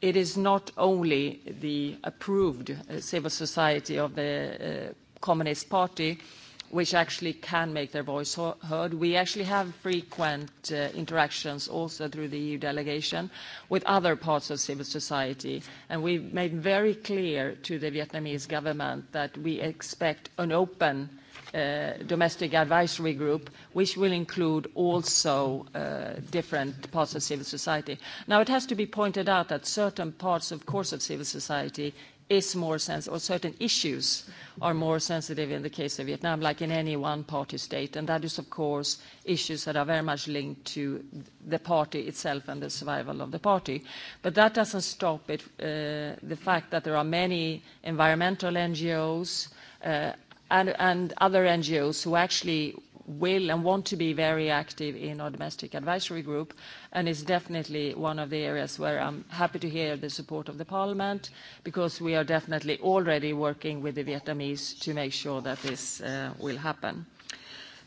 it is not only the approved uh, civil society of the uh, Communist Party, uh, which actually can make their voice heard. We actually have frequent uh, interactions also through the EU delegation with other parts of civil society, and we've made very clear to the Vietnamese government that we expect an open uh, domestic advisory group, which will include also uh, different parts of civil society. Now, it has to be pointed out that certain parts, of course, of civil society is more sensitive, or certain issues are more sensitive in the case of Vietnam, like in any one-party state, and that is, of course, issues that are very much linked to the party itself and the survival of the party. But that doesn't stop it, uh, the fact that there are many environmental NGOs uh, and, and other NGOs who actually will and want to be very active in our domestic advisory group, and it's definitely one of the areas where I'm happy to hear the support of the parliament, because we are definitely already working with the Vietnamese to make sure that this uh, will happen.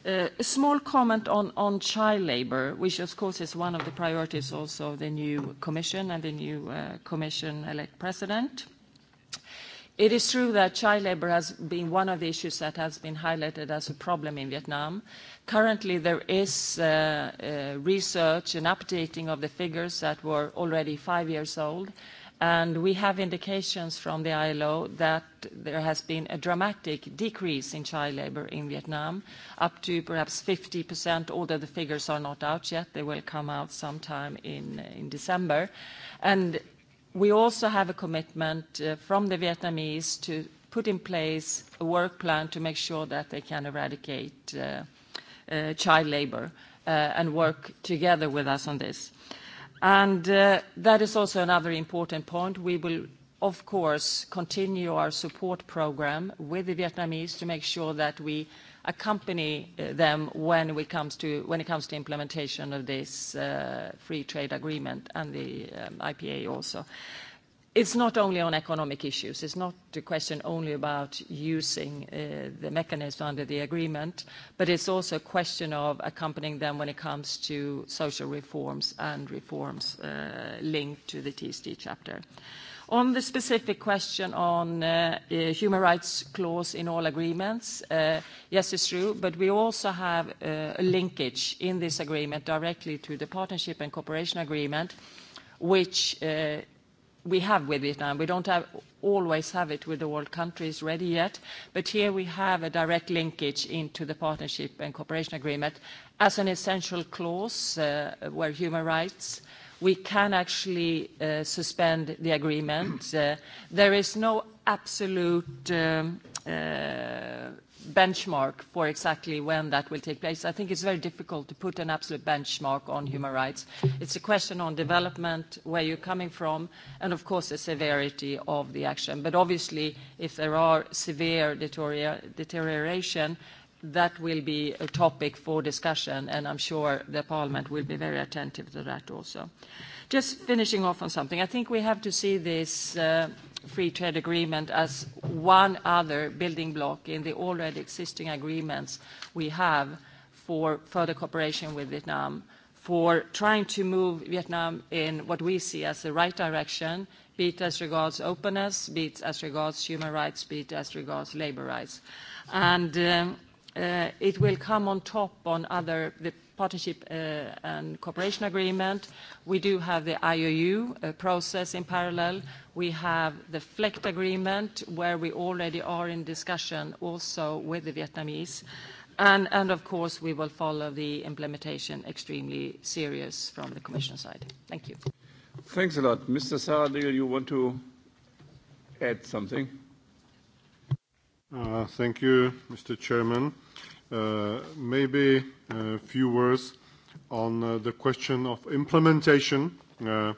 Uh, a small comment on, child labor, which of course is one of the priorities also of the new commission and the new uh, commission-elect president. It is true that child labour has been one of the issues that has been highlighted as a problem in Vietnam. Currently, there is uh, uh, research and updating of the figures that were already five years old, and we have indications from the ILO that there has been a dramatic decrease in child labour in Vietnam, up to perhaps 50%, although the figures are not out yet. They will come out sometime in, in December. And we also have a commitment uh, from the Vietnamese to put in place a work plan to make sure that they can eradicate uh, uh, child labor and work together with us on this. And uh, that is also another important point. We will, of course, continue our support program with the Vietnamese to make sure that we uh, accompany uh, them when it comes to, implementation of this uh, free trade agreement and the um, IPA also. It's not only on economic issues. It's not a question only about using uh, the mechanism under the agreement, but it's also a question of accompanying them when it comes to social reforms and reforms linked to the TSD chapter. On the specific question on uh, uh, human rights clause in all agreements, uh, yes, it's true, but we also have a linkage in this agreement directly to the partnership and cooperation agreement, which we have with Vietnam. We don't always have it with all countries ready yet, but here we have a direct linkage into the partnership and cooperation agreement as an essential clause where human rights we can actually uh, suspend the agreement. Uh, there is no absolute um, uh, benchmark for exactly when that will take place. I think it's very difficult to put an absolute benchmark on human rights. It's a question on development, where you're coming from, and of course, the severity of the action. But obviously, if there are severe deterioration, that will be a topic for discussion, and I'm sure the parliament will be very attentive to that also. Just finishing off on something, I think we have to see this uh, free trade agreement as one other building block in the already existing agreements we have for further cooperation with Vietnam, for trying to move Vietnam in what we see as the right direction, be it as regards openness, be it as regards human rights, be it as regards labor rights. And Uh, Uh, it will come on top on other, the partnership uh, and cooperation agreement. We do have the IOU uh, process in parallel. We have the FLECT agreement, where we already are in discussion also with the Vietnamese. And, and of course, we will follow the implementation extremely
serious from the commission side. Thank you. Thanks a lot. Mr. Saradil, you want to add something? Uh, thank
you, Mr. Chairman. Uh, maybe a few words on uh, the question of implementation, uh,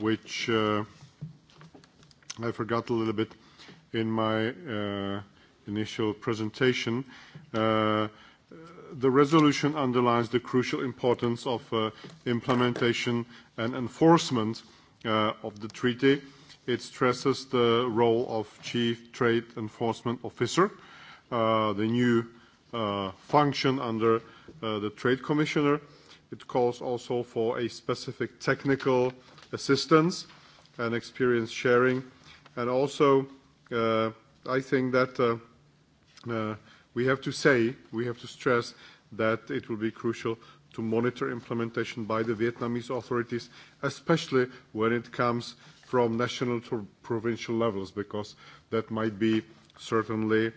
which uh, I forgot a little bit in my uh, initial presentation. Uh, the resolution underlines the crucial importance of uh, implementation and enforcement uh, of the treaty. It stresses the role of chief trade enforcement officer, uh, the new uh, function under uh, the Trade Commissioner. It calls also for a specific technical assistance and experience sharing. And also, uh, I think that uh, uh, we have to say, we have to stress that it will be crucial to monitor implementation by the Vietnamese authorities, especially when it comes from national to provincial levels, because that might be certainly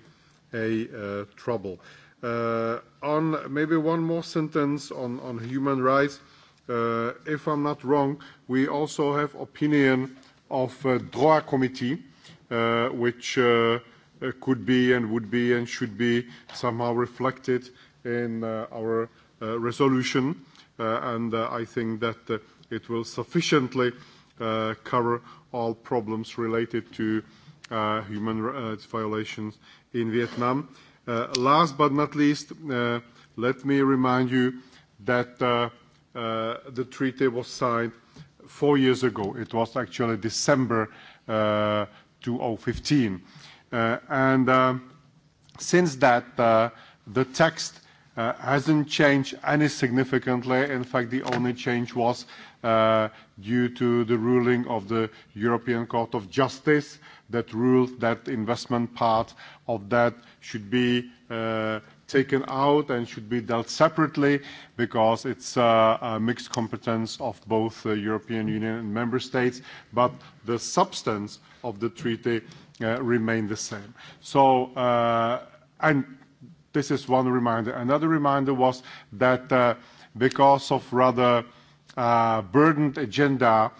a uh, trouble. Uh, on maybe one more sentence on, on human rights. Uh, if I'm not wrong, we also have opinion of a DROA committee, uh, which uh, could be and would be and should be somehow reflected in uh, our uh, resolution. Uh, and uh, I think that uh, it will sufficiently uh, cover all problems related to uh, human rights uh, violations in Vietnam. Uh, Uh, last but not least, uh, let me remind you that uh, the treaty was signed four years ago. It was actually December 2015. and since that, the text hasn't changed any significantly. In fact, the only change was due to the ruling of the European Court of Justice, that rule, that investment part of that should be uh, taken out and should be dealt separately because it's uh, a mixed competence of both the European Union and member states, but the substance of the treaty uh, remained the same. So, uh, and this is one reminder. Another reminder was that uh, because of rather uh, burdened agenda,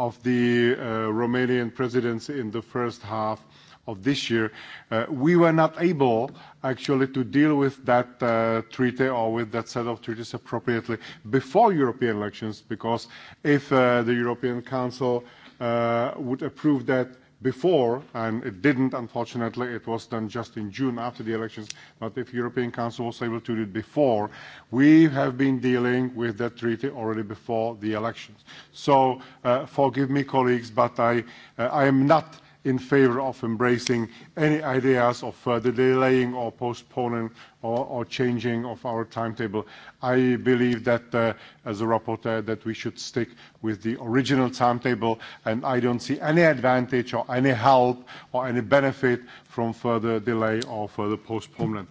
of the uh, Romanian presidency in the first half of this year, uh, we were not able actually to deal with that uh, treaty or with that set of treaties appropriately before European elections, because if uh, the European Council uh, would approve that before, and it didn't, unfortunately. It was done just in June after the elections. But if European Council was able to do it before, we have been dealing with that treaty already before the elections. So uh, forgive me, colleagues, but I, uh, I am not in favor of embracing any ideas of further delaying or postponing or, or changing of our timetable. I believe that, uh, as a rapporteur, that we should stick with the original timetable, and I don't see any advantage or any help or any benefit from further delay or further postponement.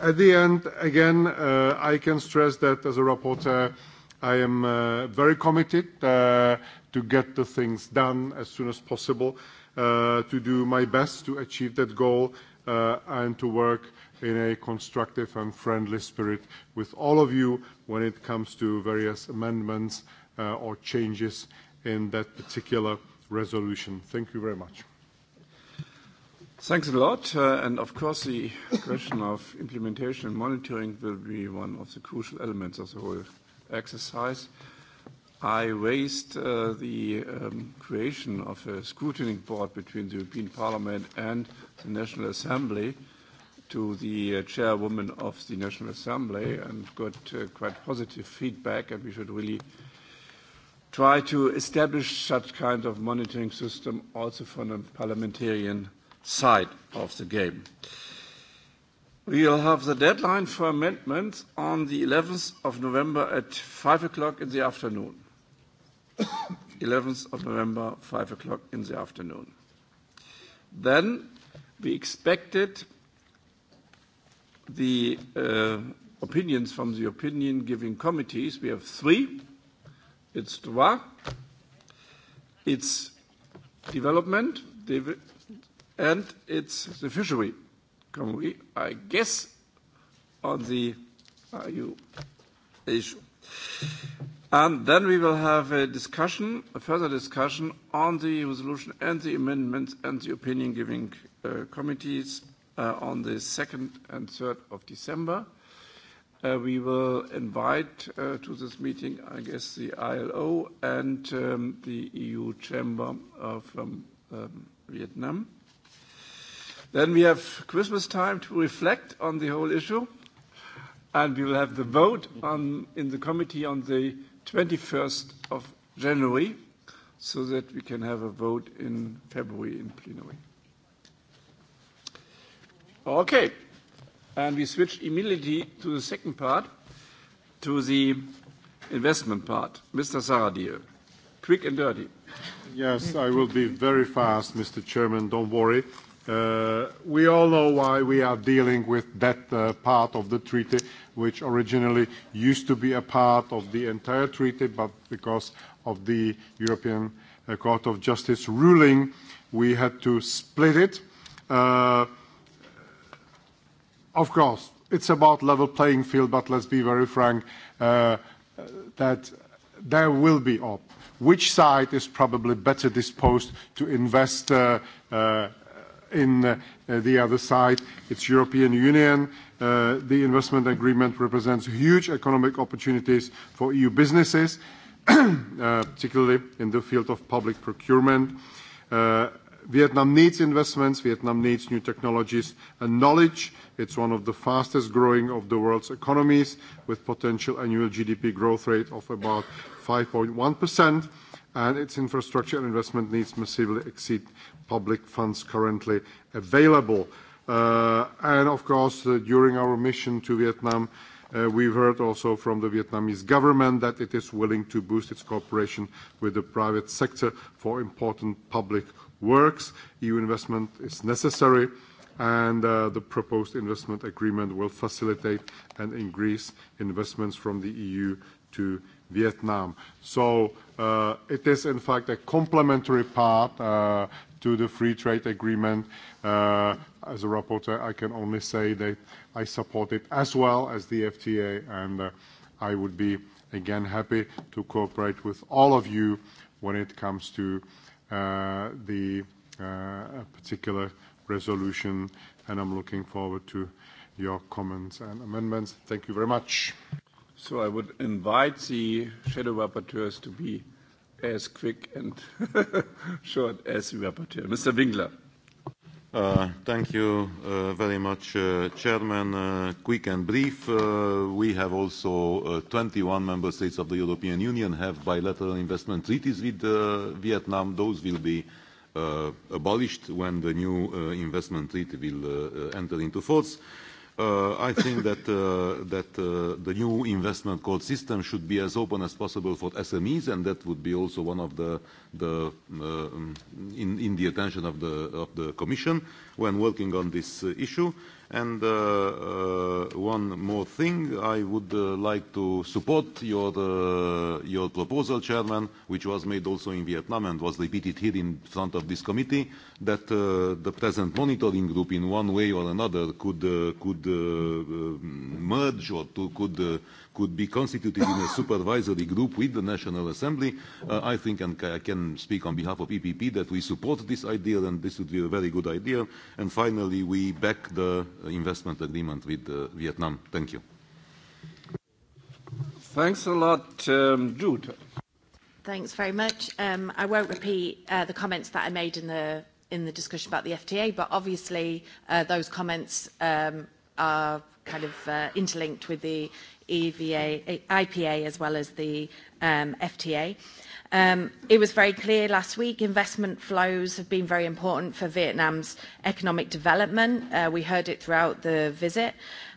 At the end, again, uh, I can stress that as a rapporteur, I am uh, very committed uh, to get the things done as soon as possible. Uh, to do my best to achieve that goal uh, and to work in a constructive and friendly spirit with all of you when it comes to various amendments uh, or changes in that particular resolution.
Thank you very much. Thanks a lot. Uh, and of course, the question of implementation and monitoring will be one of the crucial elements of the whole exercise. I raised uh, the um, creation of a scrutiny board between the European Parliament and the National Assembly to the uh, chairwoman of the National Assembly and got uh, quite positive feedback and we should really try to establish such kind of monitoring system also from the parliamentarian side of the game. We will have the deadline for amendments on the 11th of November at 5 o'clock in the afternoon. 11th of November, 5 o'clock in the afternoon. Then we expected the uh, opinions from the opinion giving committees. We have three. It's DROA, it's development, and it's the fishery. Can we, I guess, on the issue. And um, then we will have a discussion, a further discussion on the resolution and the amendments and the opinion giving uh, committees uh, on the 2nd and 3rd of December. Uh, we will invite uh, to this meeting, I guess, the ILO and um, the EU Chamber uh, from um, Vietnam. Then we have Christmas time to reflect on the whole issue, and we will have the vote on, in the committee on the 21st of January so that we can have a vote in February in plenary. Okay. And we switch immediately to the second part, to the investment part. Mr. Saradil, quick and dirty. Yes, I will be very
fast, Mr. Chairman. Don't worry. Uh, we all know why we are dealing with that uh, part of the treaty, which originally used to be a part of the entire treaty, but because of the European uh, Court of Justice ruling, we had to split it. Uh, of course, it's about level playing field, but let's be very frank uh, that there will be op. Which side is probably better disposed to invest uh, uh, in uh, the other side, it's European Union. Uh, the investment agreement represents huge economic opportunities for EU businesses, uh, particularly in the field of public procurement. Uh, Vietnam needs investments. Vietnam needs new technologies and knowledge. It's one of the fastest growing of the world's economies, with potential annual GDP growth rate of about 5.1%, and its infrastructure and investment needs massively exceed public funds currently available. Uh, and of course, uh, during our mission to Vietnam, uh, we've heard also from the Vietnamese government that it is willing to boost its cooperation with the private sector for important public works. EU investment is necessary, and uh, the proposed investment agreement will facilitate and increase investments from the EU to Vietnam. So uh, it is, in fact, a complementary part. Uh, to the free trade agreement. Uh, as a rapporteur, I can only say that I support it as well as the FTA, and uh, I would be again happy to cooperate with all of you when it comes to uh, the uh, particular resolution, and I'm looking forward to
your comments and amendments. Thank you very much. So I would invite the shadow rapporteurs to be as quick and short as we are rapporteur. Mr. Winkler.
Uh, thank you uh, very much, uh, Chairman. Uh, quick and brief, uh, we have also 21 uh, member states of the European Union have bilateral investment treaties with Vietnam. Those will be abolished when the new investment treaty will enter into force. Uh, I think that, uh, that uh, the new investment code system should be as open as possible for SMEs, and that would be also one of the, the uh, um, in, in the attention of the, of the Commission when working on this uh, issue. And uh, uh, one more thing, I would uh, like to support your, uh, your proposal, Chairman, which was made also in Vietnam and was repeated here in front of this committee, that uh, the present monitoring group in one way or another could, uh, could uh, uh merge or to, could uh, could be constituted in a supervisory group with the National Assembly. Uh, I think, and I can speak on behalf of EPP, that we support this idea and this would be a very good idea. And finally, we back the uh, investment agreement with uh, Vietnam. Thank you. Thanks a lot,
um, Jude.
Thanks very much. Um, I won't repeat uh, the comments that I made in the in the discussion about the FTA, but obviously uh, those comments um, are kind of uh, interlinked with the EVA, IPA as well as the um, FTA. Um, it was very clear last week investment flows have been very important for Vietnam's economic development. Uh, we heard it throughout the visit.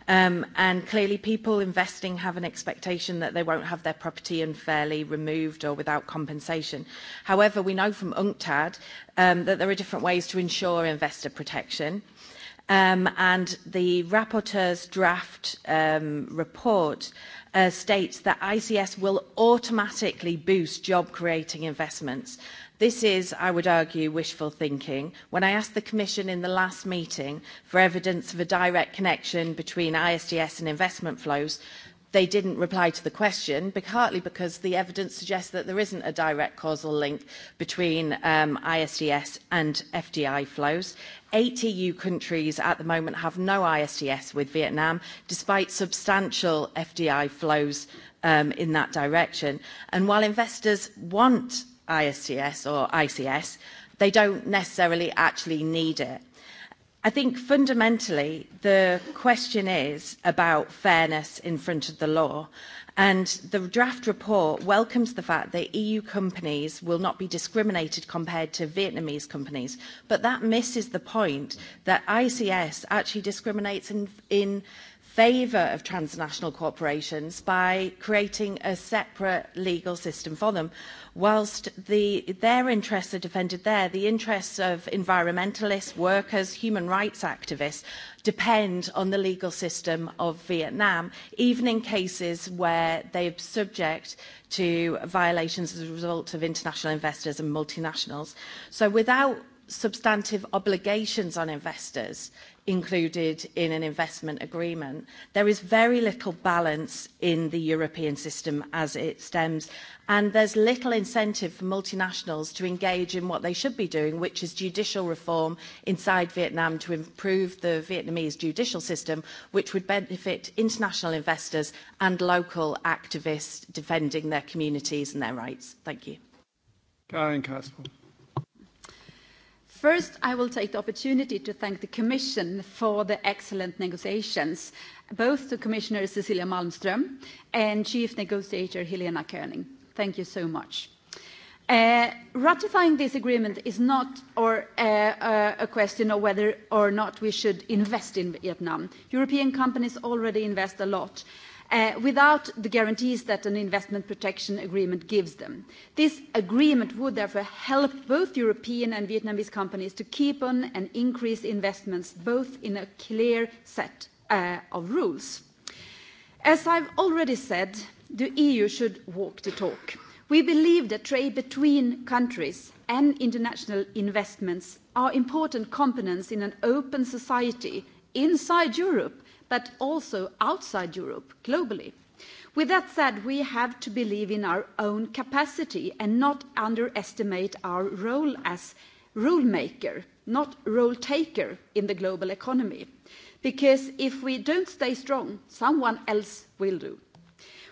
Um, and clearly people investing have an expectation that they won't have their property unfairly removed or without compensation. However, we know from UNCTAD um, that there are different ways to ensure investor protection. Uh, Um, and the rapporteur's draft um, report uh, states that ICS will automatically boost job creating investments. This is, I would argue, wishful thinking. When I asked the Commission in the last meeting for evidence of a direct connection between ISDS and investment flows, they didn't reply to the question, partly because the evidence suggests that there isn't a direct causal link between um, ISDS and FDI flows. Eight EU countries at the moment have no ISDS with Vietnam, despite substantial FDI flows um, in that direction. And while investors want ISDS or ICS, they don't necessarily actually need it. I think fundamentally the question is about fairness in front of the law. And the draft report welcomes the fact that EU companies will not be discriminated compared to Vietnamese companies. But that misses the point that ICS actually discriminates in, in favour of transnational corporations by creating a separate legal system for them. Whilst the, their interests are defended there, the interests of environmentalists, workers, human rights activists depend on the legal system of Vietnam, even in cases where they are subject to violations as a result of international investors and multinationals. So without substantive obligations on investors included in an investment agreement. There is very little balance in the European system as it stems, and there's little incentive for multinationals to engage in what they should be doing, which is judicial reform inside Vietnam to improve the Vietnamese judicial system, which would benefit international investors and local activists defending their communities and their rights. Thank you. Karin Kasper.
First, I will take the opportunity to thank the Commission for the excellent negotiations, both to Commissioner Cecilia Malmström and Chief Negotiator Helena Koenig. Thank you so much. Uh, ratifying this agreement is not or, uh, uh a question of whether or not we should invest in Vietnam. European companies already invest a lot, Uh, without the guarantees that an investment protection agreement gives them. This agreement would therefore help both European and Vietnamese companies to keep on and increase investments both in a clear set uh, of rules. As I've already said, the EU should walk the talk. We believe that trade between countries and international investments are important components in an open society inside Europe but also outside Europe, globally. With that said, we have to believe in our own capacity and not underestimate our role as rule maker, not role taker in the global economy. Because if we don't stay strong, someone else will do.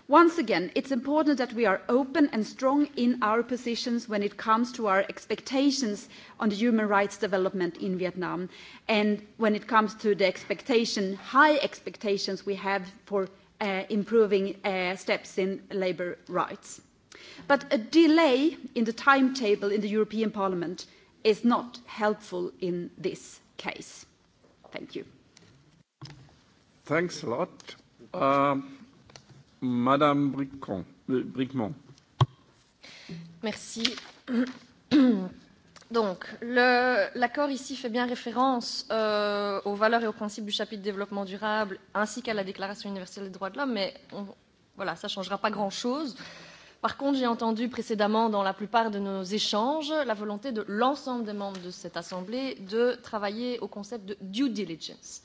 Once again, it's important that we are open and strong in our positions when it comes to our expectations on the human rights development in Vietnam and when it comes to the expectation, high expectations we have for uh, improving uh, steps in labour rights. But a delay in the timetable in the European Parliament is not helpful in this case. Thank you.
Thanks a lot. Um, Madame euh, Bricmont.
Merci. Donc, l'accord ici fait bien référence euh, aux valeurs et aux principes du chapitre développement durable ainsi qu'à la Déclaration universelle des droits de l'homme, mais on, voilà, ça ne changera pas grand-chose. Par contre, j'ai entendu précédemment dans la plupart de nos échanges la volonté de l'ensemble des membres de cette Assemblée de travailler au concept de due diligence.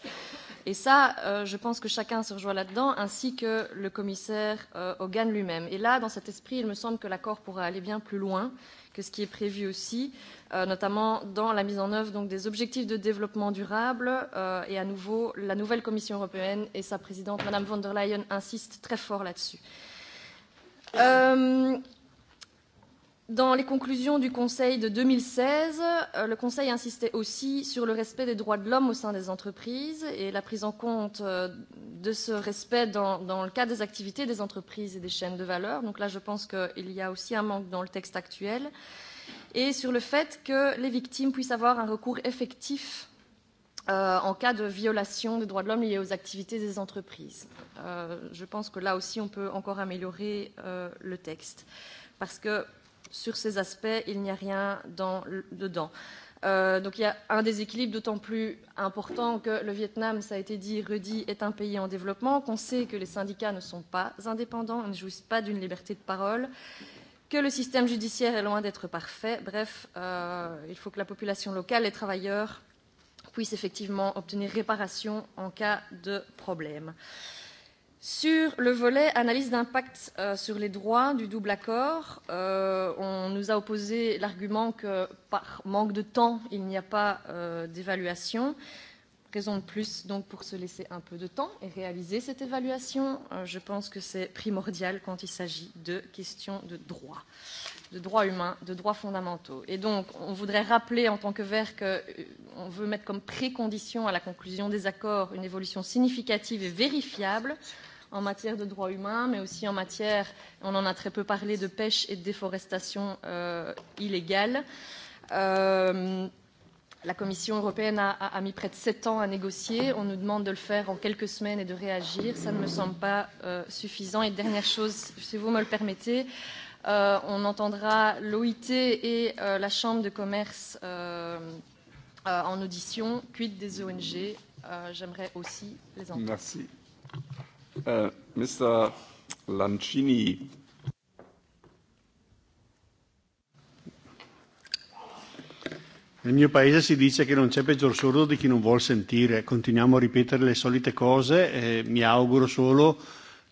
Et ça, euh, je pense que chacun se rejoint là-dedans, ainsi que le commissaire euh, Hogan lui-même. Et là, dans cet esprit, il me semble que l'accord pourra aller bien plus loin que ce qui est prévu aussi, euh, notamment dans la mise en œuvre donc, des objectifs de développement durable. Euh, et à nouveau, la nouvelle Commission européenne et sa présidente, Madame von der Leyen, insistent très fort là-dessus. Euh, Dans les conclusions du Conseil de 2016, euh, le Conseil insistait aussi sur le respect des droits de l'homme au sein des entreprises et la prise en compte euh, de ce respect dans, dans le cadre des activités des entreprises et des chaînes de valeur. Donc là, je pense qu'il y a aussi un manque dans le texte actuel. Et sur le fait que les victimes puissent avoir un recours effectif euh, en cas de violation des droits de l'homme liés aux activités des entreprises. Euh, je pense que là aussi, on peut encore améliorer euh, le texte. Parce que sur ces aspects, il n'y a rien dans, dedans. Euh, donc il y a un déséquilibre d'autant plus important que le Vietnam, ça a été dit, redit, est un pays en développement, qu'on sait que les syndicats ne sont pas indépendants, ne jouissent pas d'une liberté de parole, que le système judiciaire est loin d'être parfait. Bref, euh, il faut que la population locale, les travailleurs, puissent effectivement obtenir réparation en cas de problème. Euh, Sur le volet analyse d'impact euh, sur les droits du double accord, euh, on nous a opposé l'argument que par manque de temps, il n'y a pas euh, d'évaluation. Raison de plus donc pour se laisser un peu de temps et réaliser cette évaluation. Euh, je pense que c'est primordial quand il s'agit de questions de droits, de droits humains, de droits fondamentaux. Et donc, on voudrait rappeler en tant que Vert qu'on euh, veut mettre comme précondition à la conclusion des accords une évolution significative et vérifiable en matière de droits humains, mais aussi en matière, on en a très peu parlé, de pêche et de déforestation euh, illégale. Euh, la Commission européenne a, a, a mis près de sept ans à négocier. On nous demande de le faire en quelques semaines et de réagir. Ça ne me semble pas euh, suffisant. Et dernière chose, si vous me le permettez, euh, on entendra l'OIT et euh, la Chambre de commerce euh, euh, en audition. Quid des ONG euh, J'aimerais aussi les entendre. Merci.
Uh, Mr. Lancini.
Nel mio paese si dice che non c'è peggior sordo di chi non vuol sentire. Continuiamo a ripetere le solite cose e mi auguro solo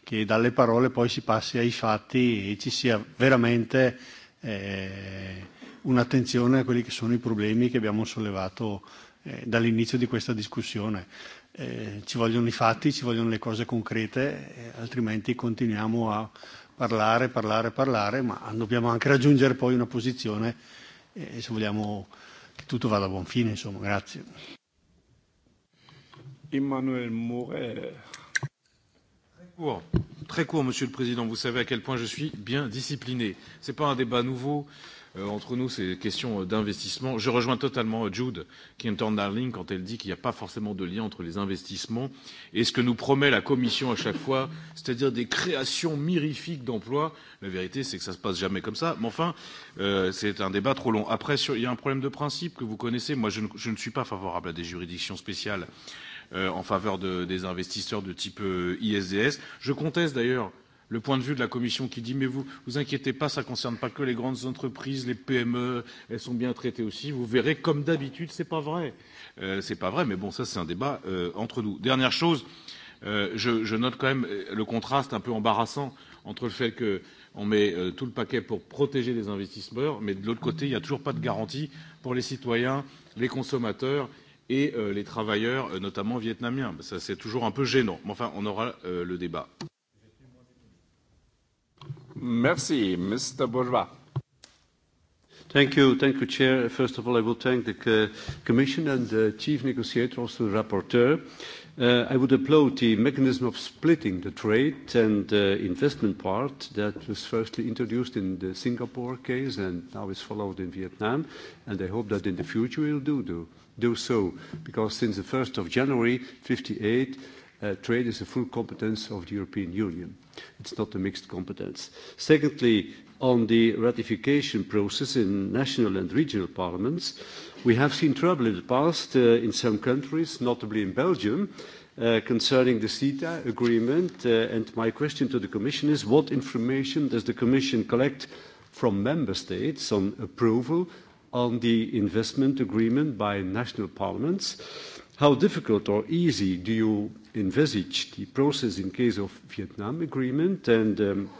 che dalle parole poi si passi ai fatti e ci sia veramente eh, un'attenzione a quelli che sono i problemi che abbiamo sollevato eh, dall'inizio di questa discussione Eh, ci vogliono i fatti, ci vogliono le cose concrete, eh, altrimenti continuiamo a parlare, parlare, parlare, ma dobbiamo anche raggiungere poi una posizione eh, e eh, se vogliamo che tutto vada a buon fine. Insomma. Grazie. Emmanuel Moret.
Très court. Très court, Monsieur le Président. Vous savez à quel point je suis bien discipliné. Ce n'est pas un débat nouveau. Euh, euh, entre nous ces question euh, d'investissement. Je rejoins totalement euh, Jude Quinton Darling quand elle dit qu'il n'y a pas forcément de lien entre les investissements et ce que nous promet la Commission à chaque fois, c'est-à-dire des créations mirifiques d'emplois. La vérité, c'est que ça ne se passe jamais comme ça. Mais enfin, euh, c'est un débat trop long. Après, sur, il y a un problème de principe que vous connaissez. Moi, je ne, je ne suis pas favorable à des juridictions spéciales euh, en faveur de, des investisseurs de type euh, ISDS. Je conteste d'ailleurs le point de vue de la Commission qui dit mais vous vous inquiétez pas, ça concerne pas que les grandes entreprises, les PME, elles sont bien traitées aussi. Vous verrez, comme d'habitude, c'est pas vrai. Euh, c'est pas vrai, mais bon, ça c'est un débat euh, entre nous. Dernière chose, euh, je, je note quand même euh, le contraste un peu embarrassant entre le fait que on met euh, tout le paquet pour protéger les investisseurs, mais de l'autre côté, il n'y a toujours pas de garantie pour les citoyens, les consommateurs et euh, les travailleurs, euh, notamment vietnamiens. Ça, c'est toujours un peu gênant. Mais enfin, on aura euh, le débat. Merci,
Mr. Bourgeois. Thank you. Thank you, Chair. First of all, I will thank the uh, Commission and the Chief Negotiator, also the Rapporteur. Uh, I would applaud the mechanism of splitting the trade and uh, investment part that was firstly introduced in the Singapore case and now is followed in Vietnam. And I hope that in the future we'll do, do, do so, because since the 1st of January 58, Uh, trade is a full competence of the European Union. It's not a mixed competence. Secondly, on the ratification process in national and regional parliaments, we have seen trouble in the past uh, in some countries, notably in Belgium, uh, concerning the CETA agreement. Uh, and my question to the Commission is, what information does the Commission collect from member states on approval on the investment agreement by national parliaments? How difficult or easy do you envisage the process in case of Vietnam agreement and um,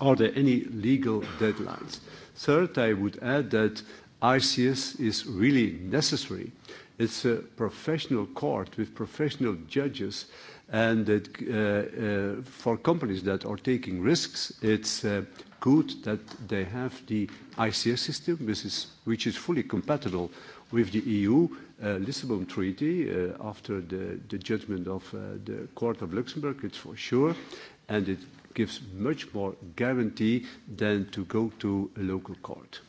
are there any legal deadlines? Third, I would add that ICS is really necessary. It's a professional court with professional judges and it, uh, uh, for companies that are taking risks, it's uh, good that they have the ICS system, which is, which is fully compatible with the EU. Uh, Lisbon Treaty, uh, after the, the judgment of uh, the Court of Luxembourg, it's for sure, and it gives much more guarantee than to go to a local court.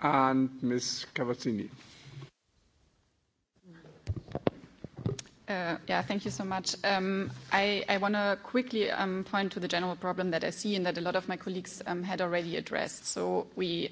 And Ms. Cavazzini.
Uh, yeah, thank you so much. Um, I, I want to quickly um, point to the general problem that I see and that a lot of my colleagues um, had already addressed. So we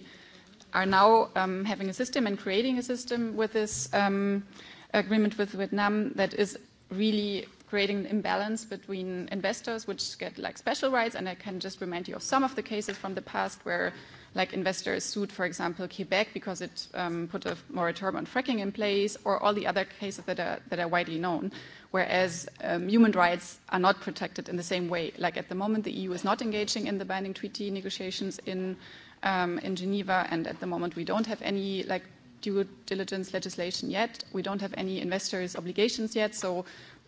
are now um, having a system and creating a system with this um, agreement with Vietnam that is really creating an imbalance between investors, which get like special rights. And I can just remind you of some of the cases from the past where like investors sued, for example, Quebec because it um, put a moratorium on fracking in place, or all the other cases that are, that are widely known, whereas um, human rights are not protected in the same way. Like at the moment, the EU is not engaging in the binding treaty negotiations in um, in Geneva, and at the moment we don't have any like due diligence legislation yet. We don't have any investors' obligations yet, so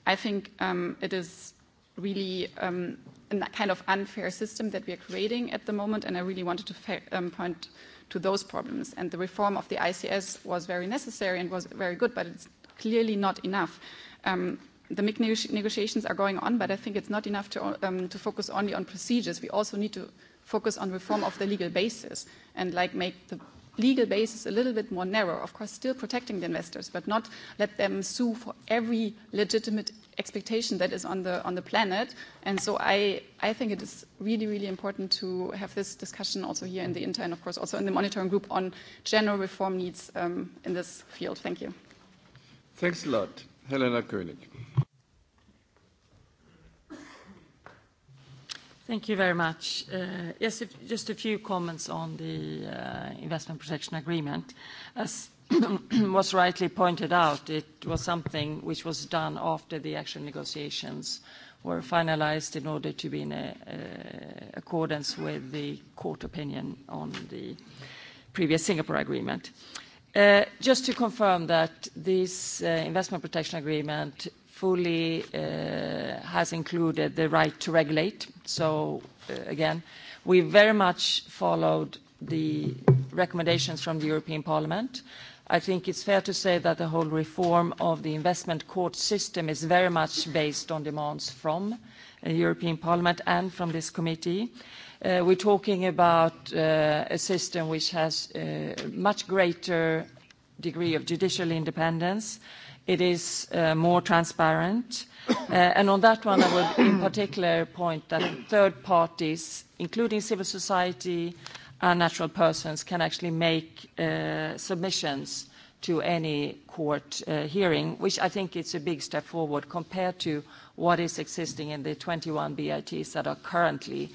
I think um, it is really um, a kind of unfair system that we are creating at the moment, and I really wanted to um, point to those problems. And the reform of the ICS was very necessary and was very good, but it's clearly not enough. Um, the MIG negotiations are going on, but I think it's not enough to, um, to focus only on procedures. We also need to focus on reform of the legal basis and like make the legal basis a little bit more narrow, of course, still protecting the investors, but not let them sue for every legitimate expectation that is on the on the planet. And so I I think it is really really important to have this discussion also here in the Inter and of course also in the monitoring group on general reform needs um, in this field. Thank you.
Thanks a lot, Helena König.
Thank you very much. Uh,
yes, just a few comments on the uh, investment protection agreement. As was rightly pointed out, it was something which was done after the actual negotiations were finalized in order to be in uh, accordance with the court opinion on the previous Singapore agreement. just to confirm that this investment protection agreement fully uh, has included the right to regulate. So uh, again, we very much followed the recommendations from the European Parliament. I think it's fair to say that the whole reform of the investment court system is very much based on demands from the uh, European Parliament and from this committee. Uh, we're talking about uh, a system which has a uh, much greater degree of judicial independence, uh, it is uh, more transparent. Uh, and on that one, I would in particular point that third parties, including civil society and natural persons, can actually make uh, submissions to any court hearing, which I think is a big step forward compared to what is existing in the 21 BITs that are currently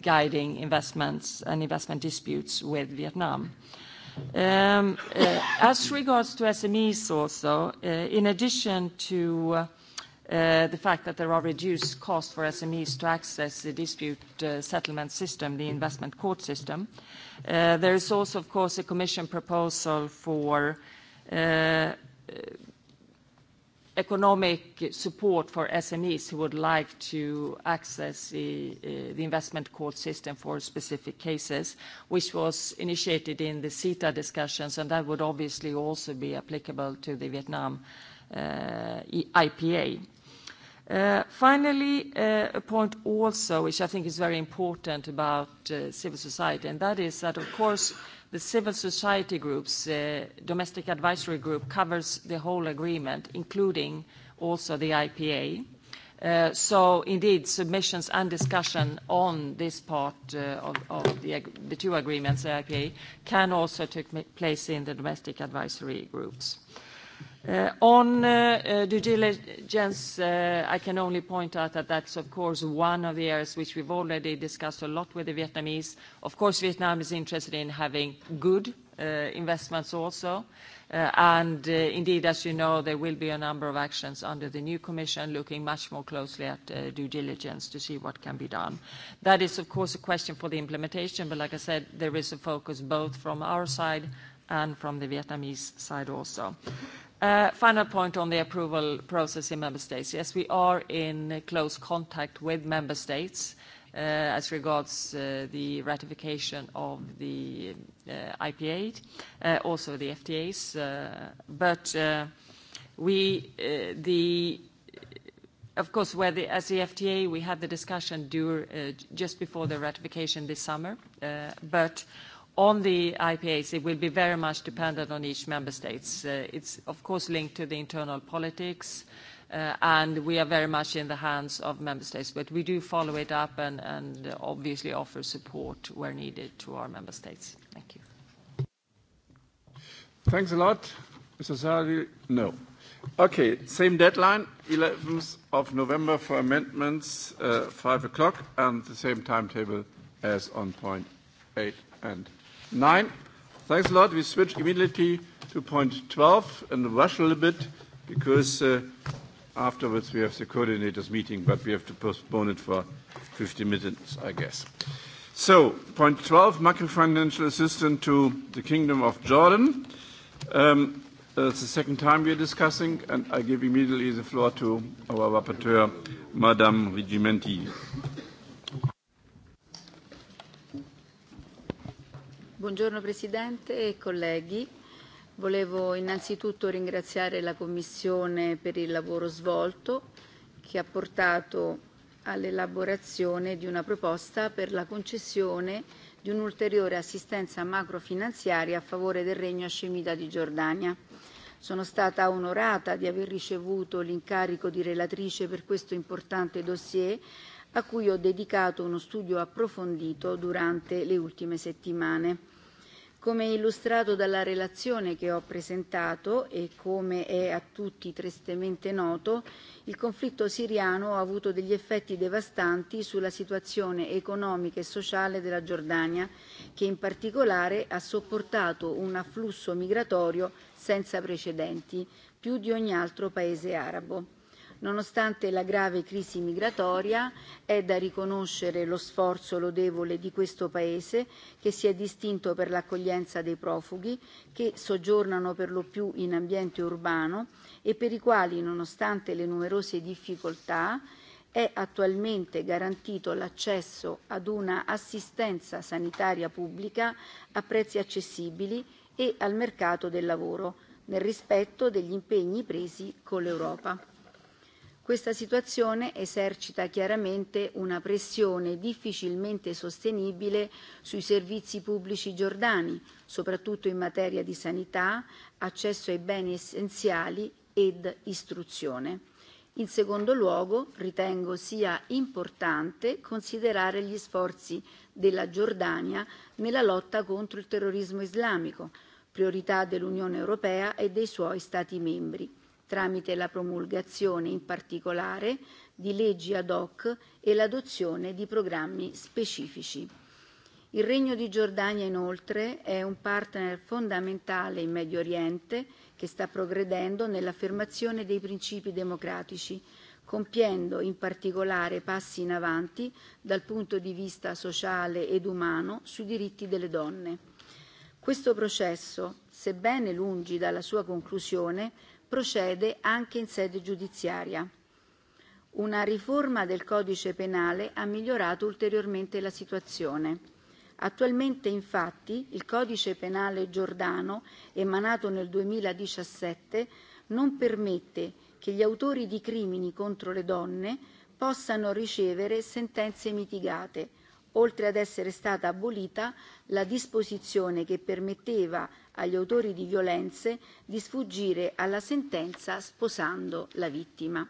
guiding investments and investment disputes with Vietnam. Um, uh, as regards to SMEs also, uh, in addition to uh, the fact that there are reduced costs for SMEs to access the dispute settlement system, the investment court system, there is also, of course, a commission proposal for economic support for SMEs who would like to access uh, the, investment court system for specific cases, which was initiated in the CETA discussions, and that would obviously also be applicable to the Vietnam uh, IPA. Uh, finally, uh, a point also, which I think is very important about uh, civil society, and that is that, of course, The civil society group's uh, domestic advisory group covers the whole agreement, including also the IPA. Uh, so indeed, submissions and discussion on this part uh, of, of the, the two agreements, the IPA, can also take place in the domestic advisory groups. Uh, Uh, on uh, uh, due diligence, I can only point out that that's of course one of the areas which we've already discussed a lot with the Vietnamese. Of course, Vietnam is interested in having good investments also. And indeed, as you know, there will be a number of actions under the new commission, looking much more closely at due diligence to see what can be done. That is, of course, a question for the implementation, but like I said, there is a focus both from our side and from the Vietnamese side also. Uh, final point on the approval process in member states. Yes, we are in close contact with member states uh, as regards uh, the ratification of the IPA, also the FTAs. But we, the, of course, the, as the FTA, we had the discussion due, just before the ratification this summer. But on the IPAs, it will be very much dependent on each member states. Uh, it's of course linked to the internal politics, uh, and we are very much in the hands of member states, we do follow it up and, obviously offer support where needed to our member states. Thank you.
Thanks a lot. Mr. Sardi? No. Okay, same deadline, 11th of November for amendments, 5:00 uh, P.M., and the same timetable as on point 8 and Nine. Thanks a lot. We switch immediately to point 12 and rush a little bit because uh, afterwards we have the coordinators meeting, but we have to postpone it for 50 minutes, I guess. So, point 12, macro-financial assistance to the Kingdom of Jordan. Um, uh, it's the second time we are discussing, and I give immediately the floor to our rapporteur, Madame Regimenti.
Buongiorno Presidente e colleghi. Volevo innanzitutto ringraziare la Commissione per il lavoro svolto che ha portato all'elaborazione di una proposta per la concessione di un'ulteriore assistenza macrofinanziaria a favore del Regno Ascemita di Giordania. Sono stata onorata di aver ricevuto l'incarico di relatrice per questo importante dossier a cui ho dedicato uno studio approfondito durante le ultime settimane. Come illustrato dalla relazione che ho presentato e come è a tutti tristemente noto, il conflitto siriano ha avuto degli effetti devastanti sulla situazione economica e sociale della Giordania, che in particolare ha sopportato un afflusso migratorio senza precedenti, più di ogni altro paese arabo. Nonostante la grave crisi migratoria, è da riconoscere lo sforzo lodevole di questo Paese, che si è distinto per l'accoglienza dei profughi, che soggiornano per lo più in ambiente urbano e per i quali, nonostante le numerose difficoltà, è attualmente garantito l'accesso ad una assistenza sanitaria pubblica a prezzi accessibili e al mercato del lavoro, nel rispetto degli impegni presi con l'Europa. Questa situazione esercita chiaramente una pressione difficilmente sostenibile sui servizi pubblici giordani, soprattutto in materia di sanità, accesso ai beni essenziali ed istruzione. In secondo luogo, ritengo sia importante considerare gli sforzi della Giordania nella lotta contro il terrorismo islamico, priorità dell'Unione europea e dei suoi Stati membri tramite la promulgazione in particolare di leggi ad hoc e l'adozione di programmi specifici. Il Regno di Giordania inoltre è un partner fondamentale in Medio Oriente che sta progredendo nell'affermazione dei principi democratici, compiendo in particolare passi in avanti dal punto di vista sociale ed umano sui diritti delle donne. Questo processo, sebbene lungi dalla sua conclusione, procede anche in sede giudiziaria. Una riforma del codice penale ha migliorato ulteriormente la situazione. Attualmente, infatti, il codice penale giordano, emanato nel 2017, non permette che gli autori di crimini contro le donne possano ricevere sentenze mitigate, oltre ad essere stata abolita la disposizione che permetteva agli autori di violenze di sfuggire alla sentenza sposando la vittima.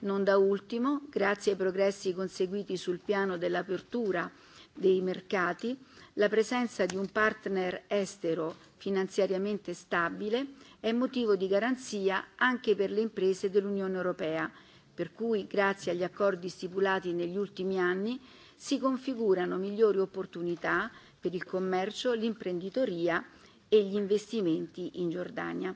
Non da ultimo, grazie ai progressi conseguiti sul piano dell'apertura dei mercati, la presenza di un partner estero finanziariamente stabile è motivo di garanzia anche per le imprese dell'Unione europea, per cui, grazie agli accordi stipulati negli ultimi anni, si configurano migliori opportunità per il commercio, l'imprenditoria e gli investimenti in Giordania.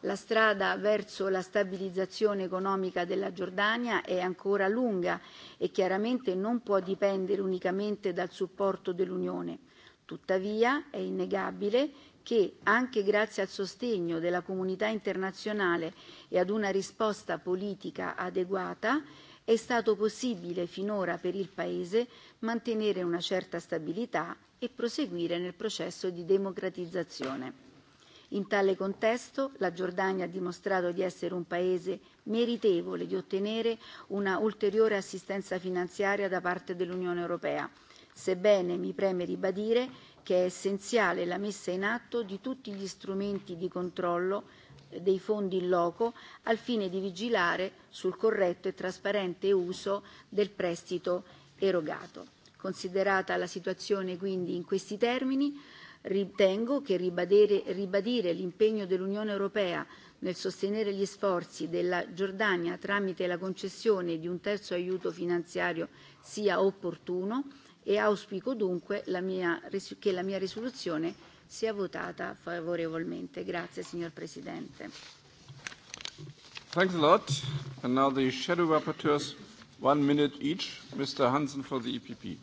La strada verso la stabilizzazione economica della Giordania è ancora lunga e chiaramente non può dipendere unicamente dal supporto dell'Unione. Tuttavia è innegabile che, anche grazie al sostegno della comunità internazionale e ad una risposta politica adeguata, è stato possibile finora per il Paese mantenere una certa stabilità e proseguire nel processo di democratizzazione. In tale contesto la Giordania ha dimostrato di essere un Paese meritevole di ottenere una ulteriore assistenza finanziaria da parte dell'Unione Europea, sebbene mi preme ribadire che è essenziale la messa in atto di tutti gli strumenti di controllo dei fondi in loco al fine di vigilare sul corretto e trasparente uso del prestito erogato. Considerata la situazione quindi in questi termini, ritengo che ribadire, ribadire l'impegno dell'Unione Europea nel sostenere gli sforzi della Giordania tramite la concessione di un terzo aiuto finanziario sia opportuno e auspico dunque la mia, che la mia risoluzione sia votata favorevolmente. Grazie, signor Presidente.
Thanks a lot. And now the shadow rapporteurs, one minute each. Mr. Hansen for the EPP.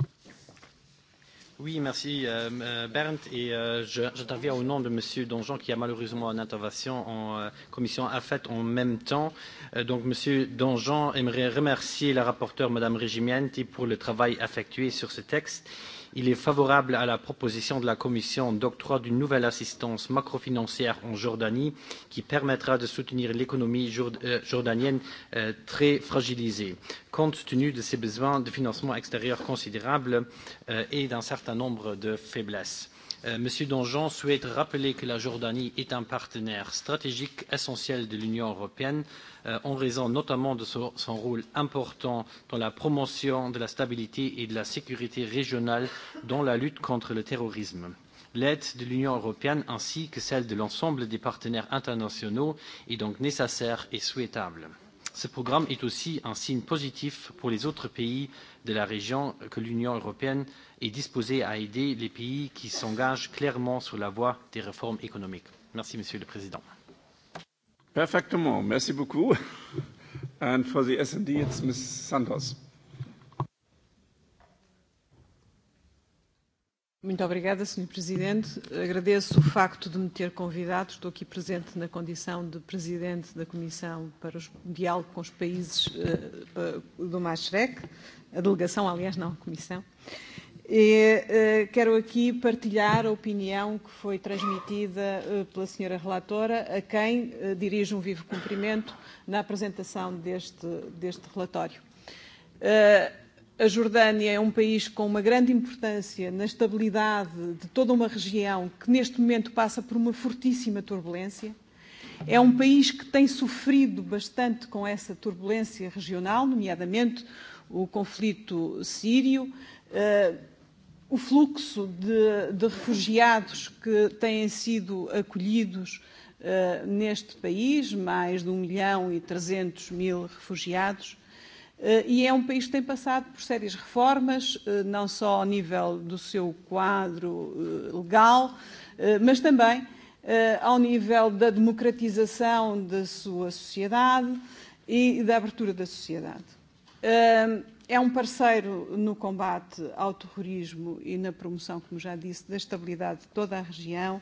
Oui, merci euh, euh, Bernd. Et euh, j'interviens au nom de Monsieur Donjon qui a malheureusement une intervention en euh, commission à fait en même temps. Euh, donc Monsieur Donjon aimerait remercier la rapporteure Madame Régimienti pour le travail effectué sur ce texte il est favorable à la proposition de la Commission d'octroi d'une nouvelle assistance macrofinancière en Jordanie qui permettra de soutenir l'économie euh, jordanienne euh, très fragilisée, compte tenu de ses besoins de financement extérieur considérables euh, et d'un certain nombre de faiblesses. Euh, Monsieur Dangean souhaite rappeler que la Jordanie est un partenaire stratégique essentiel de l'Union européenne euh, en raison notamment de son, son rôle important dans la promotion de la stabilité et de la sécurité régionale dans la lutte contre le terrorisme. L'aide de l'Union européenne ainsi que celle de l'ensemble des partenaires internationaux est donc nécessaire et souhaitable. Ce programme est aussi un signe positif pour les autres pays de la région que l'Union européenne est disposée à aider les pays qui s'engagent clairement sur la voie des réformes économiques. Merci, Monsieur le Président.
Perfectement. Merci beaucoup. And for the S&D, it's Ms. Santos.
Muito obrigada, Sr. Presidente. Agradeço o facto de me ter convidado. Estou aqui presente na condição de Presidente da Comissão para o Diálogo com os Países eh, do Maastricht, a delegação, aliás, não a Comissão. E, eh, quero aqui partilhar a opinião que foi transmitida eh, pela Sra. Relatora, a quem dirijo um vivo cumprimento na apresentação deste, deste relatório. Uh, a Jordânia é um país com uma grande importância na estabilidade de toda uma região que neste momento passa por uma fortíssima turbulência. É um país que tem sofrido bastante com essa turbulência regional, nomeadamente o conflito sírio, uh, o fluxo de, de refugiados que têm sido acolhidos uh, neste país, mais de 1 um milhão e 300 mil refugiados Eh, e é um país que tem passado por sérias reformas, eh, não só ao nível do seu quadro eh, legal, mas também ao nível da democratização da sua sociedade e da abertura da sociedade. É um parceiro no combate ao terrorismo e na promoção, como já disse, da estabilidade de toda a região.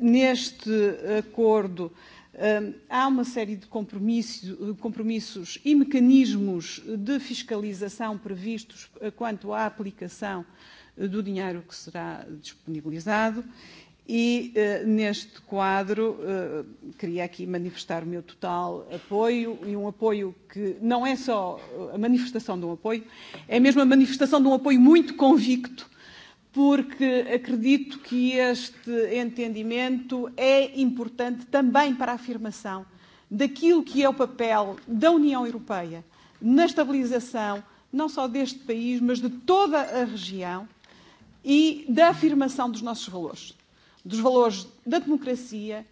Neste acordo, há uma série de compromissos, compromissos e mecanismos de fiscalização previstos eh, quanto à aplicação eh, do dinheiro que será disponibilizado. E eh, neste quadro queria aqui manifestar o meu total apoio e um apoio que não é só a manifestação de um apoio, é mesmo a manifestação de um apoio muito convicto porque acredito que este entendimento é importante também para a afirmação daquilo que é o papel da União Europeia na estabilização não só deste país, mas de toda a região e da afirmação dos nossos valores, dos valores da democracia,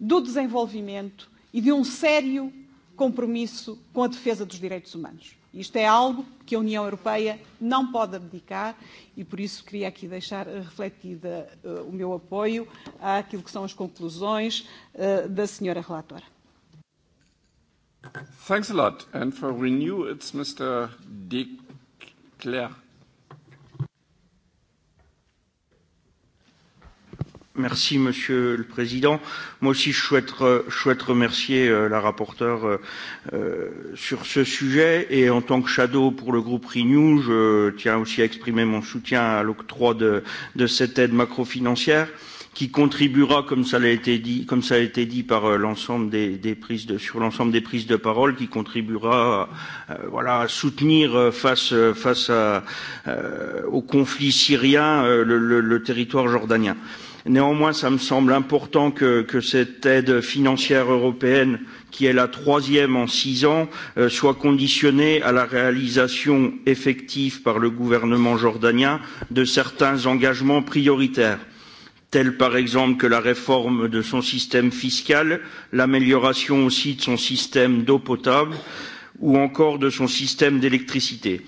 do desenvolvimento e de um sério compromisso com a defesa dos direitos humanos. Isto é algo que a União Europeia não pode abdicar e por isso queria aqui deixar eh, refletida uh, o meu apoio àquilo que são as conclusões uh, da senhora relatora.
Thanks a lot. And for Renew, it's Mr. Dick Klerk.
Merci, Monsieur le Président. Moi aussi, je souhaite, je souhaite remercier euh, la rapporteure euh, euh, sur ce sujet. Et en tant que shadow pour le groupe Renew, je tiens aussi à exprimer mon soutien à l'octroi de, de cette aide macrofinancière qui contribuera, comme ça a été dit, comme ça a été dit par euh, l'ensemble des, des prises de, sur l'ensemble des prises de parole, qui contribuera, euh, voilà, à soutenir euh, face euh, face à, euh, au conflit syrien euh, le, le, le territoire jordanien. Euh, Néanmoins, ça me semble important que, que cette aide financière européenne, qui est la troisième en six ans, euh, soit conditionnée à la réalisation effective par le gouvernement jordanien de certains engagements prioritaires tels par exemple que la réforme de son système fiscal, l'amélioration aussi de son système d'eau potable ou encore de son système d'électricité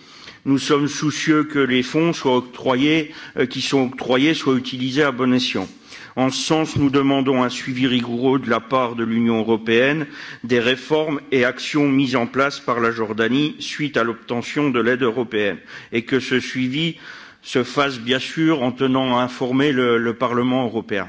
nous sommes soucieux que les fonds soient octroyés, euh, qui sont octroyés soient utilisés à bon escient. En ce sens, nous demandons un suivi rigoureux de la part de l'Union européenne des réformes et actions mises en place par la Jordanie suite à l'obtention de l'aide européenne et que ce suivi se fasse bien sûr en tenant à informer le, le Parlement européen.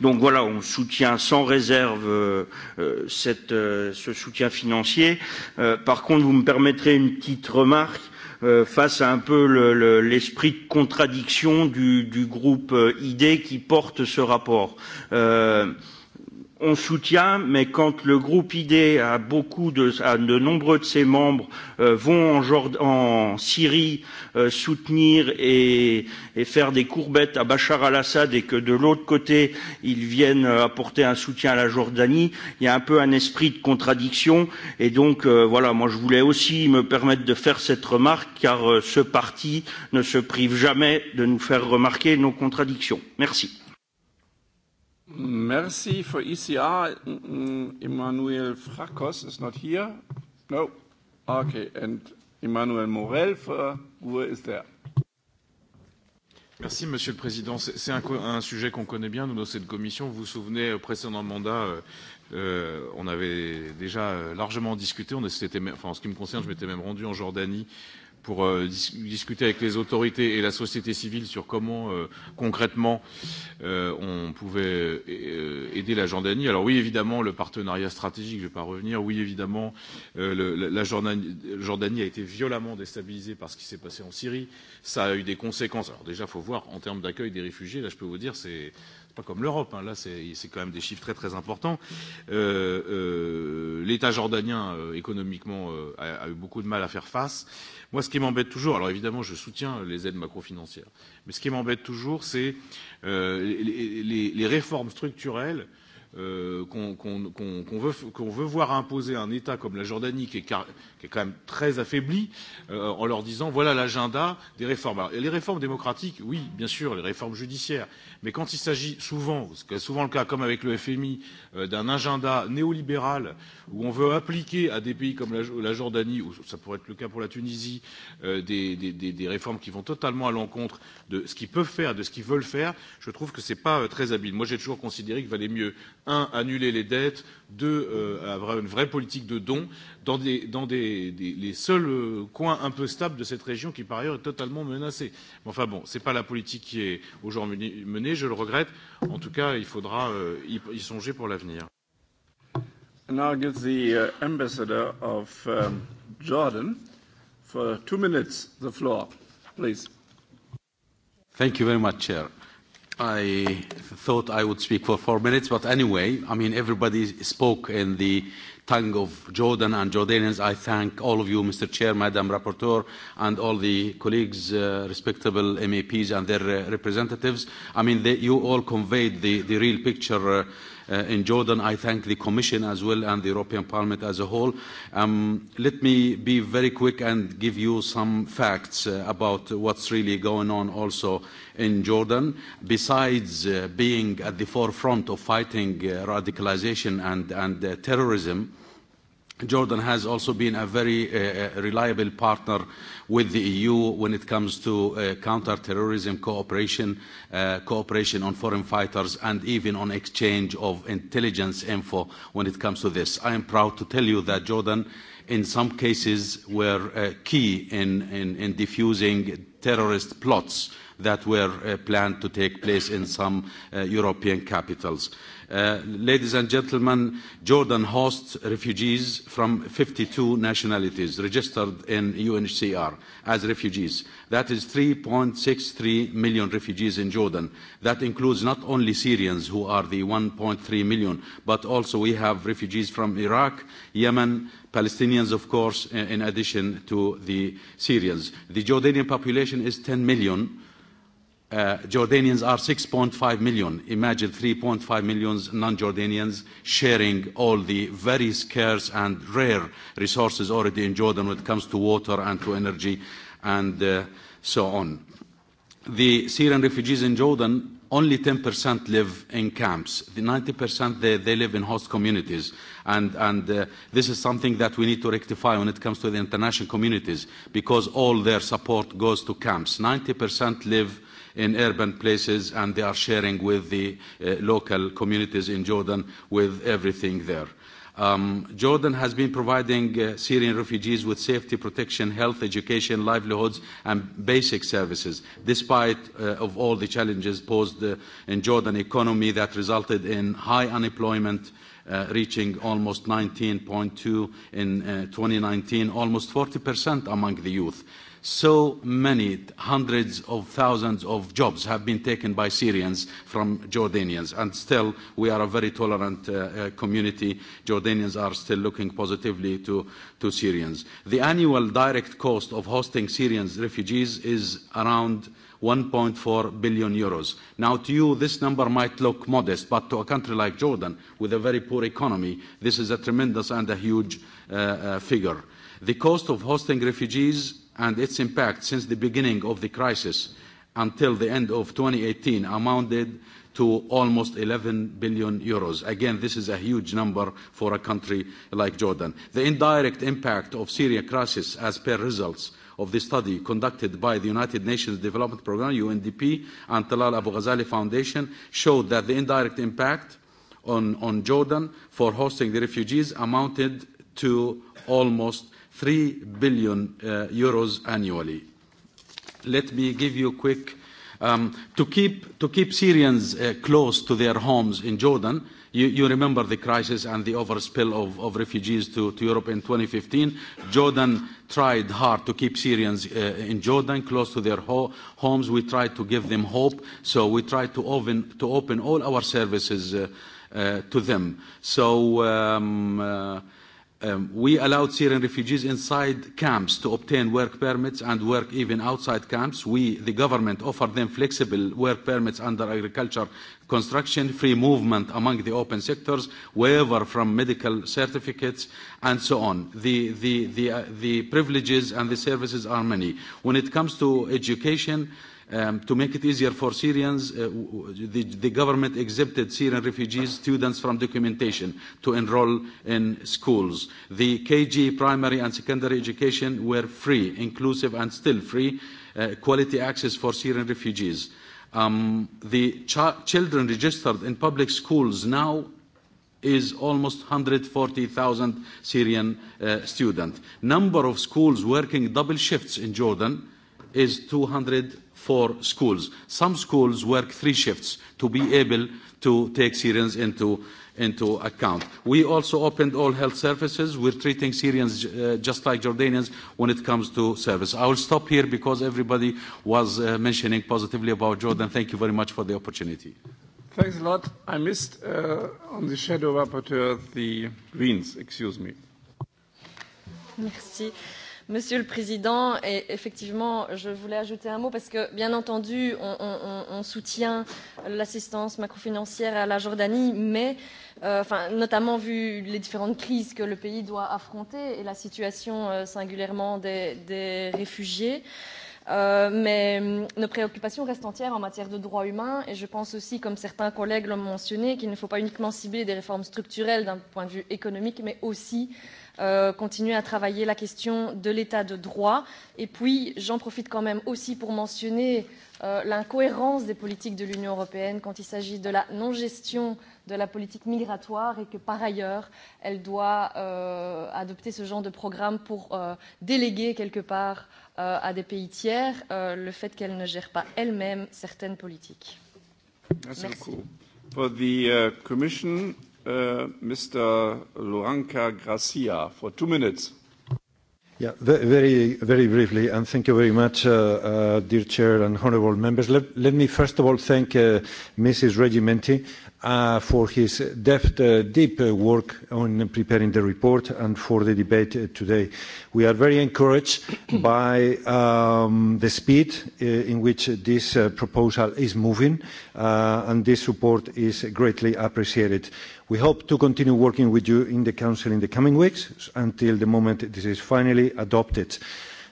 Donc voilà, on soutient sans réserve euh, euh cette, euh, ce soutien financier. Euh, par contre, vous me permettrez une petite remarque Euh, face à un peu l'esprit le, le, de contradiction du, du groupe euh, ID qui porte ce rapport. Euh, on soutient, mais quand le groupe ID a beaucoup de, a de nombreux de ses membres euh, vont en, Jord en Syrie euh, soutenir et, et faire des courbettes à Bachar al-Assad et que de l'autre côté ils viennent euh, apporter un soutien à la Jordanie, il y a un peu un esprit de contradiction et donc euh, voilà, moi je voulais aussi me permettre de faire cette remarque car euh, ce parti ne se prive jamais de nous faire remarquer nos contradictions. Merci.
Merci for ECR. Emmanuel Frakos is not here. No.
Okay. And Emmanuel Morel for GUE is there. Merci, Monsieur le Président. C'est un, un sujet qu'on connaît bien, nous, dans cette commission. Vous vous souvenez, au euh, précédent mandat, euh, euh, on avait déjà euh, largement discuté. On était, enfin, en ce qui me concerne, je m'étais même rendu en Jordanie euh, pour euh, dis discuter avec les autorités et la société civile sur comment euh, concrètement euh, on pouvait euh, aider la Jordanie. Alors oui, évidemment, le partenariat stratégique, je ne vais pas revenir. Oui, évidemment, euh, le, la, Jordanie, Jordanie a été violemment déstabilisée par ce qui s'est passé en Syrie. Ça a eu des conséquences. Alors déjà, il faut voir en termes d'accueil des réfugiés. Là, je peux vous dire, c'est pas comme l'Europe, hein. là c'est quand même des chiffres très très importants. Euh, euh, L'État jordanien euh, économiquement euh, a, a eu beaucoup de mal à faire face. Moi, ce qui m'embête toujours, alors évidemment, je soutiens les aides macrofinancières, mais ce qui m'embête toujours, c'est euh, les, les, les réformes structurelles euh, qu'on qu qu qu veut, qu veut voir imposer un État comme la Jordanie, qui est, car, qui est quand même très affaibli, euh, en leur disant voilà l'agenda des réformes. Alors, et les réformes démocratiques, oui, bien sûr, les réformes judiciaires, mais quand il s'agit souvent, ce qui est souvent le cas, comme avec le FMI, euh, d'un agenda néolibéral où on veut appliquer à des pays comme la, la Jordanie, ou ça pourrait être le cas pour la Tunisie, euh, des, des, des, des réformes qui vont totalement à l'encontre de ce qu'ils peuvent faire, de ce qu'ils veulent faire, je trouve que ce n'est pas euh, très habile. Moi, j'ai toujours considéré qu'il valait mieux un, annuler les dettes, deux, euh, avoir une vraie politique de dons dans, des, dans des, des, les seuls euh, coins un peu stables de cette région qui par ailleurs est totalement menacée. Mais enfin bon, ce n'est pas la politique qui est aujourd'hui menée, je le regrette. En tout cas, il faudra euh, y, y songer pour l'avenir.
Now give the uh, ambassador of um, Jordan for two minutes the floor, please.
Thank you very much, Chair. I thought I would speak for four minutes, but anyway, I mean, everybody spoke in the tongue of Jordan and Jordanians. I thank all of you, Mr. Chair, Madam Rapporteur, and all the colleagues, uh, respectable MEPs and their uh, representatives. I mean, they, you all conveyed the, the real picture. Uh, uh, in Jordan. I thank the Commission as well and the European Parliament as a whole. Um, let me be very quick and give you some facts uh, about what's really going on also in Jordan. Besides uh, being at the forefront of fighting uh, radicalization and, and uh, terrorism, Jordan has also been a very uh, uh reliable partner with the EU when it comes to uh, counter-terrorism cooperation, uh, cooperation on foreign fighters, and even on exchange of intelligence info when it comes to this. I am proud to tell you that Jordan, in some cases, were uh, key in, in, in diffusing terrorist plots that were uh, planned to take place in some uh, European capitals. Uh, Uh, ladies and gentlemen, Jordan hosts refugees from 52 nationalities registered in UNHCR as refugees. That is 3.63 million refugees in Jordan. That includes not only Syrians, who are the 1.3 million, but also we have refugees from Iraq, Yemen, Palestinians, of course, in addition to the Syrians. The Jordanian population is 10 million Uh, Jordanians are 6.5 million. Imagine 3.5 million non-Jordanians sharing all the very scarce and rare resources already in Jordan when it comes to water and to energy and uh, so on. The Syrian refugees in Jordan, only 10% live in camps. The 90% they, they live in host communities. And, and uh, this is something that we need to rectify when it comes to the international communities because all their support goes to camps. 90% live in urban places, and they are sharing with the uh, local communities in Jordan with everything there. Um, Jordan has been providing uh, Syrian refugees with safety, protection, health, education, livelihoods, and basic services, despite uh, of all the challenges posed uh, in Jordan economy that resulted in high unemployment, uh, reaching almost 19.2 in uh, 2019, almost 40% among the youth so many hundreds of thousands of jobs have been taken by Syrians from Jordanians. And still, we are a very tolerant uh, uh, community. Jordanians are still looking positively to, to Syrians. The annual direct cost of hosting Syrians refugees is around 1.4 billion euros. Now, to you, this number might look modest, but to a country like Jordan, with a very poor economy, this is a tremendous and a huge uh, uh, figure. The cost of hosting refugees and its impact since the beginning of the crisis until the end of 2018 amounted to almost 11 billion euros. Again, this is a huge number for a country like Jordan. The indirect impact of Syria crisis as per results of the study conducted by the United Nations Development Programme, UNDP, and Talal Abu Ghazali Foundation showed that the indirect impact on, on Jordan for hosting the refugees amounted to almost 3 billion uh, euros annually. Let me give you a quick um, to keep to keep Syrians uh, close to their homes in Jordan. You, you remember the crisis and the overspill of, of refugees to, to Europe in 2015. Jordan tried hard to keep Syrians uh, in Jordan close to their ho- homes. We tried to give them hope, so we tried to open, to open all our services uh, uh, to them. So. Um, uh, Um, we allowed Syrian refugees inside camps to obtain work permits and work even outside camps. We, the government, offered them flexible work permits under agriculture, construction, free movement among the open sectors, waiver from medical certificates, and so on. The, the, the, uh, the privileges and the services are many. When it comes to education, uh, Um, to make it easier for Syrians, uh, the, the government exempted Syrian refugees, students from documentation to enroll in schools. The KG primary and secondary education were free, inclusive and still free, uh, quality access for Syrian refugees. Um, the ch children registered in public schools now is almost 140,000 Syrian uh, students. Number of schools working double shifts in Jordan is 200 for schools. Some schools work three shifts to be able to take Syrians into, into account. We also opened all health services. We're treating Syrians uh, just like Jordanians when it comes to service. I will stop here because everybody was uh, mentioning positively about Jordan. Thank you very much for the opportunity.
Thanks a lot. I missed uh, on the
shadow rapporteur the Greens, excuse me.
Merci. Monsieur le Président, et effectivement, je voulais ajouter un mot parce que, bien entendu, on, soutient l'assistance macrofinancière à la Jordanie, mais euh, enfin, notamment vu les différentes crises que le pays doit affronter et la situation euh, singulièrement des, des réfugiés. Euh, mais nos préoccupations restent entières en matière de droits humains et je pense aussi, comme certains collègues l'ont mentionné, qu'il ne faut pas uniquement cibler des réformes structurelles d'un point de vue économique, mais aussi euh, euh, continuer à travailler la question de l'état de droit. Et puis, j'en profite quand même aussi pour mentionner euh, l'incohérence des politiques de l'Union européenne quand il s'agit de la non-gestion de la politique migratoire et que par ailleurs, elle doit euh, adopter ce genre de programme pour euh, déléguer quelque part euh, à des pays tiers euh, le fait qu'elle ne gère pas elle-même certaines politiques. Merci. Merci.
For the uh, Commission, uh, Mr. Luanca Gracia for two minutes.
Yeah, very, very briefly, and thank you very much, uh, uh, dear Chair and honourable members. Let, let me first of all thank uh, Mrs. Regimenti uh, for his depth, uh, deep uh, work on preparing the report and for the debate uh, today. We are very encouraged by um, the speed uh, in which this uh, proposal is moving, uh, and this support is greatly appreciated. We hope to continue working with you in the Council in the coming weeks until the moment this is finally adopted.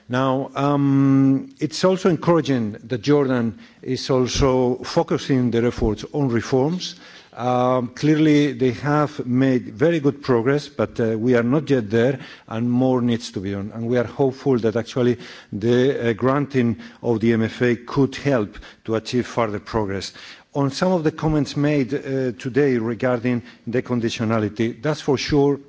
Now, um, it's also encouraging that Jordan is also focusing their efforts on reforms. Um, clearly, they have made very good progress, but uh, we are not yet there, and more needs to be done. And we are hopeful that actually the uh, granting of the MFA could help to achieve further progress on some of the comments made uh, today regarding the conditionality, that's for sure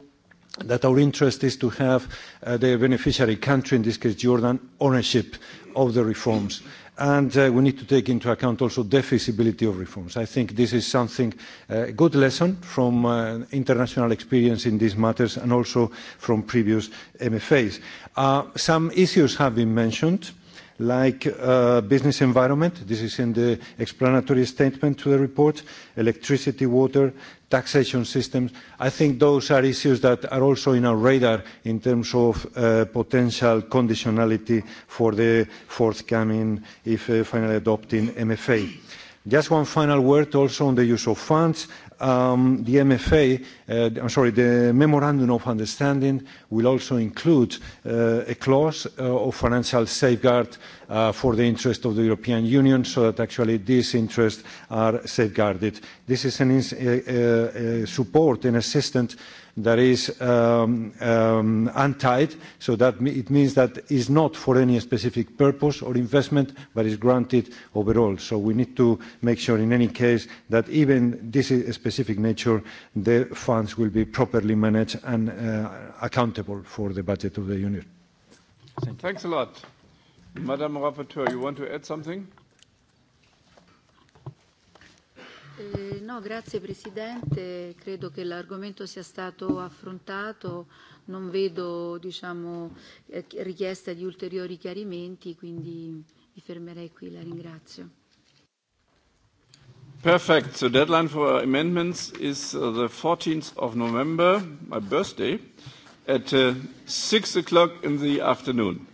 that our interest is to have uh, the beneficiary country, in this case Jordan, ownership of the reforms. And uh, we need to take into account also the feasibility of reforms. I think this is something, uh, a uh, good lesson from uh, international experience in these matters and also from previous MFAs. Uh, some issues have been mentioned like uh, business environment, this is in the explanatory statement to the report, electricity, water, taxation systems. I think those are issues that are also in our radar in terms of uh, potential conditionality for the forthcoming, if uh, finally adopting, MFA. Just one final word also on the use of funds um, the MFA, uh, I'm sorry, the Memorandum of Understanding will also include uh, a clause uh, of financial safeguard uh, for the interest of the European Union so that actually these interests are safeguarded. This is an ins- uh, uh, support and assistance that is um, um, untied, so that it means that it's not for any specific purpose or investment, but is granted overall. So we need to make sure in any case that even this specific specific nature, the funds will be properly managed and uh, accountable for the budget of the Union.
Thank you. Thanks a lot. Madam Rapporteur, you want to add something?
Eh, no, grazie Presidente. Credo che l'argomento sia stato affrontato. Non vedo diciamo, eh, richiesta di ulteriori chiarimenti, quindi mi fermerei qui. La ringrazio.
Perfect. So deadline for amendments is uh, the 14th of November, my birthday, at uh, 6 o'clock in the afternoon.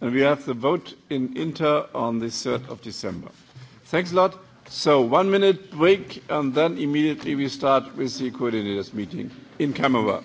And we have the vote in Inter on the 3rd of December. Thanks a lot. So one minute break, and then immediately we start with the coordinators meeting in Camera.